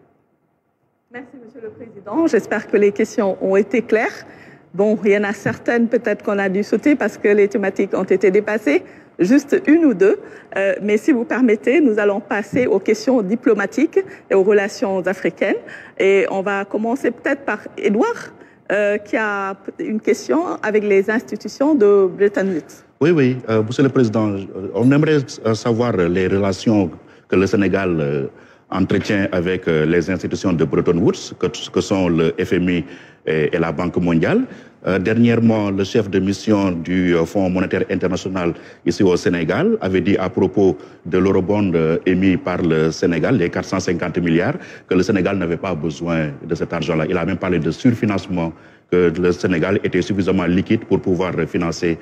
[SPEAKER 1] Merci, M. le Président. J'espère que les questions ont été claires. Bon, il y en a certaines peut-être qu'on a dû sauter parce que les thématiques ont été dépassées juste une ou deux. Euh, mais si vous permettez, nous allons passer aux questions diplomatiques et aux relations africaines. Et on va commencer peut-être par Edouard, euh, qui a une question avec les institutions de Bretton Woods.
[SPEAKER 3] Oui, oui, euh, Monsieur le Président, on aimerait savoir les relations que le Sénégal entretient avec les institutions de Bretton Woods, que, sont le FMI et la Banque mondiale. Euh, dernièrement, le chef de mission du euh, Fonds monétaire international ici au Sénégal avait dit à propos de l'eurobond euh, émis par le Sénégal, les 450 milliards, que le Sénégal n'avait pas besoin de cet argent-là. Il a même parlé de surfinancement que le Sénégal était suffisamment liquide pour pouvoir financer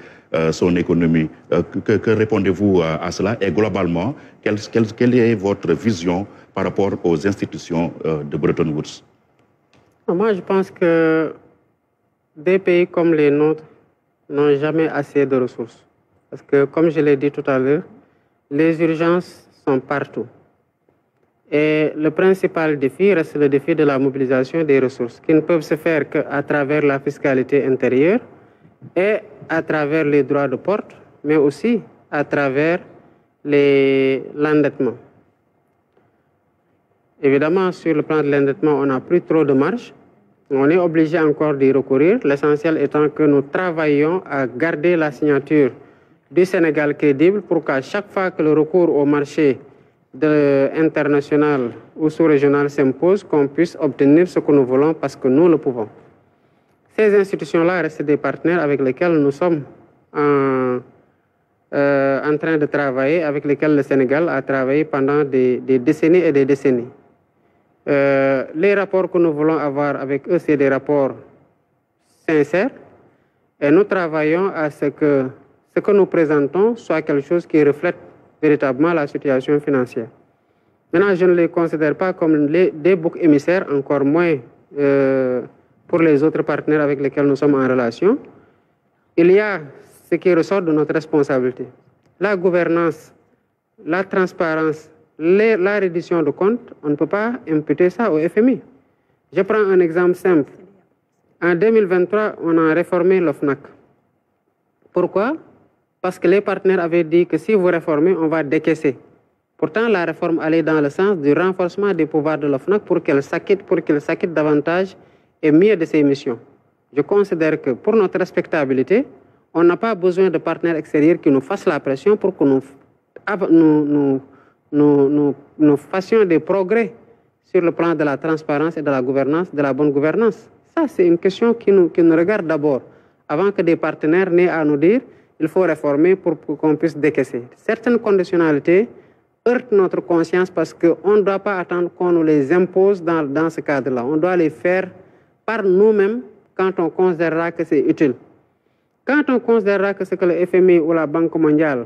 [SPEAKER 3] son économie. que, répondez-vous à cela Et globalement, quelle, est votre vision par rapport aux institutions de Bretton Woods
[SPEAKER 4] Moi, je pense que des pays comme les nôtres n'ont jamais assez de ressources. Parce que, comme je l'ai dit tout à l'heure, les urgences sont partout. Et le principal défi reste le défi de la mobilisation des ressources, qui ne peuvent se faire qu'à travers la fiscalité intérieure et à travers les droits de porte, mais aussi à travers l'endettement. Évidemment, sur le plan de l'endettement, on n'a plus trop de marge, on est obligé encore d'y recourir, l'essentiel étant que nous travaillons à garder la signature du Sénégal crédible pour qu'à chaque fois que le recours au marché international ou sous-régional s'impose, qu'on puisse obtenir ce que nous voulons parce que nous le pouvons. Ces institutions-là restent des partenaires avec lesquels nous sommes en, euh, train de travailler, avec lesquels le Sénégal a travaillé pendant des décennies et des décennies. Euh, les rapports que nous voulons avoir avec eux, c'est des rapports sincères. Et nous travaillons à ce que ce que nous présentons soit quelque chose qui reflète véritablement la situation financière. Maintenant, je ne les considère pas comme des boucs émissaires, encore moins euh, pour les autres partenaires avec lesquels nous sommes en relation. Il y a ce qui ressort de notre responsabilité. La gouvernance, la transparence, la reddition de compte, on ne peut pas imputer ça au FMI. Je prends un exemple simple. En 2023, on a réformé l'OFNAC. Pourquoi Parce que les partenaires avaient dit que si vous réformez, on va décaisser. Pourtant, la réforme allait dans le sens du renforcement des pouvoirs de l'OFNAC pour qu'elle s'acquitte, pour qu'elle s'acquitte davantage et mieux de ses missions. Je considère que pour notre respectabilité, on n'a pas besoin de partenaires extérieurs qui nous fassent la pression pour que nous, nous nous, nous, nous fassions des progrès sur le plan de la transparence et de la gouvernance, de la bonne gouvernance. Ça, c'est une question qui nous, qui nous regarde d'abord. Avant que des partenaires n'aient à nous dire, il faut réformer pour, qu'on puisse décaisser. Certaines conditionnalités heurtent notre conscience parce qu'on ne doit pas attendre qu'on nous les impose dans, dans ce cadre-là. On doit les faire par nous-mêmes quand on considérera que c'est utile. Quand on considérera que ce que le FMI ou la Banque mondiale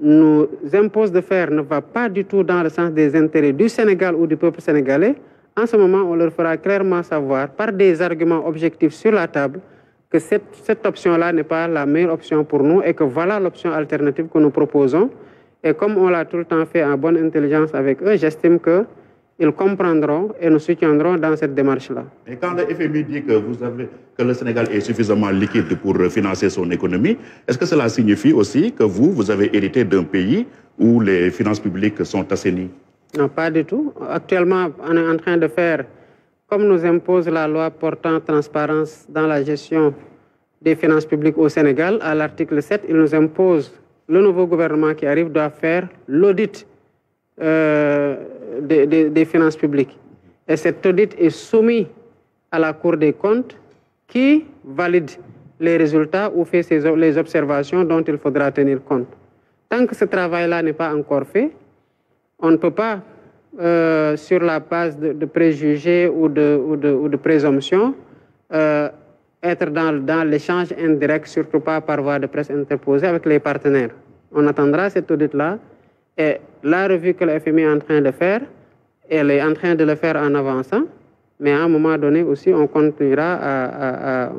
[SPEAKER 4] nous impose de faire ne va pas du tout dans le sens des intérêts du Sénégal ou du peuple sénégalais, en ce moment, on leur fera clairement savoir, par des arguments objectifs sur la table, que cette, cette option-là n'est pas la meilleure option pour nous et que voilà l'option alternative que nous proposons. Et comme on l'a tout le temps fait en bonne intelligence avec eux, j'estime que ils comprendront et nous soutiendront dans cette démarche-là. Et quand
[SPEAKER 3] le FMI dit que, vous avez, que le Sénégal est suffisamment liquide pour financer son économie, est-ce que cela signifie aussi que vous, vous avez hérité d'un pays où les finances publiques sont assainies
[SPEAKER 4] Non, pas du tout. Actuellement, on est en train de faire, comme nous impose la loi portant transparence dans la gestion des finances publiques au Sénégal, à l'article 7, il nous impose, le nouveau gouvernement qui arrive doit faire l'audit euh, des, finances publiques. Et cet audit est soumis à la Cour des comptes qui valide les résultats ou fait les observations dont il faudra tenir compte. Tant que ce travail-là n'est pas encore fait, on ne peut pas, euh, sur la base de, préjugés ou de, présomptions, euh, être dans, dans l'échange indirect, surtout pas par voie de presse interposée avec les partenaires. On attendra cet audit-là et la revue que la FMI est en train de faire, elle est en train de le faire en avançant, mais à un moment donné aussi, on continuera à,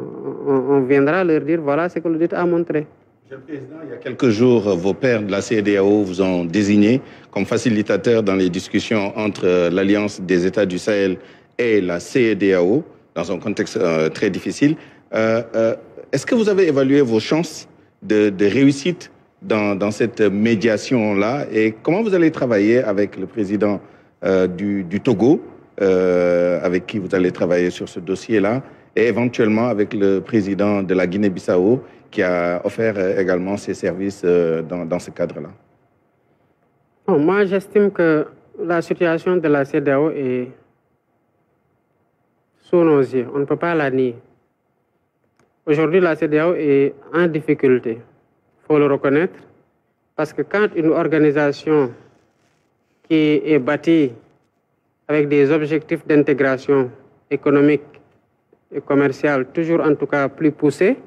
[SPEAKER 4] on, viendra leur dire, voilà ce que l'audit a montré. Monsieur le
[SPEAKER 7] Président, il y a quelques jours, vos pairs de la CEDAO vous ont désigné comme facilitateur dans les discussions entre euh, l'Alliance des États du Sahel et la CEDAO, dans un contexte euh, très difficile. Euh, est-ce que vous avez évalué vos chances de réussite dans, cette médiation-là et comment vous allez travailler avec le président euh, du, Togo, euh, avec qui vous allez travailler sur ce dossier-là, et éventuellement avec le président de la Guinée-Bissau, qui a offert euh, également ses services dans, ce cadre-là.
[SPEAKER 4] moi, j'estime que la situation de la CDAO est sous nos yeux. On ne peut pas la nier. Aujourd'hui, la CDAO est en difficulté faut le reconnaître, parce que quand une organisation qui est bâtie avec des objectifs d'intégration économique et commerciale, toujours en tout cas plus poussés,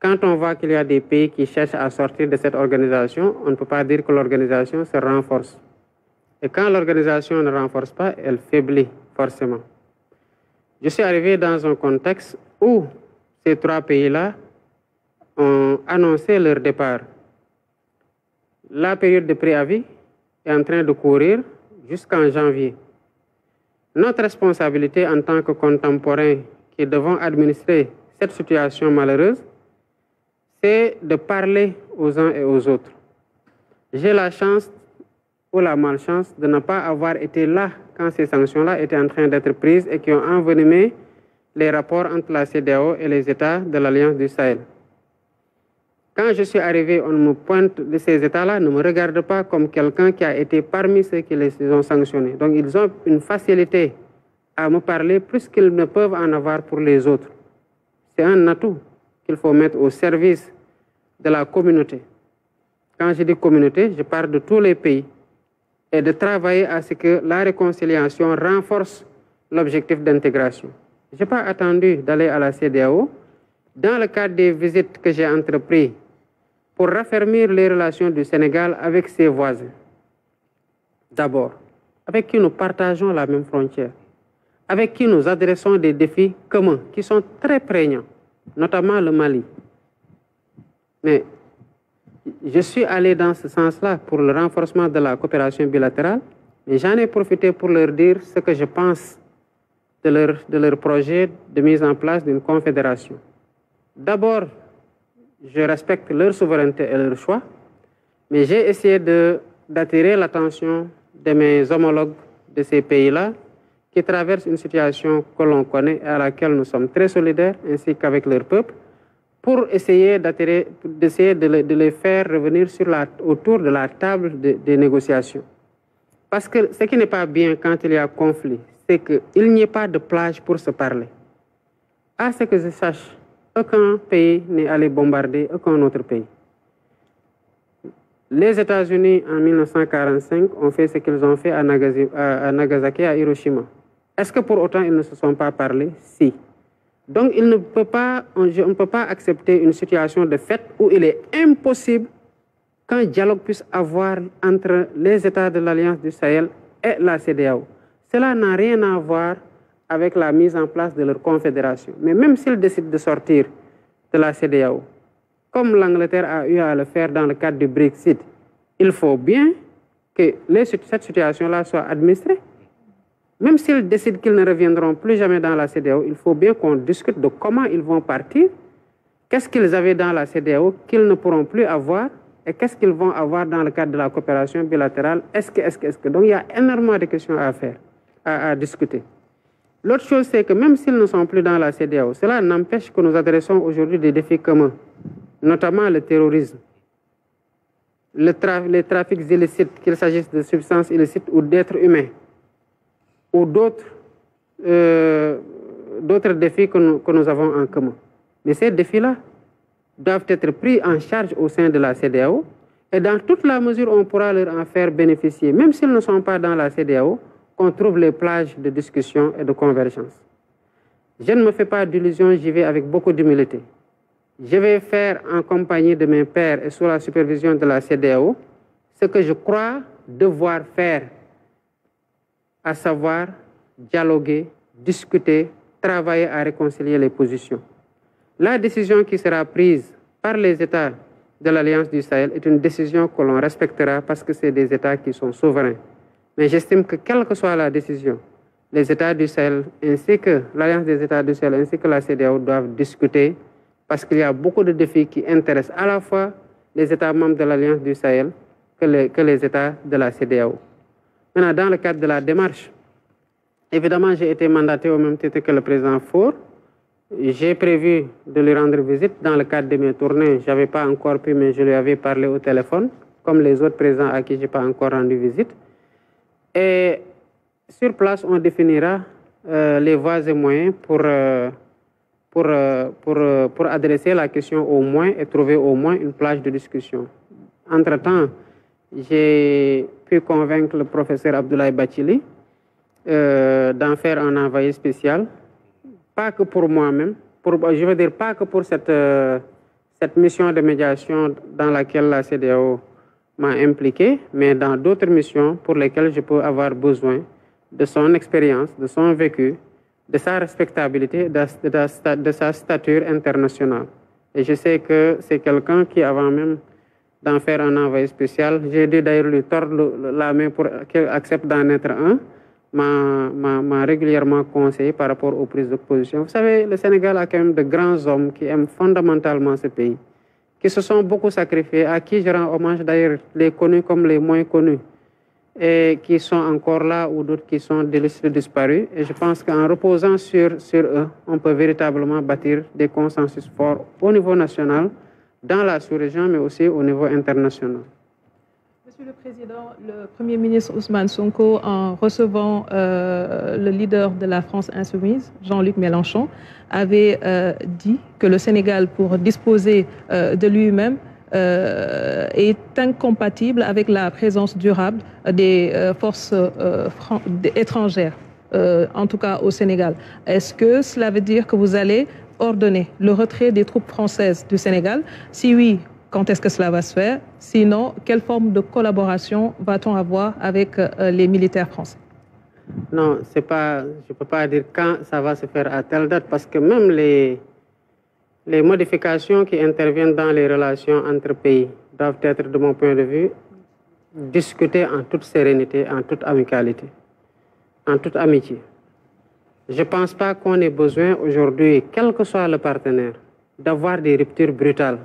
[SPEAKER 4] quand on voit qu'il y a des pays qui cherchent à sortir de cette organisation, on ne peut pas dire que l'organisation se renforce. Et quand l'organisation ne renforce pas, elle faiblit forcément. Je suis arrivé dans un contexte où ces trois pays-là ont annoncé leur départ. La période de préavis est en train de courir jusqu'en janvier. Notre responsabilité en tant que contemporains qui devons administrer cette situation malheureuse, c'est de parler aux uns et aux autres. J'ai la chance ou la malchance de ne pas avoir été là quand ces sanctions-là étaient en train d'être prises et qui ont envenimé les rapports entre la CDAO et les États de l'Alliance du Sahel. Quand je suis arrivé, on me pointe de ces États-là, ne me regarde pas comme quelqu'un qui a été parmi ceux qui les ont sanctionnés. Donc ils ont une facilité à me parler plus qu'ils ne peuvent en avoir pour les autres. C'est un atout qu'il faut mettre au service de la communauté. Quand je dis communauté, je parle de tous les pays et de travailler à ce que la réconciliation renforce l'objectif d'intégration. Je n'ai pas attendu d'aller à la CDAO dans le cadre des visites que j'ai entreprises pour raffermir les relations du Sénégal avec ses voisins. D'abord, avec qui nous partageons la même frontière, avec qui nous adressons des défis communs qui sont très prégnants, notamment le Mali. Mais je suis allé dans ce sens-là pour le renforcement de la coopération bilatérale, mais j'en ai profité pour leur dire ce que je pense de leur, de leur projet de mise en place d'une confédération. D'abord, je respecte leur souveraineté et leur choix, mais j'ai essayé d'attirer l'attention de mes homologues de ces pays-là qui traversent une situation que l'on connaît et à laquelle nous sommes très solidaires, ainsi qu'avec leur peuple, pour essayer d'attirer, d'essayer de, les faire revenir sur la, autour de la table de, des négociations. Parce que ce qui n'est pas bien quand il y a conflit, c'est qu'il n'y ait pas de plage pour se parler. À ce que je sache, aucun pays n'est allé bombarder aucun autre pays. Les États-Unis, en 1945, ont fait ce qu'ils ont fait à Nagasaki, à Hiroshima. Est-ce que pour autant ils ne se sont pas parlé Si. Donc il ne peut pas, on ne peut pas accepter une situation de fait où il est impossible qu'un dialogue puisse avoir entre les États de l'Alliance du Sahel et la CDAO. Cela n'a rien à voir avec la mise en place de leur confédération. Mais même s'ils décident de sortir de la CDAO, comme l'Angleterre a eu à le faire dans le cadre du Brexit, il faut bien que cette situation-là soit administrée. Même s'ils décident qu'ils ne reviendront plus jamais dans la CDAO, il faut bien qu'on discute de comment ils vont partir, qu'est-ce qu'ils avaient dans la CDAO qu'ils ne pourront plus avoir et qu'est-ce qu'ils vont avoir dans le cadre de la coopération bilatérale. Est-ce que, est-ce que, est-ce que. Donc il y a énormément de questions à faire, à discuter. L'autre chose, c'est que même s'ils ne sont plus dans la CDAO, cela n'empêche que nous adressons aujourd'hui des défis communs, notamment le terrorisme, les trafics illicites, qu'il s'agisse de substances illicites ou d'êtres humains, ou d'autres euh, défis que nous, avons en commun. Mais ces défis-là doivent être pris en charge au sein de la CDAO, et dans toute la mesure, on pourra leur en faire bénéficier, même s'ils ne sont pas dans la CDAO qu'on trouve les plages de discussion et de convergence. Je ne me fais pas d'illusions, j'y vais avec beaucoup d'humilité. Je vais faire en compagnie de mes pères et sous la supervision de la CDAO ce que je crois devoir faire, à savoir dialoguer, discuter, travailler à réconcilier les positions. La décision qui sera prise par les États de l'Alliance du Sahel est une décision que l'on respectera parce que c'est des États qui sont souverains. Mais j'estime que quelle que soit la décision, les États du Sahel ainsi que l'Alliance des États du Sahel ainsi que la CDAO doivent discuter parce qu'il y a beaucoup de défis qui intéressent à la fois les États membres de l'Alliance du Sahel que les, États de la CDAO. Maintenant, dans le cadre de la démarche, évidemment, j'ai été mandaté au même titre que le président Four. J'ai prévu de lui rendre visite dans le cadre de mes tournées. Je n'avais pas encore pu, mais je lui avais parlé au téléphone, comme les autres présidents à qui je n'ai pas encore rendu visite. Et sur place, on définira euh, les voies et moyens pour, euh, pour, euh, pour, adresser la question au moins et trouver au moins une plage de discussion. Entre-temps, j'ai pu convaincre le professeur Abdoulaye Bachili d'en faire un envoyé spécial, pas que pour moi-même, pour, je veux dire pas que pour cette, cette mission de médiation dans laquelle la CDAO m'a impliqué, mais dans d'autres missions pour lesquelles je peux avoir besoin de son expérience, de son vécu, de sa respectabilité, de, sa stature internationale. Et je sais que c'est quelqu'un qui, avant même d'en faire un envoyé spécial, j'ai dû d'ailleurs lui tordre la main pour qu'il accepte d'en être un, m'a régulièrement conseillé par rapport aux prises de position. Vous savez, le Sénégal a quand même de grands hommes qui aiment fondamentalement ce pays qui se sont beaucoup sacrifiés, à qui je rends hommage d'ailleurs, les connus comme les moins connus, et qui sont encore là ou d'autres qui sont des disparus. Et je pense qu'en reposant sur eux, on peut véritablement bâtir des consensus forts au niveau national, dans la sous-région, mais aussi au niveau international.
[SPEAKER 8] Monsieur le Président, le Premier ministre Ousmane Sonko, en recevant euh, le leader de la France insoumise, Jean-Luc Mélenchon, avait euh, dit que le Sénégal, pour disposer euh, de lui-même, est incompatible avec la présence durable des forces étrangères, en tout cas au Sénégal. Est-ce que cela veut dire que vous allez ordonner le retrait des troupes françaises du Sénégal Si oui, quand est-ce que cela va se faire Sinon, quelle forme de collaboration va-t-on avoir avec euh, les militaires français
[SPEAKER 4] Non, c'est pas, je ne peux pas dire quand ça va se faire à telle date, parce que même les, les modifications qui interviennent dans les relations entre pays doivent être, de mon point de vue, discutées en toute sérénité, en toute amicalité, en toute amitié. Je ne pense pas qu'on ait besoin aujourd'hui, quel que soit le partenaire, d'avoir des ruptures brutales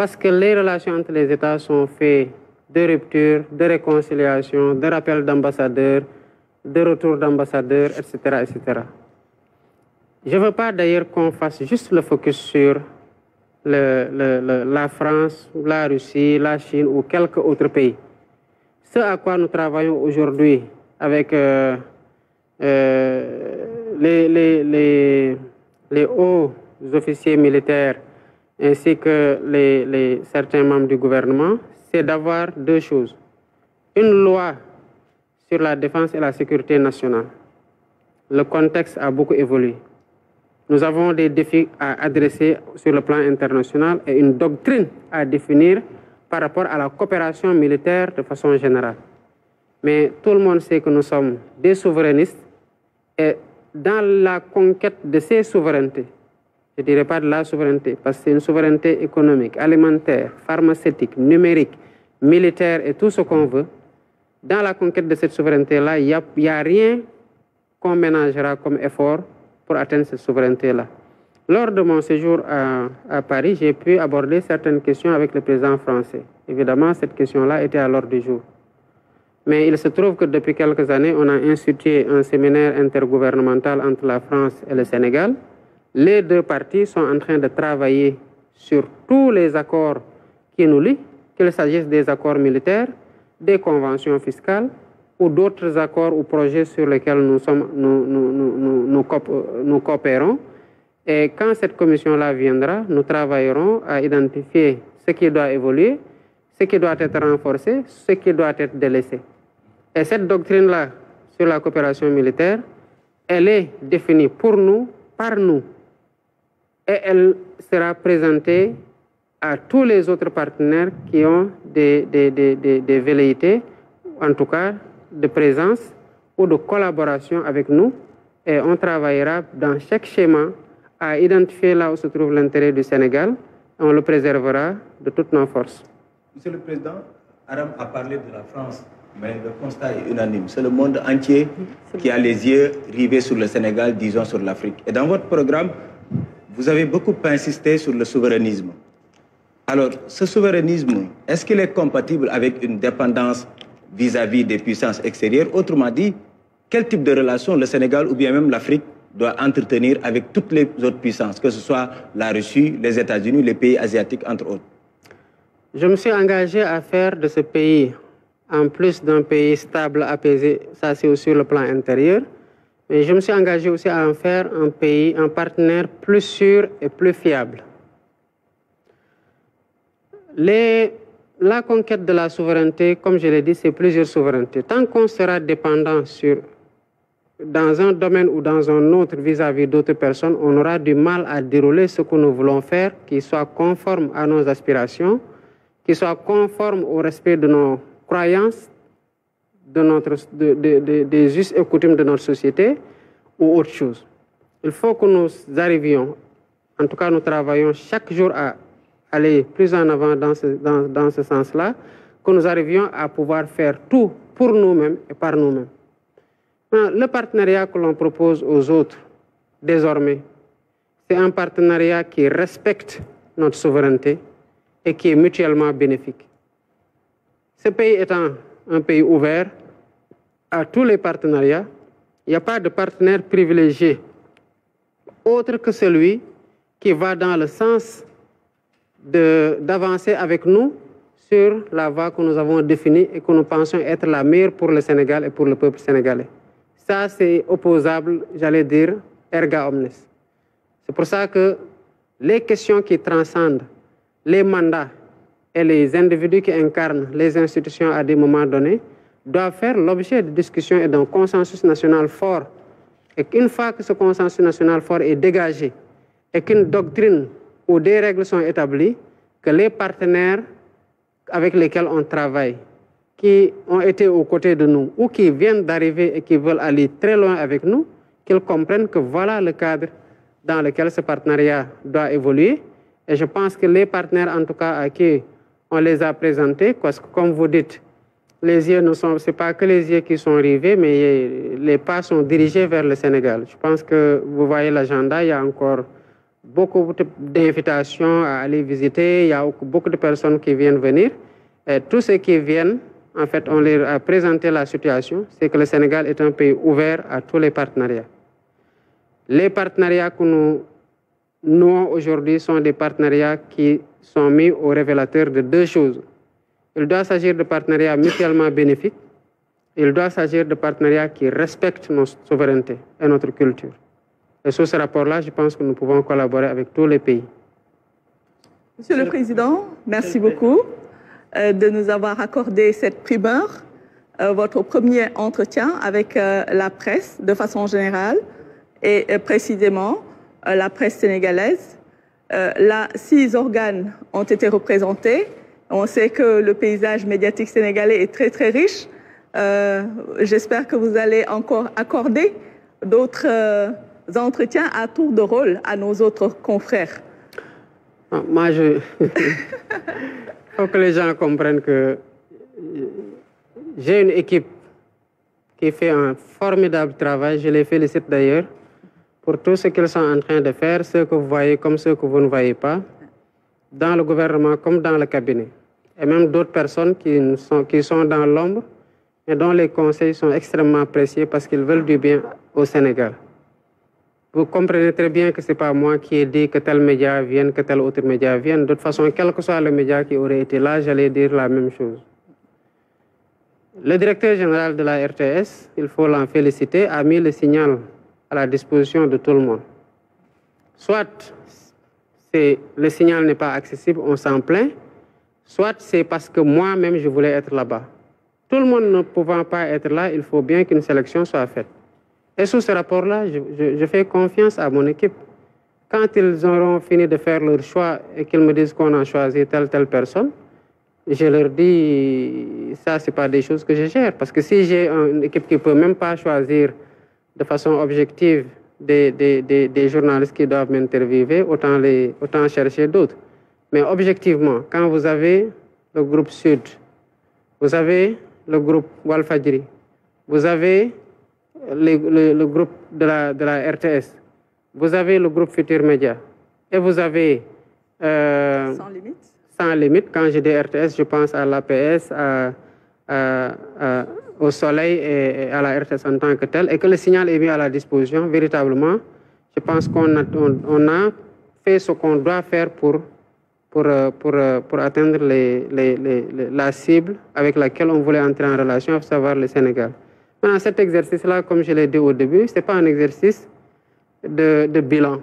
[SPEAKER 4] parce que les relations entre les États sont faites de rupture, de réconciliation, de rappel d'ambassadeurs, de retour d'ambassadeurs, etc., etc. Je ne veux pas d'ailleurs qu'on fasse juste le focus sur le, la France, la Russie, la Chine ou quelques autres pays. Ce à quoi nous travaillons aujourd'hui avec euh, euh, les, les, les hauts officiers militaires ainsi que les, certains membres du gouvernement, c'est d'avoir deux choses. Une loi sur la défense et la sécurité nationale. Le contexte a beaucoup évolué. Nous avons des défis à adresser sur le plan international et une doctrine à définir par rapport à la coopération militaire de façon générale. Mais tout le monde sait que nous sommes des souverainistes et dans la conquête de ces souverainetés, je ne dirais pas de la souveraineté, parce que c'est une souveraineté économique, alimentaire, pharmaceutique, numérique, militaire et tout ce qu'on veut, dans la conquête de cette souveraineté-là, il n'y a, rien qu'on ménagera comme effort pour atteindre cette souveraineté-là. Lors de mon séjour à, à Paris, j'ai pu aborder certaines questions avec le président français. Évidemment, cette question-là était à l'ordre du jour. Mais il se trouve que depuis quelques années, on a institué un séminaire intergouvernemental entre la France et le Sénégal, les deux parties sont en train de travailler sur tous les accords qui nous lient, qu'il s'agisse des accords militaires, des conventions fiscales ou d'autres accords ou projets sur lesquels nous, sommes, nous, nous, nous, nous coopérons. Et quand cette commission-là viendra, nous travaillerons à identifier ce qui doit évoluer, ce qui doit être renforcé, ce qui doit être délaissé. Et cette doctrine-là sur la coopération militaire, elle est définie pour nous, par nous, et elle sera présentée à tous les autres partenaires qui ont des, des, velléités, en tout cas de présence ou de collaboration avec nous. Et on travaillera dans chaque schéma à identifier là où se trouve l'intérêt du Sénégal. on le préservera de toutes nos forces.
[SPEAKER 2] Monsieur le Président, Aram a parlé de la France, mais le constat est unanime. C'est le monde entier qui a les yeux rivés sur le Sénégal, disons sur l'Afrique. Et dans votre programme, vous avez beaucoup insisté sur le souverainisme. Alors, ce souverainisme, est-ce qu'il est compatible avec une dépendance vis-à-vis des puissances extérieures Autrement dit, quel type de relation le Sénégal ou bien même l'Afrique doit entretenir avec toutes les autres puissances, que ce soit la Russie, les États-Unis, les pays asiatiques, entre autres
[SPEAKER 4] Je me suis engagé à faire de ce pays, en plus d'un pays stable, apaisé, ça c'est aussi le plan intérieur, mais je me suis engagé aussi à en faire un pays, un partenaire plus sûr et plus fiable. Les, la conquête de la souveraineté, comme je l'ai dit, c'est plusieurs souverainetés. Tant qu'on sera dépendant sur, dans un domaine ou dans un autre vis-à-vis d'autres personnes, on aura du mal à dérouler ce que nous voulons faire, qui soit conforme à nos aspirations, qui soit conforme au respect de nos croyances de notre, des us et coutumes de notre société ou autre chose. Il faut que nous arrivions, en tout cas nous travaillons chaque jour à aller plus en avant dans dans, dans ce sens-là, que nous arrivions à pouvoir faire tout pour nous-mêmes et par nous-mêmes. Le partenariat que l'on propose aux autres, désormais, c'est un partenariat qui respecte notre souveraineté et qui est mutuellement bénéfique. Ce pays étant un pays ouvert, à tous les partenariats. Il n'y a pas de partenaire privilégié autre que celui qui va dans le sens d'avancer avec nous sur la voie que nous avons définie et que nous pensons être la meilleure pour le Sénégal et pour le peuple sénégalais. Ça, c'est opposable, j'allais dire, erga omnes. C'est pour ça que les questions qui transcendent les mandats et les individus qui incarnent les institutions à des moments donnés, doit faire l'objet de discussions et d'un consensus national fort. Et qu'une fois que ce consensus national fort est dégagé et qu'une doctrine ou des règles sont établies, que les partenaires avec lesquels on travaille, qui ont été aux côtés de nous ou qui viennent d'arriver et qui veulent aller très loin avec nous, qu'ils comprennent que voilà le cadre dans lequel ce partenariat doit évoluer. Et je pense que les partenaires, en tout cas, à qui on les a présentés, parce que comme vous dites, les yeux ne sont, c'est pas que les yeux qui sont arrivés, mais les pas sont dirigés vers le Sénégal. Je pense que vous voyez l'agenda, il y a encore beaucoup d'invitations à aller visiter, il y a beaucoup de personnes qui viennent venir. Et tous ceux qui viennent, en fait, on leur a présenté la situation, c'est que le Sénégal est un pays ouvert à tous les partenariats. Les partenariats que nous nouons aujourd'hui sont des partenariats qui sont mis au révélateur de deux choses. Il doit s'agir de partenariats mutuellement bénéfiques. Il doit s'agir de partenariats qui respectent notre souveraineté et notre culture. Et sur ce rapport-là, je pense que nous pouvons collaborer avec tous les pays.
[SPEAKER 1] Monsieur le Président, merci beaucoup euh, de nous avoir accordé cette primeur, euh, votre premier entretien avec euh, la presse de façon générale et précisément la presse sénégalaise. Là, six organes ont été représentés on sait que le paysage médiatique sénégalais est très très riche. Euh, j'espère que vous allez encore accorder d'autres euh, entretiens à tour de rôle à nos autres confrères.
[SPEAKER 4] Ah, moi, je... Il faut que les gens comprennent que euh, j'ai une équipe qui fait un formidable travail. Je les félicite d'ailleurs pour tout ce qu'ils sont en train de faire, ce que vous voyez comme ce que vous ne voyez pas, dans le gouvernement comme dans le cabinet et même d'autres personnes qui sont, qui sont dans l'ombre et dont les conseils sont extrêmement précieux parce qu'ils veulent du bien au Sénégal. Vous comprenez très bien que ce n'est pas moi qui ai dit que tel média vienne, que tel autre média vienne. De toute façon, quel que soit le média qui aurait été là, j'allais dire la même chose. Le directeur général de la RTS, il faut l'en féliciter, a mis le signal à la disposition de tout le monde. Soit le signal n'est pas accessible, on s'en plaint, soit c'est parce que moi-même je voulais être là-bas. Tout le monde ne pouvant pas être là, il faut bien qu'une sélection soit faite. Et sous ce rapport-là, je, fais confiance à mon équipe. Quand ils auront fini de faire leur choix et qu'ils me disent qu'on a choisi telle, telle personne, je leur dis, ça, ce pas des choses que je gère. Parce que si j'ai une équipe qui ne peut même pas choisir de façon objective des, journalistes qui doivent m'interviewer, autant, autant chercher d'autres. Mais objectivement, quand vous avez le groupe Sud, vous avez le groupe Walfadiri, vous avez le, groupe de la, de la, RTS, vous avez le groupe Futur Média, et vous avez... Euh, sans limite Sans limite. Quand je dis RTS, je pense à l'APS, PS, au Soleil et, à la RTS en tant que telle, et que le signal est mis à la disposition, véritablement. Je pense qu'on on a fait ce qu'on doit faire pour pour, euh, pour, euh, pour atteindre les, les, la cible avec laquelle on voulait entrer en relation, à savoir le Sénégal. Maintenant, cet exercice-là, comme je l'ai dit au début, ce n'est pas un exercice de, de, bilan.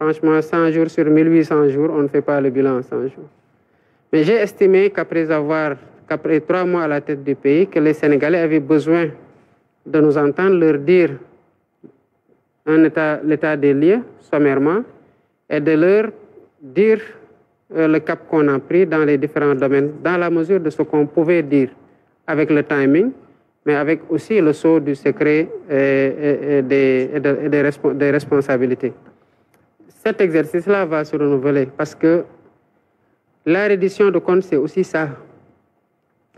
[SPEAKER 4] Franchement, 100 jours sur 1800 jours, on ne fait pas le bilan en 100 jours. Mais j'ai estimé qu'après avoir, qu'après trois mois à la tête du pays, que les Sénégalais avaient besoin de nous entendre leur dire l'état des lieux, sommairement, et de leur dire euh, le cap qu'on a pris dans les différents domaines, dans la mesure de ce qu'on pouvait dire avec le timing, mais avec aussi le saut du secret et, des, responsabilités. Cet exercice-là va se renouveler parce que la reddition de comptes, c'est aussi ça.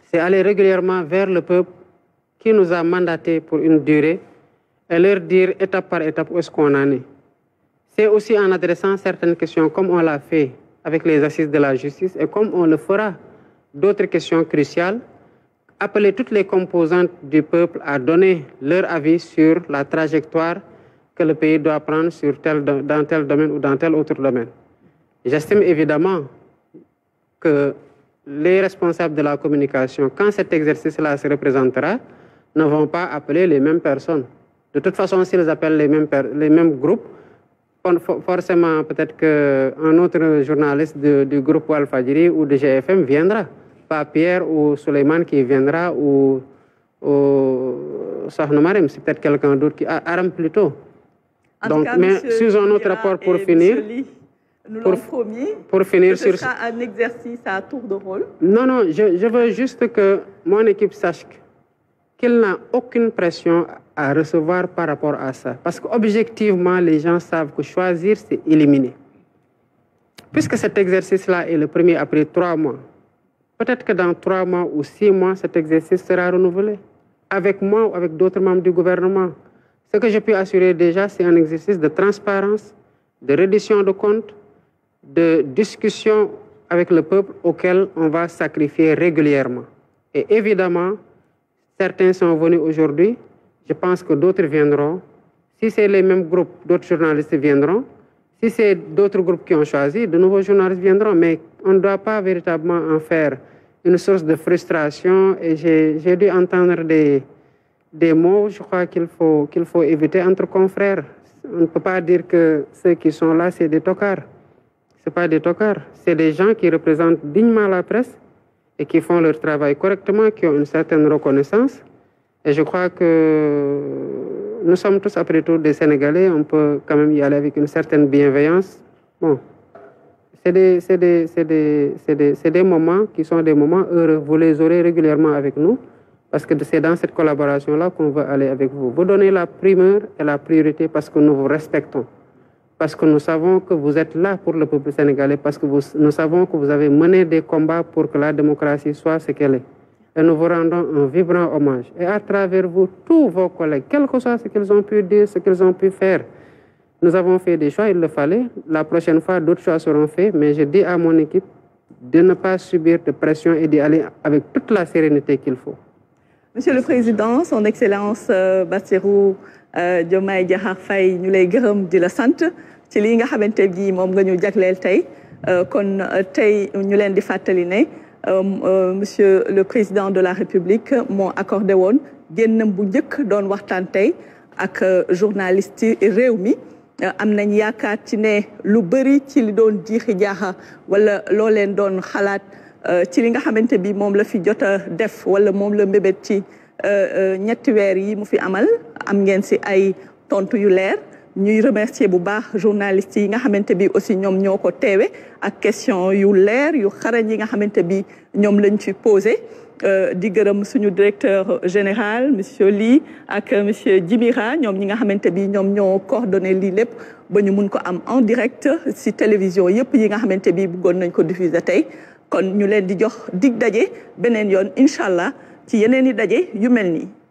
[SPEAKER 4] C'est aller régulièrement vers le peuple qui nous a mandatés pour une durée et leur dire étape par étape où est-ce qu'on en est. C'est aussi en adressant certaines questions, comme on l'a fait avec les assises de la justice et comme on le fera d'autres questions cruciales, appeler toutes les composantes du peuple à donner leur avis sur la trajectoire que le pays doit prendre sur tel, dans tel domaine ou dans tel autre domaine. J'estime évidemment que les responsables de la communication, quand cet exercice-là se représentera, ne vont pas appeler les mêmes personnes. De toute façon, s'ils appellent les mêmes, les mêmes groupes, forcément, peut-être qu'un autre journaliste du groupe Al-Fajri ou de GFM viendra. Pas Pierre ou Suleiman qui viendra ou, ou C'est peut-être quelqu'un d'autre qui. Aram plutôt. Donc, mais sous un autre rapport pour finir.
[SPEAKER 1] nous pour, pour finir ce sur... sera un exercice à tour de rôle.
[SPEAKER 4] Non, non, je, je veux juste que mon équipe sache que qu'il n'a aucune pression à recevoir par rapport à ça. Parce qu'objectivement, les gens savent que choisir, c'est éliminer. Puisque cet exercice-là est le premier après trois mois, peut-être que dans trois mois ou six mois, cet exercice sera renouvelé. Avec moi ou avec d'autres membres du gouvernement. Ce que je peux assurer déjà, c'est un exercice de transparence, de reddition de comptes, de discussion avec le peuple auquel on va sacrifier régulièrement. Et évidemment, Certains sont venus aujourd'hui, je pense que d'autres viendront. Si c'est les mêmes groupes, d'autres journalistes viendront. Si c'est d'autres groupes qui ont choisi, de nouveaux journalistes viendront. Mais on ne doit pas véritablement en faire une source de frustration. Et j'ai dû entendre des, des mots, je crois, qu'il faut, qu'il faut éviter entre confrères. On ne peut pas dire que ceux qui sont là, c'est des tocards. Ce pas des tocards. C'est des gens qui représentent dignement la presse et qui font leur travail correctement, qui ont une certaine reconnaissance. Et je crois que nous sommes tous, après tout, des Sénégalais. On peut quand même y aller avec une certaine bienveillance. Bon, c'est des, des, des, des, moments qui sont des moments heureux. Vous les aurez régulièrement avec nous parce que c'est dans cette collaboration-là qu'on veut aller avec vous. Vous donnez la primeur et la priorité parce que nous vous respectons parce que nous savons que vous êtes là pour le peuple sénégalais, parce que nous savons que vous avez mené des combats pour que la démocratie soit ce qu'elle est. Et nous vous rendons un vibrant hommage. Et à travers vous, tous vos collègues, quel que soit ce qu'ils ont pu dire, ce qu'ils ont pu faire, nous avons fait des choix, il le fallait. La prochaine fois, d'autres choix seront faits, mais je dis à mon équipe de ne pas subir de pression et d'y aller avec toute la sérénité qu'il faut.
[SPEAKER 1] Monsieur le Président, Son Excellence euh, Batirou euh, Diomaye Diakhar fay ñu lay gëreum di la sante ci li nga xamanté bi mom nga ñu jagleel tay euh, kon euh, tay ñu leen di fatali ne monsieur le président de la république moo accordé won génnam bu ñëk doon waxtan tay ak journaliste yi réew mi yaakaar ci ne lu bëri ci li doon jiixi jaaxa wala lo leen doon xalaat ci li nga xamanté bi mom la fi jot def wala mom la mbébét ci Euh, euh, ñetti weer yi mu fi amal am ngeen si ay tontu yu leer ñuy remercier bu baax journalistes yi nga xamante bi aussi ñoom ñoo ko teewe ak question yu leer yu xarañ yi nga xamante bi ñoom lañ ci posé euh, di gërëm suñu directeur général monsieur Ly ak monsieur Djimira ñoom ñi nga xamante bi ñoom ñoo coordonné lii lépp ba ñu mun ko am en direct si télévision yëpp yi nga xamante bi buggoon nañ ko diffuser tey kon ñu leen di jox dig daje beneen yoon incha allah ci yeneen i daje yu mel nii